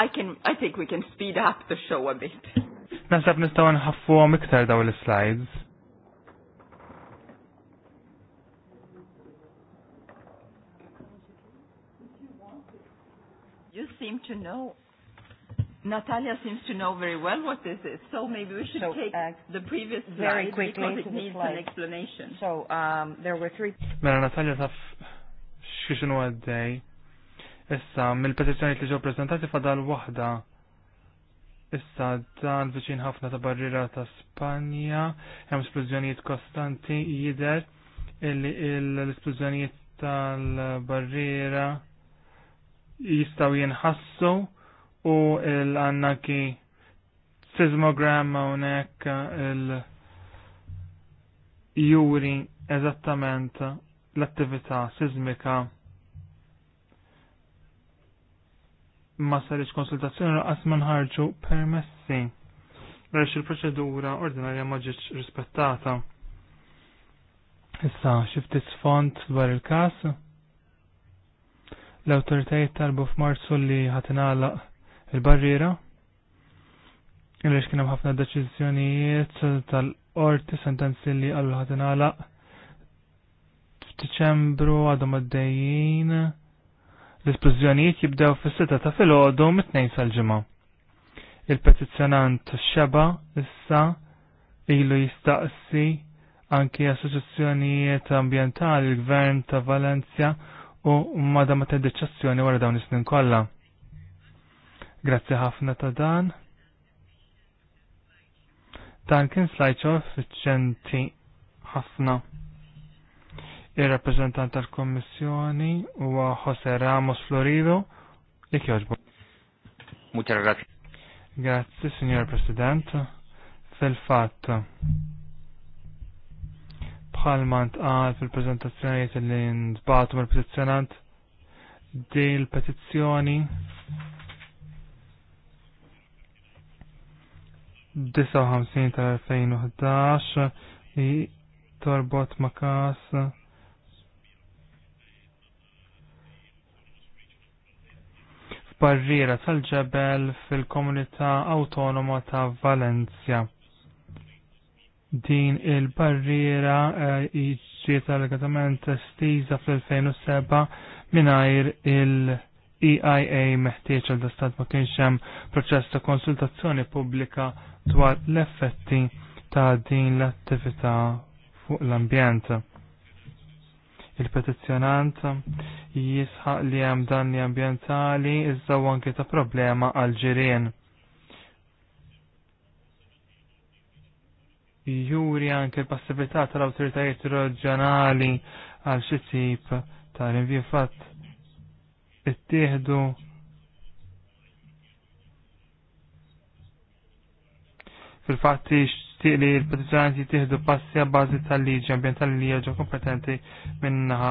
I can I think we can speed up the show a bit. Nasab nistgħu nħaffuhom iktar daw l-slides. You seem to know. Natalia seems to know very well what this is, so maybe we should so, take uh, the previous slide very quickly because it needs an explanation. So um, there were three. Mela Natalia taf x'kienu għaddej Issa, mill petizjoni li ġew prezentati fadal waħda. Issa dan viċin ħafna ta' barriera ta' Spanja, hemm splużjonijiet kostanti jidher illi l-isplużjonijiet tal-barriera jistaw jinħassu u l-annaki sismogramma unek il-juri eżattament l-attività sismika. ma sarix konsultazzjoni raqas ma nħarġu permessi Rex il-proċedura ordinarja ma ġietx rispettata. Issa, xifti sfond dwar il-kas? L-autoritajiet talbu f'Marzu li ħatinala il-barriera? Rex kienem ħafna deċiżjonijiet tal-qorti sentenzi li għallu ħatinala f'Diċembru għadhom għaddejjin L-isplużjonijiet jibdew fis-sita ta' filgħodu mit-tnejn sal-ġimgħa. Il-petizzjonant xeba issa ilu jistaqsi anki assoċjazzjonijiet ambjentali l-Gvern ta' Valencia u mada ma deċazzjoni wara dawn is-snin kollha. Grazzi ħafna ta' dan. Dan kien slajċo effiċenti ħafna. Il-rappresentant tal-Kommissjoni huwa Jose Ramos Florido. Jek joġbu. Muchas gracias. Grazzi, Signor President. Fil-fatt, bħalma ntqal fil prezentazzjoni li ntbatu mill-petizzjonant, din il-petizzjoni 59 tal-2011 torbot Makas. kas barriera tal-ġebel fil-komunità autonoma ta' Valencia. Din il-barriera eh, ġiet allegatament estiża fl-2007 mingħajr il-EIA meħtieġ għal dastat ma kienx hemm proċess ta' konsultazzjoni pubblika dwar l-effetti ta' din l-attività fuq l-ambjent Il-petizzjonant jisħaq li hemm danni ambjentali iżda anke ta' problema għal ġirien. Juri anke l-passività tal-awtoritajiet reġjonali għal xi tip ta' rinvju fatt ittieħdu fil-fatti nixtieq li l-petizzjonanti tiħdu passi bażi tal-liġi ambjentali li jaġu kompetenti minnaħa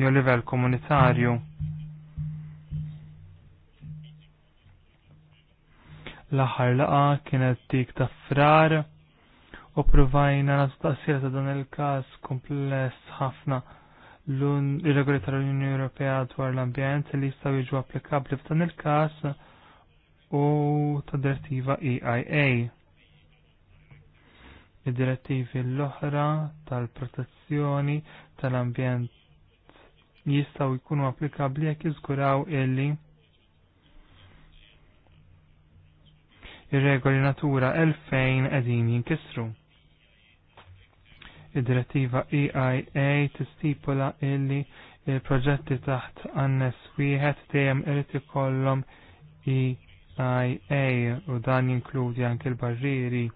jew livell komunitarju. L-aħħar laqa kienet dik ta' frar u provajna nasu ta' dan il-każ kompless ħafna l-regoli tal-Unjoni Ewropea dwar l-ambjent li jistgħu jiġu applikabbli f'dan il-każ u ta' direttiva EIA id-direttivi l-oħra tal-protezzjoni tal-ambjent jistaw jkunu applikabli jekk jiżguraw illi ir-regoli natura 2000 qegħdin jinkisru. Id-direttiva EIA tistipula illi il-proġetti taħt annes wieħed dejjem irid ikollhom EIA u dan jinkludi anke l-barriri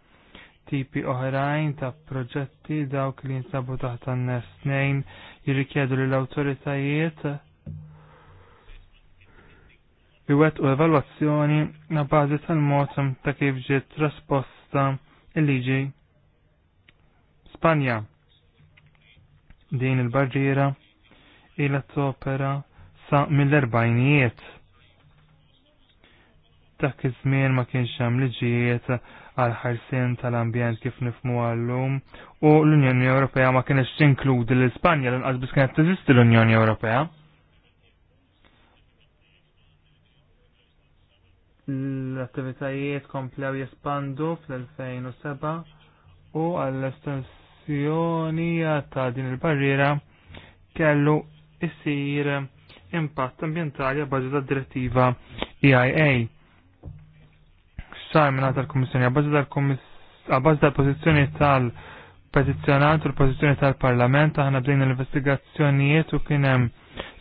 tipi oħrajn ta' proġetti dawk li jinsabu taħt n-nes snejn jirrikjedu li l-autoritajiet iwet u evalwazzjoni na bazi tal-mod ta' kif ġiet trasposta il-liġi Spanja. Din il-barġira ila t-opera sa' mill-erbajnijiet. Dak iż-żmien ma kienx hemm liġijiet għal ħarsien tal-ambjent kif nifmu għallum u l-Unjoni Ewropea ma kienx tinkludi l-Ispanja l-inqas biss kienet teżisti l-Unjoni Ewropea. L-attivitajiet komplew jespandu fl-2007 u għall-estensjoni ta' din il-barriera kellu issir impatt ambientali għabbażi ta' direttiva EIA ċar minna tal kommissjoni għabbaż tal-pozizjoni tal-petizjonant u l-pozizjoni tal-Parlament, aħna bdejna l-investigazzjonijiet u kienem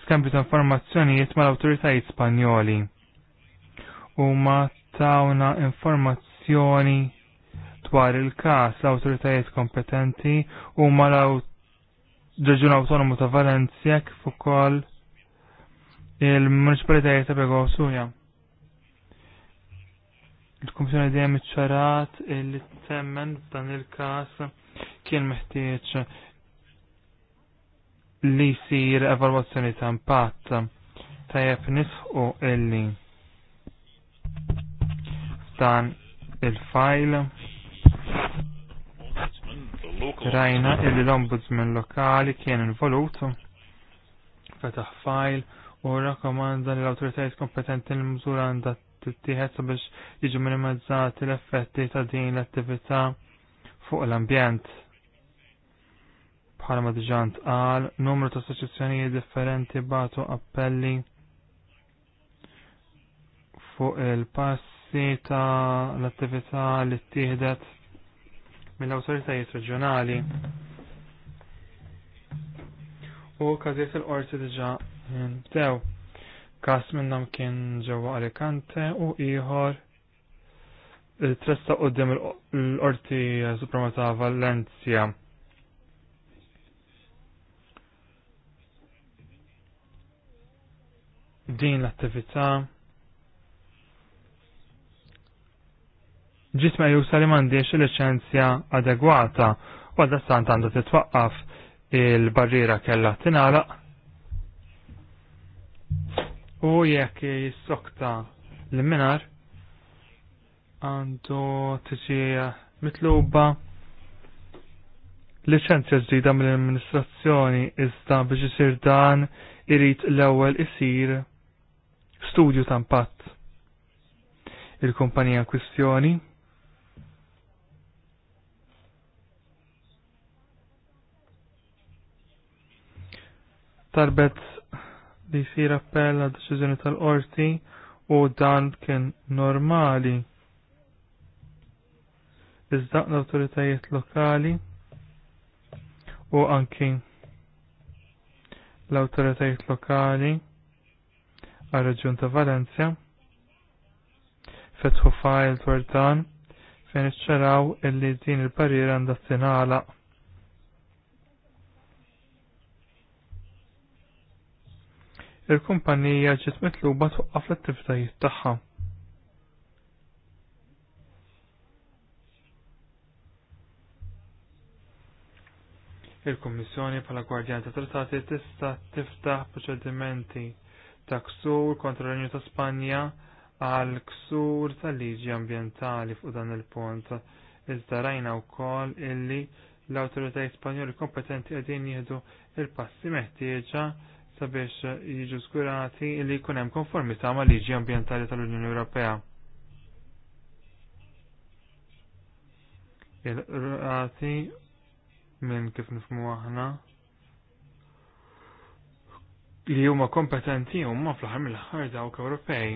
skambju ta' informazzjonijiet ma' l-autoritajiet Spanjoli. U ma tawna informazzjoni dwar il-kas l-autoritajiet kompetenti u ma l-ġeġun autonomu ta' Valencia kif ukoll il-Municipalitajiet ta' Begosuja. Il-Komissjoni dejjem iċċarat li temmen dan il-każ kien meħtieġ li jsir evalwazzjoni ta' impatt tajjeb nisħu illi dan il-fajl rajna illi l-ombudsman lokali kien involut fetaħ fajl u rakomanda l autoritajiet kompetenti l-mżura għandha tittieħed sabiex jiġu minimizzati l-effetti ta' din l-attività fuq l-ambjent. Bħala ma diġà ntqal, numru ta' assoċjazzjonijiet differenti batu appelli fuq il-passi ta' l-attività li ttieħdet mill-awtoritajiet reġjonali. U każiet il-qorti diġà ntew. Kas minnhom kien ġewwa Alicante u ieħor tressa dim l-Qorti Suprema ta' Valencia. Din l-attività ġisma jusa li mandiex licenzja adegwata u għadda stant t-twaqqaf il-barriera kella tinalaq u jekk jissokta l-minar għandu tiġi mitluba licenzja ġdida mill-amministrazzjoni iżda biex isir dan irid l-ewwel isir studju ta' impatt. Il-kumpanija kwistjoni tarbet li jsir appell għad deċiżjoni tal-qorti u dan kien normali. Iżda l-autoritajiet lokali u anki l-autoritajiet lokali għal reġjun ta' Valencia fetħu fajl dwar dan fejn iċċaraw illi din il-barriera għandha tingħalaq il-kumpanija ġiet mitluba twaqqaf l-attivitajiet tagħha. Il-Kummissjoni bħala Gwardjan ta' Trattati tista' tiftaħ proċedimenti ta' ksur kontra l-Renju ta' Spanja għal ksur tal liġi ambjentali fuq dan il punt Iżda rajna wkoll illi l-awtoritajiet Spanjoli kompetenti qegħdin jieħdu il-passi meħtieġa sabiex jiġu skurati li jkun hemm konformità ma' liġi ambjentali tal-Unjoni Ewropea. Il-rati minn kif nifmu aħna li huma kompetenti huma fl-aħħar mill-aħħar dawk Ewropej.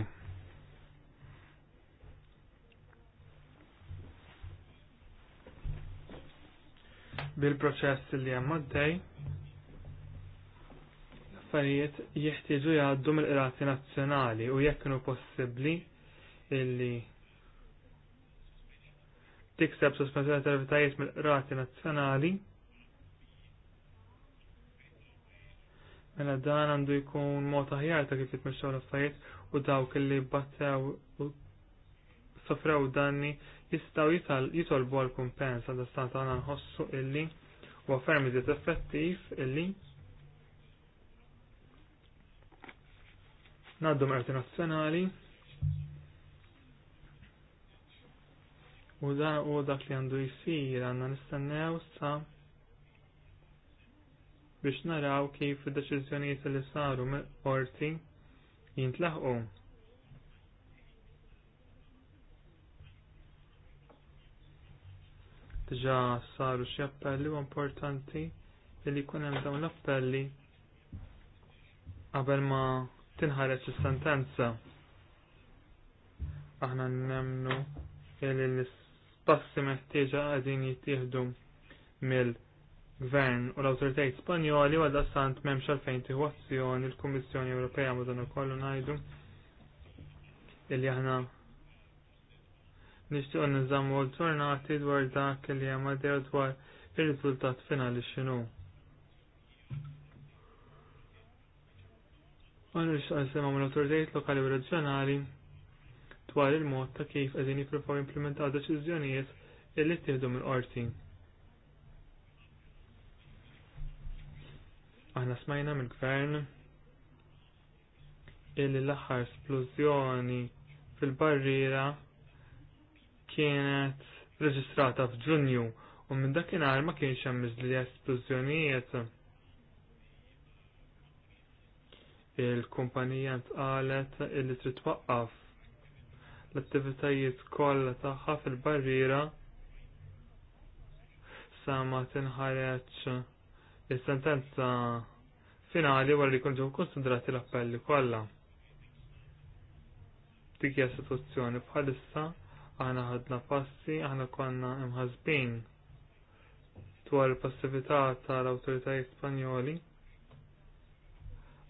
Bil-proċess li hemm għaddej, affarijiet jeħtieġu jgħaddu mill-qrati nazzjonali u jekk kienu possibbli illi tikseb sospensjoni tal-vitajiet mill-qrati nazzjonali mela dan għandu jkun mod aħjar ta' kif jitmexxew l-affarijiet u dawk illi battew u sofrew danni jistgħu jitolbu għal kumpens għal stant għandna nħossu illi u għaffermi effettiv illi Naddu merti nazzjonali. U dan u dak li għandu jisir għanna nistennew sa biex naraw kif id-deċiżjonijiet li saru mill-qorti jintlaħqu. Dġa saru xi appelli u importanti li jkun hemm dawn l-appelli qabel ma' tinħareġ is-sentenza. Aħna nemnu li l-spassi meħtieġa għadin jittieħdu mill-Gvern u l-Awtoritajiet Spanjoli għadda sant m'hemmx għalfejn tiħu azzjoni l-Kummissjoni Ewropea dan ukoll ngħidu illi aħna nixtiequ nżammu l-ġurnati dwar dak li hemm dwar ir-riżultat finali x'inhu. Ma nirx għal-sema lokali u reġjonali dwar il-mod ta' kif qegħdin jippruvaw implementaw deċiżjonijiet illi ttieħdu mill-qorti. Aħna smajna mill-gvern illi l-aħħar splużjoni fil-barriera kienet reġistrata f'Ġunju u minn dakinhar ma kienx hemm iżli esplużjonijiet il-kumpanija ntqalet illi trid twaqqaf l-attivitajiet kollha tagħha fil-barriera sa ma tinħareġ is-sentenza finali wara li jkun ġew konsidrati l-appelli kollha. Dik hija situazzjoni bħalissa aħna ħadna passi aħna konna imħazbin dwar il-passività tal-awtoritajiet Spanjoli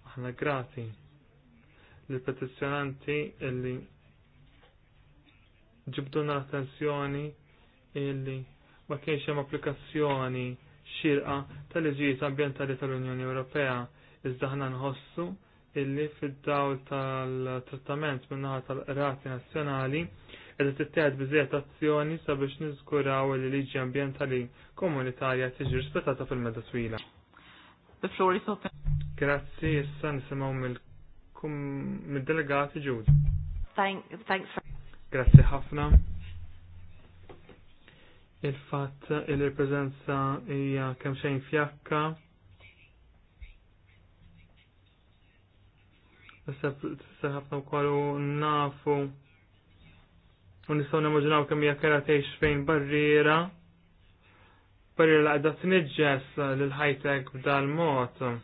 Aħna grati l-petizjonanti illi ġibduna l-attenzjoni illi ma kienx hemm applikazzjoni xirqa tal-liġijiet ambjentali tal-Unjoni Ewropea iżda aħna nħossu illi fid-dawl tal-trattament min-naħa tal-qrati nazzjonali qiegħda tittieħed biżejjed azzjoni sabiex niżguraw li liġi ambjentali komunitarja tiġi rispettata fil-meda twila. The floor is open. Grazzi, issa nisimaw mill-delegati ġud. Thanks. Grazzi ħafna. Il-fatt il-reprezenza hija kemm xejn fjakka. Issa ħafna wkoll nafu u nistgħu nimmaġinaw kemm hija kera tgħix fejn barriera. Barriera li qiegħda tniġġes lil ħajtek b'dal mod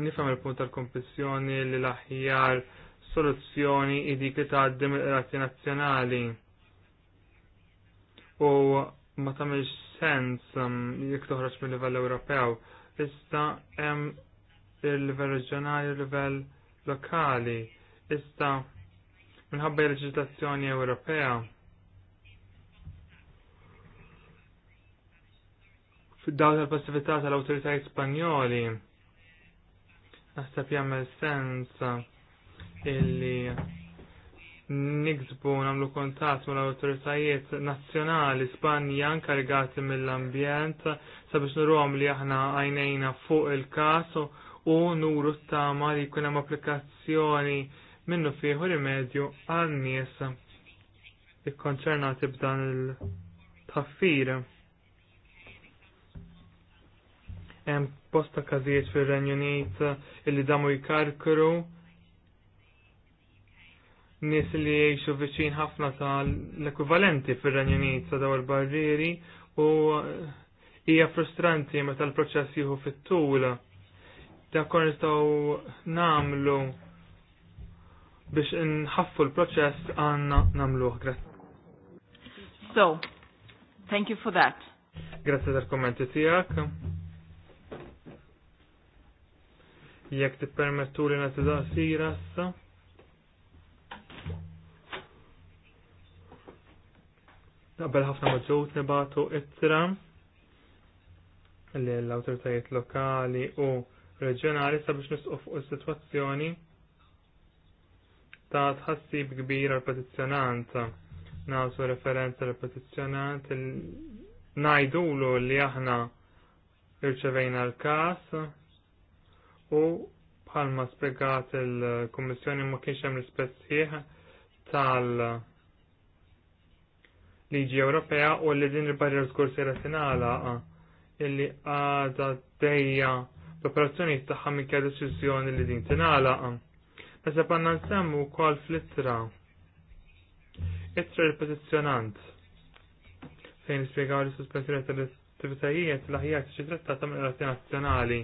nifhem il-punt tal-kompetizzjoni li l-aħjar soluzzjoni id dik li taħdim il qrati nazzjonali. U ma tagħmilx sens um, jekk toħroġ mill-livell Ewropew, issa hemm il-livell reġjonali u livell lokali. Issa minħabba l-leġislazzjoni Ewropea fid-dawl tal-passività tal-awtoritajiet Spanjoli Naħseb jagħmel sens illi nigsbu nagħmlu kuntatt mal awtoritajiet nazzjonali Spanja anke mill-ambjent sabiex nurhom li aħna għajnejna fuq il-każ u nuru t-tama li jkun hemm applikazzjoni minnu fieħu rimedju għal nies ikkonċernati b'dan il-taffir hemm posta każijiet fir-Renju Unit eh, illi damu jkarkru Nies li jgħixu viċin ħafna tal l-ekwivalenti fir renju Unit sa daw il-barrieri u eh, hija frustranti meta l-proċess jieħu fit-tul. Dak kon nistgħu namlu biex nħaffu l-proċess għanna namluh. So, thank you for that. Grazie tal-kommenti tiegħek. jekk tippermettu li nagħti sira issa. Naqbel ħafna maġġut nibatu ittra li l-awtoritajiet lokali u reġjonali sabiex nisqu fuq is-sitwazzjoni ta' tħassib kbir għal petizzjonant. Nawsu referenza għal petizzjonant najdulu li aħna irċevejna l-kas u bħalma spiegat il-Kommissjoni ma kienx hemm rispett sħiħ tal- liġi Ewropea u li din il-barrier żgur sejra eh, illi għadha dejja l-operazzjonijiet tagħha minkejja deċiżjoni li din tingħala. Meta eh. panna nsemmu wkoll fl-ittra. Ittra ripetizzjonant fejn ispjegaw li sospensjoni tal-attivitajiet l-aħjar tiġi trattata mill-rati nazzjonali.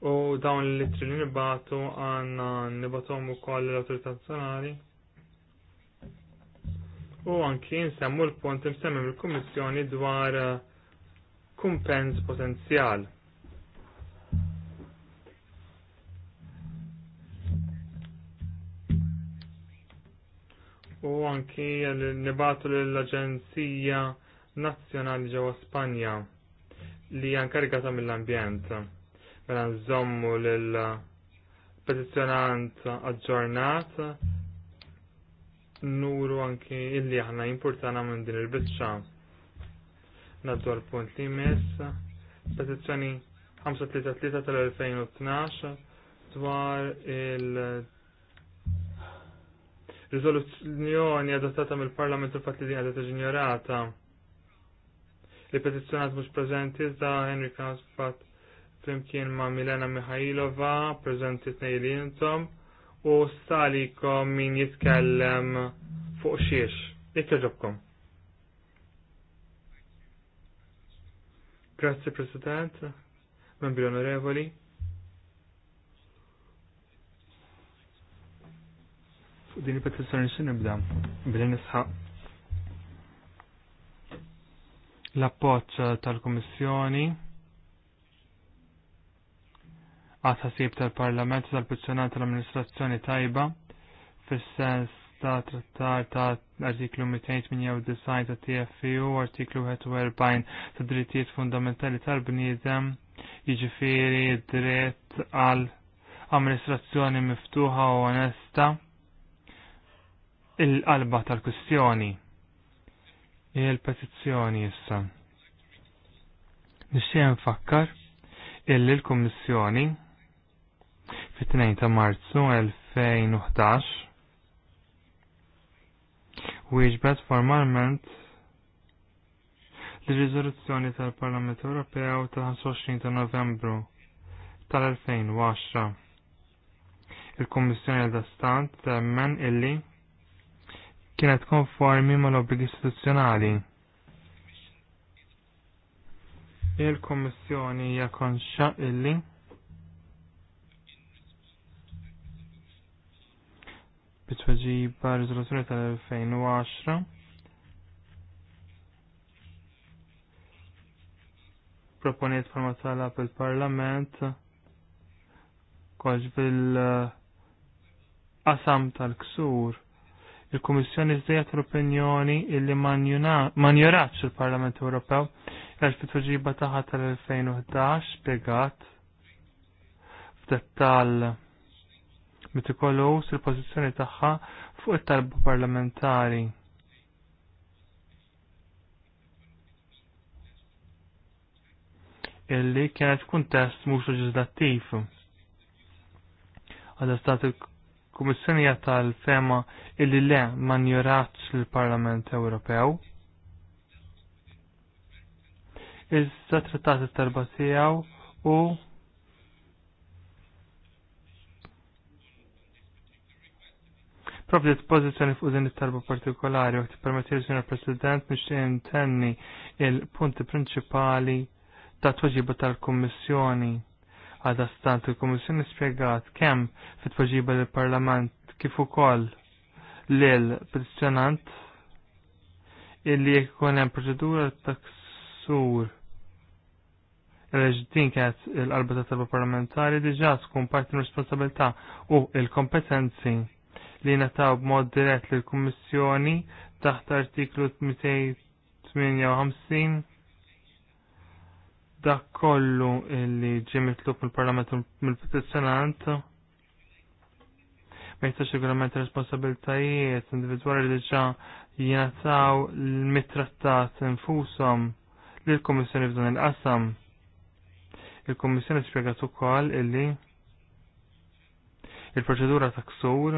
U dawn l-litri li nibbatu għanna nibbatom u koll l-autorità nazjonali. U anki nsemmu l-punt nsemmu l kummissjoni dwar eh, kumpens potenzjal. U anki nibatu l-Aġenzija Nazzjonali ġewwa Spanja li hija mill-ambjent mela nżommu lil petizzjonant aġġornat nuru anki illi aħna importana minn din il-biċċa. Naddu għal-punt li jmiss, petizzjoni 533 tal-2012 dwar il- Rizoluzzjoni adottata mill-Parlament u fatt li din għadet ignorata. Li petizzjonat mhux prezenti da Henry Kaspat flimkien ma' Milena Mihajlova, prezenti t-nejli u stalikom min jitkellem fuq xiex. Ikkaġobkom. Grazie President, membri onorevoli. Fuq din il-petizzjoni xin nibda? Bilin nisħaq l-appoċ tal-Komissjoni ħasib tal-Parlament u tal pizzjonant tal-Amministrazzjoni tajba fis-sens ta' trattar ta' artiklu 298 ta' TFU, artiklu 41 ta' drittijiet fundamentali tal-bniedem, jiġifieri dritt għal amministrazzjoni miftuħa u onesta il-qalba tal-kustjoni. Il-petizzjoni issa. Nixxie nfakkar illi l-Kommissjoni fit tnejn ta' Marzu 2011 wieġbet formalment l-riżoluzzjoni tal-Parlament Ewropew ta' 25 ta' Novembru tal-2010. Il-Kommissjoni għal stant temmen illi kienet konformi mal obbligi istituzzjonali. Il-Kommissjoni hija konxa illi bitweġiba riżoluzzjoni tal-2010 proponiet forma tala il parlament kolġ bil-qasam tal-ksur. Il-Komissjoni zdejat l-opinjoni illi manjoraċ il-Parlament Ewropew għax fit-tweġiba taħat tal-2011 spiegat f'dettal mit ikollhos il-pożizzjoni tagħha fuq it-talba parlamentari. illi kienet kuntest mhux leġislattiv. Għadha stat il kummissjoni tal-fema illi le manjuratx l-Parlament Ewropew. Iżda trattati tarba tiegħu u Provdiet pozizjoni fuq din it-talba partikolari u t s sinjor President nixtieq intenni il-punti prinċipali ta' tweġiba tal-Kummissjoni. Għada stant il-Kummissjoni spjegat kemm fit tweġiba l-Parlament kif ukoll lil petizzjonant illi jekk ikun hemm proċedura ta' ksur Il-reġdin kienet il-qalba ta' parlamentari diġà tkun parti responsabilità u il-kompetenzi li nataw b'mod dirett lill kummissjoni taħt artiklu 258 dak kollu illi ġie mitlub mill-Parlament mill-petizzjonant ma jistax sigurament responsabiltajiet individwali li ġa l mitrattat infushom l kummissjoni f'dan il-qasam. Il-Kummissjoni spjegat ukoll illi il-proċedura ta' ksur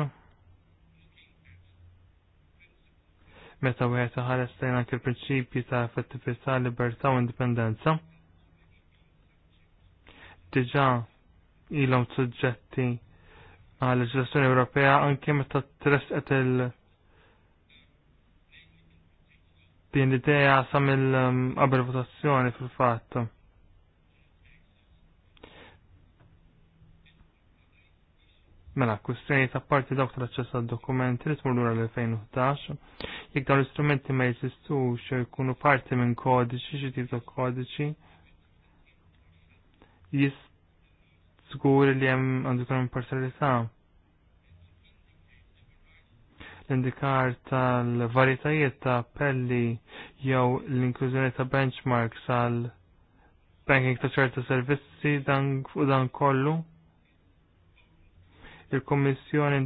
meta wieħed iħares lejn anke l-prinċipji ta' effettività, libertà u indipendenza. Diġà ilhom suġġetti għal leġislazzjoni Ewropea anke meta tresqet il- din l-idea sa mill um, qabel votazzjoni fil-fatt. Mela, kustjoni ta' parti dawk tal-aċċess għad dokumenti li tmur lura l-2011, jekk dawn l-istrumenti ma jeżistux jkunu parti minn kodiċi, xi tip ta' kodiċi, jistgur li hemm għandu kemm imparzialità. L-indikar tal-varjetajiet ta' appelli jew l-inklużjoni ta' benchmarks għal banking ta' ċerta servizzi dan u dan kollu il-Kommissjoni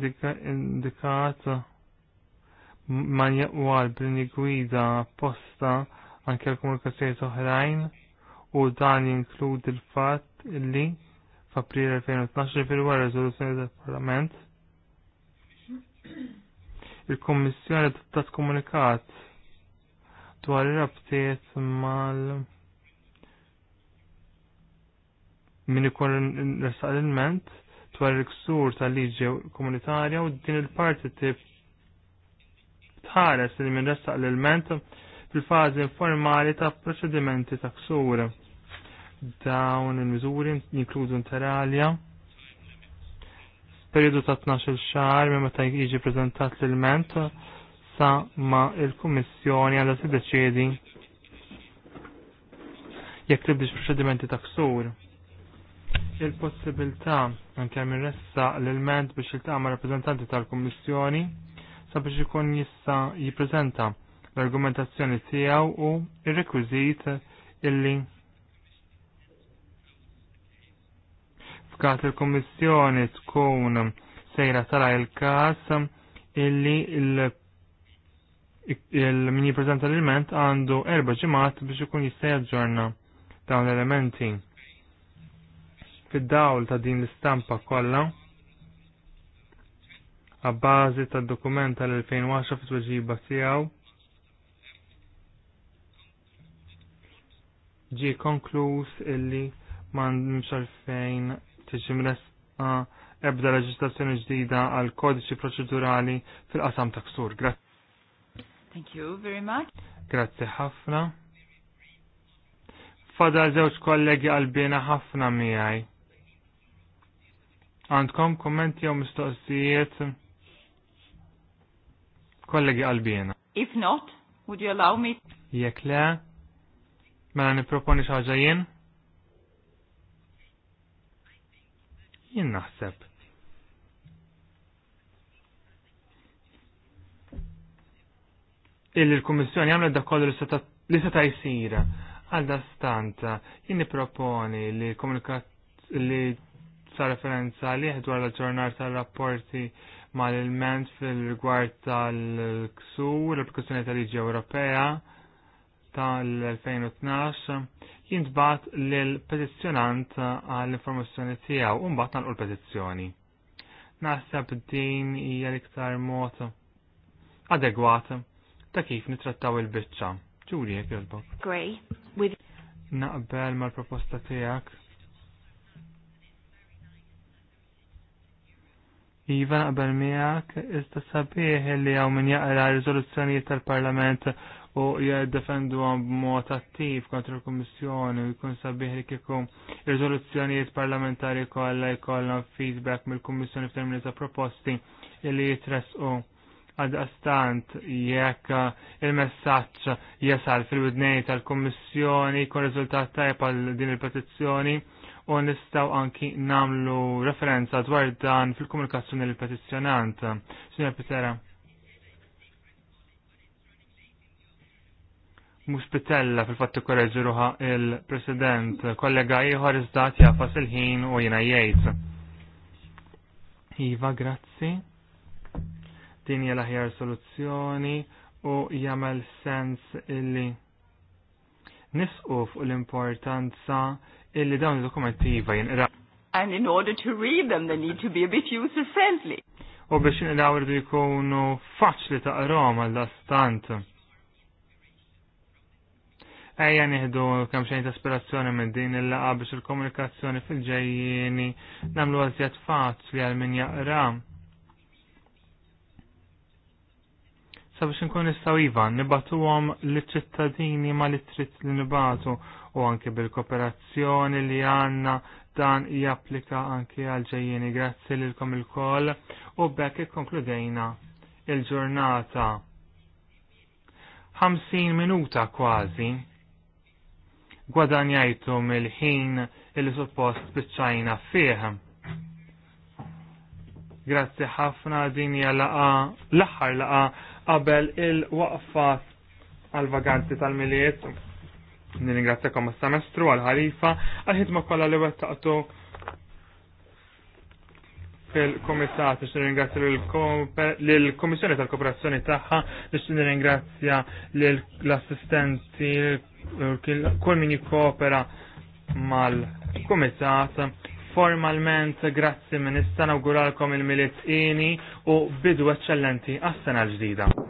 indikat man jaqwal b'lini gwida posta anke l-komunikazzjoni oħrajn u dan jinkludi l-fatt li f'April 2012 fil-wara riżoluzzjoni tal-Parlament il-Kommissjoni tat komunikat dwar il rabtiet mal min ikun l-ment dwar il-ksur tal-liġi komunitarja u din il-parti tip tħares li minn restaq l-ilment fil-fazi informali ta' proċedimenti ta' ksur. Dawn il-miżuri jinkludu interalja periodu ta' 12 xahar minn meta jiġi prezentat l-ilment sa ma il-Kummissjoni għandha tiddeċiedi jekk tibdix proċedimenti ta' ksur il-possibilità anke minn ressa l-ilment biex il tama rappresentanti tal-Kommissjoni sabiex ikun jista jippreżenta l-argumentazzjoni tiegħu u r rekwiżit illi f'każ il-Kommissjoni tkun sejra tara il-każ illi il- il-min jippreżenta l-ilment għandu erba' ġimgħat biex ikun jista' jaġġorna dawn l-elementi fid-dawl ta' din l-istampa kollha għabbażi tad dokument tal-2010 fit-tweġiba tiegħu ġie konkluż illi m'għandhomx għalfejn tiġi mresqa ebda leġislazzjoni ġdida għal kodiċi proċedurali fil-qasam ta' ksur. Thank you very much. Grazzi ħafna. Fadal żewġ kollegi għalbina ħafna miegħi. Għandkom kommenti jew mistoqsijiet kollegi qalbijena. If not, would you allow me? Jekk le, mela niproponi xi ħaġa jien? Jien naħseb. Illi l-Kummissjoni għamlet dak kollu li seta' jsir għal stanta jien nipproponi li komunikat li sa referenza li dwar la ġurnar tal-rapporti mal-ilment fil-rigward tal-ksur, l-applikazzjoni tal-Liġi Ewropea tal-2012 jintbat l-petizjonant għall-informazzjoni tiegħu u mbagħad nagħlqu l-petizzjoni. Naħseb din hija l-iktar mod adegwat ta' kif nitrattaw il-biċċa. Ġuri jekk jilbok. Gray, with Naqbel mal-proposta tiegħek Iva qabel miegħek iżda sabiħ li hawn min jaqra riżoluzzjonijiet tal-Parlament u jiddefendu għom b'mod attiv kontra l-Kummissjoni u jkun sabiħ li kieku riżoluzzjonijiet parlamentari kollha jkollhom feedback mill-Kummissjoni f'termini ta' proposti li jitresqu għad-astant jekk il-messaċ jasal fil-widnej tal-Kommissjoni kun riżultat tajb għal din il-petizzjoni u nistaw anki namlu referenza dwar dan fil-komunikazzjoni l petizzjonant Signor Pitera. Mux Pitella fil-fatti korreġi ruħa il-president, kollega ieħor iżdat jafas il-ħin u jina jgħid. Iva, grazzi. Din hija l-aħjar soluzzjoni u jagħmel sens illi nisqu fuq l-importanza illi dawn il dokumenti jiva jinqra. And in order to read them, they need to be a bit user friendly. U biex jinqraw irdu faċli taqrom għall-astant. Ejja nieħdu kemm xejn ta' ispirazzjoni minn din il-laqa biex il-komunikazzjoni fil-ġejjieni nagħmlu għażjat faċli għal min jaqram. sabiex nkun nistaw iva nibatu għom l-ċittadini ma li tritt li nibatu u anke bil-kooperazzjoni li għanna dan japplika anke għal-ġejjeni grazzi lilkom il-koll u bekk ikkonkludejna il-ġurnata 50 minuta kważi gwadanjajtum mill-ħin il suppost biċċajna fih. Grazzi ħafna din hija laqa l-aħħar laqa qabel il-waqfa għal-vaganzi tal-miliet. Nirringrazzjakom għas-semestru għal ħalifa għal-ħidma kollha li wettaqtu fil-komitat biex nirringrazzja lill-Komissjoni tal-Kooperazzjoni tagħha biex nirringrazzja l-assistenti kull min jikkopera mal-komitat formalment grazzi minn issa nawguralkom il milizzini u bidu eccellenti għas-sena l-ġdida.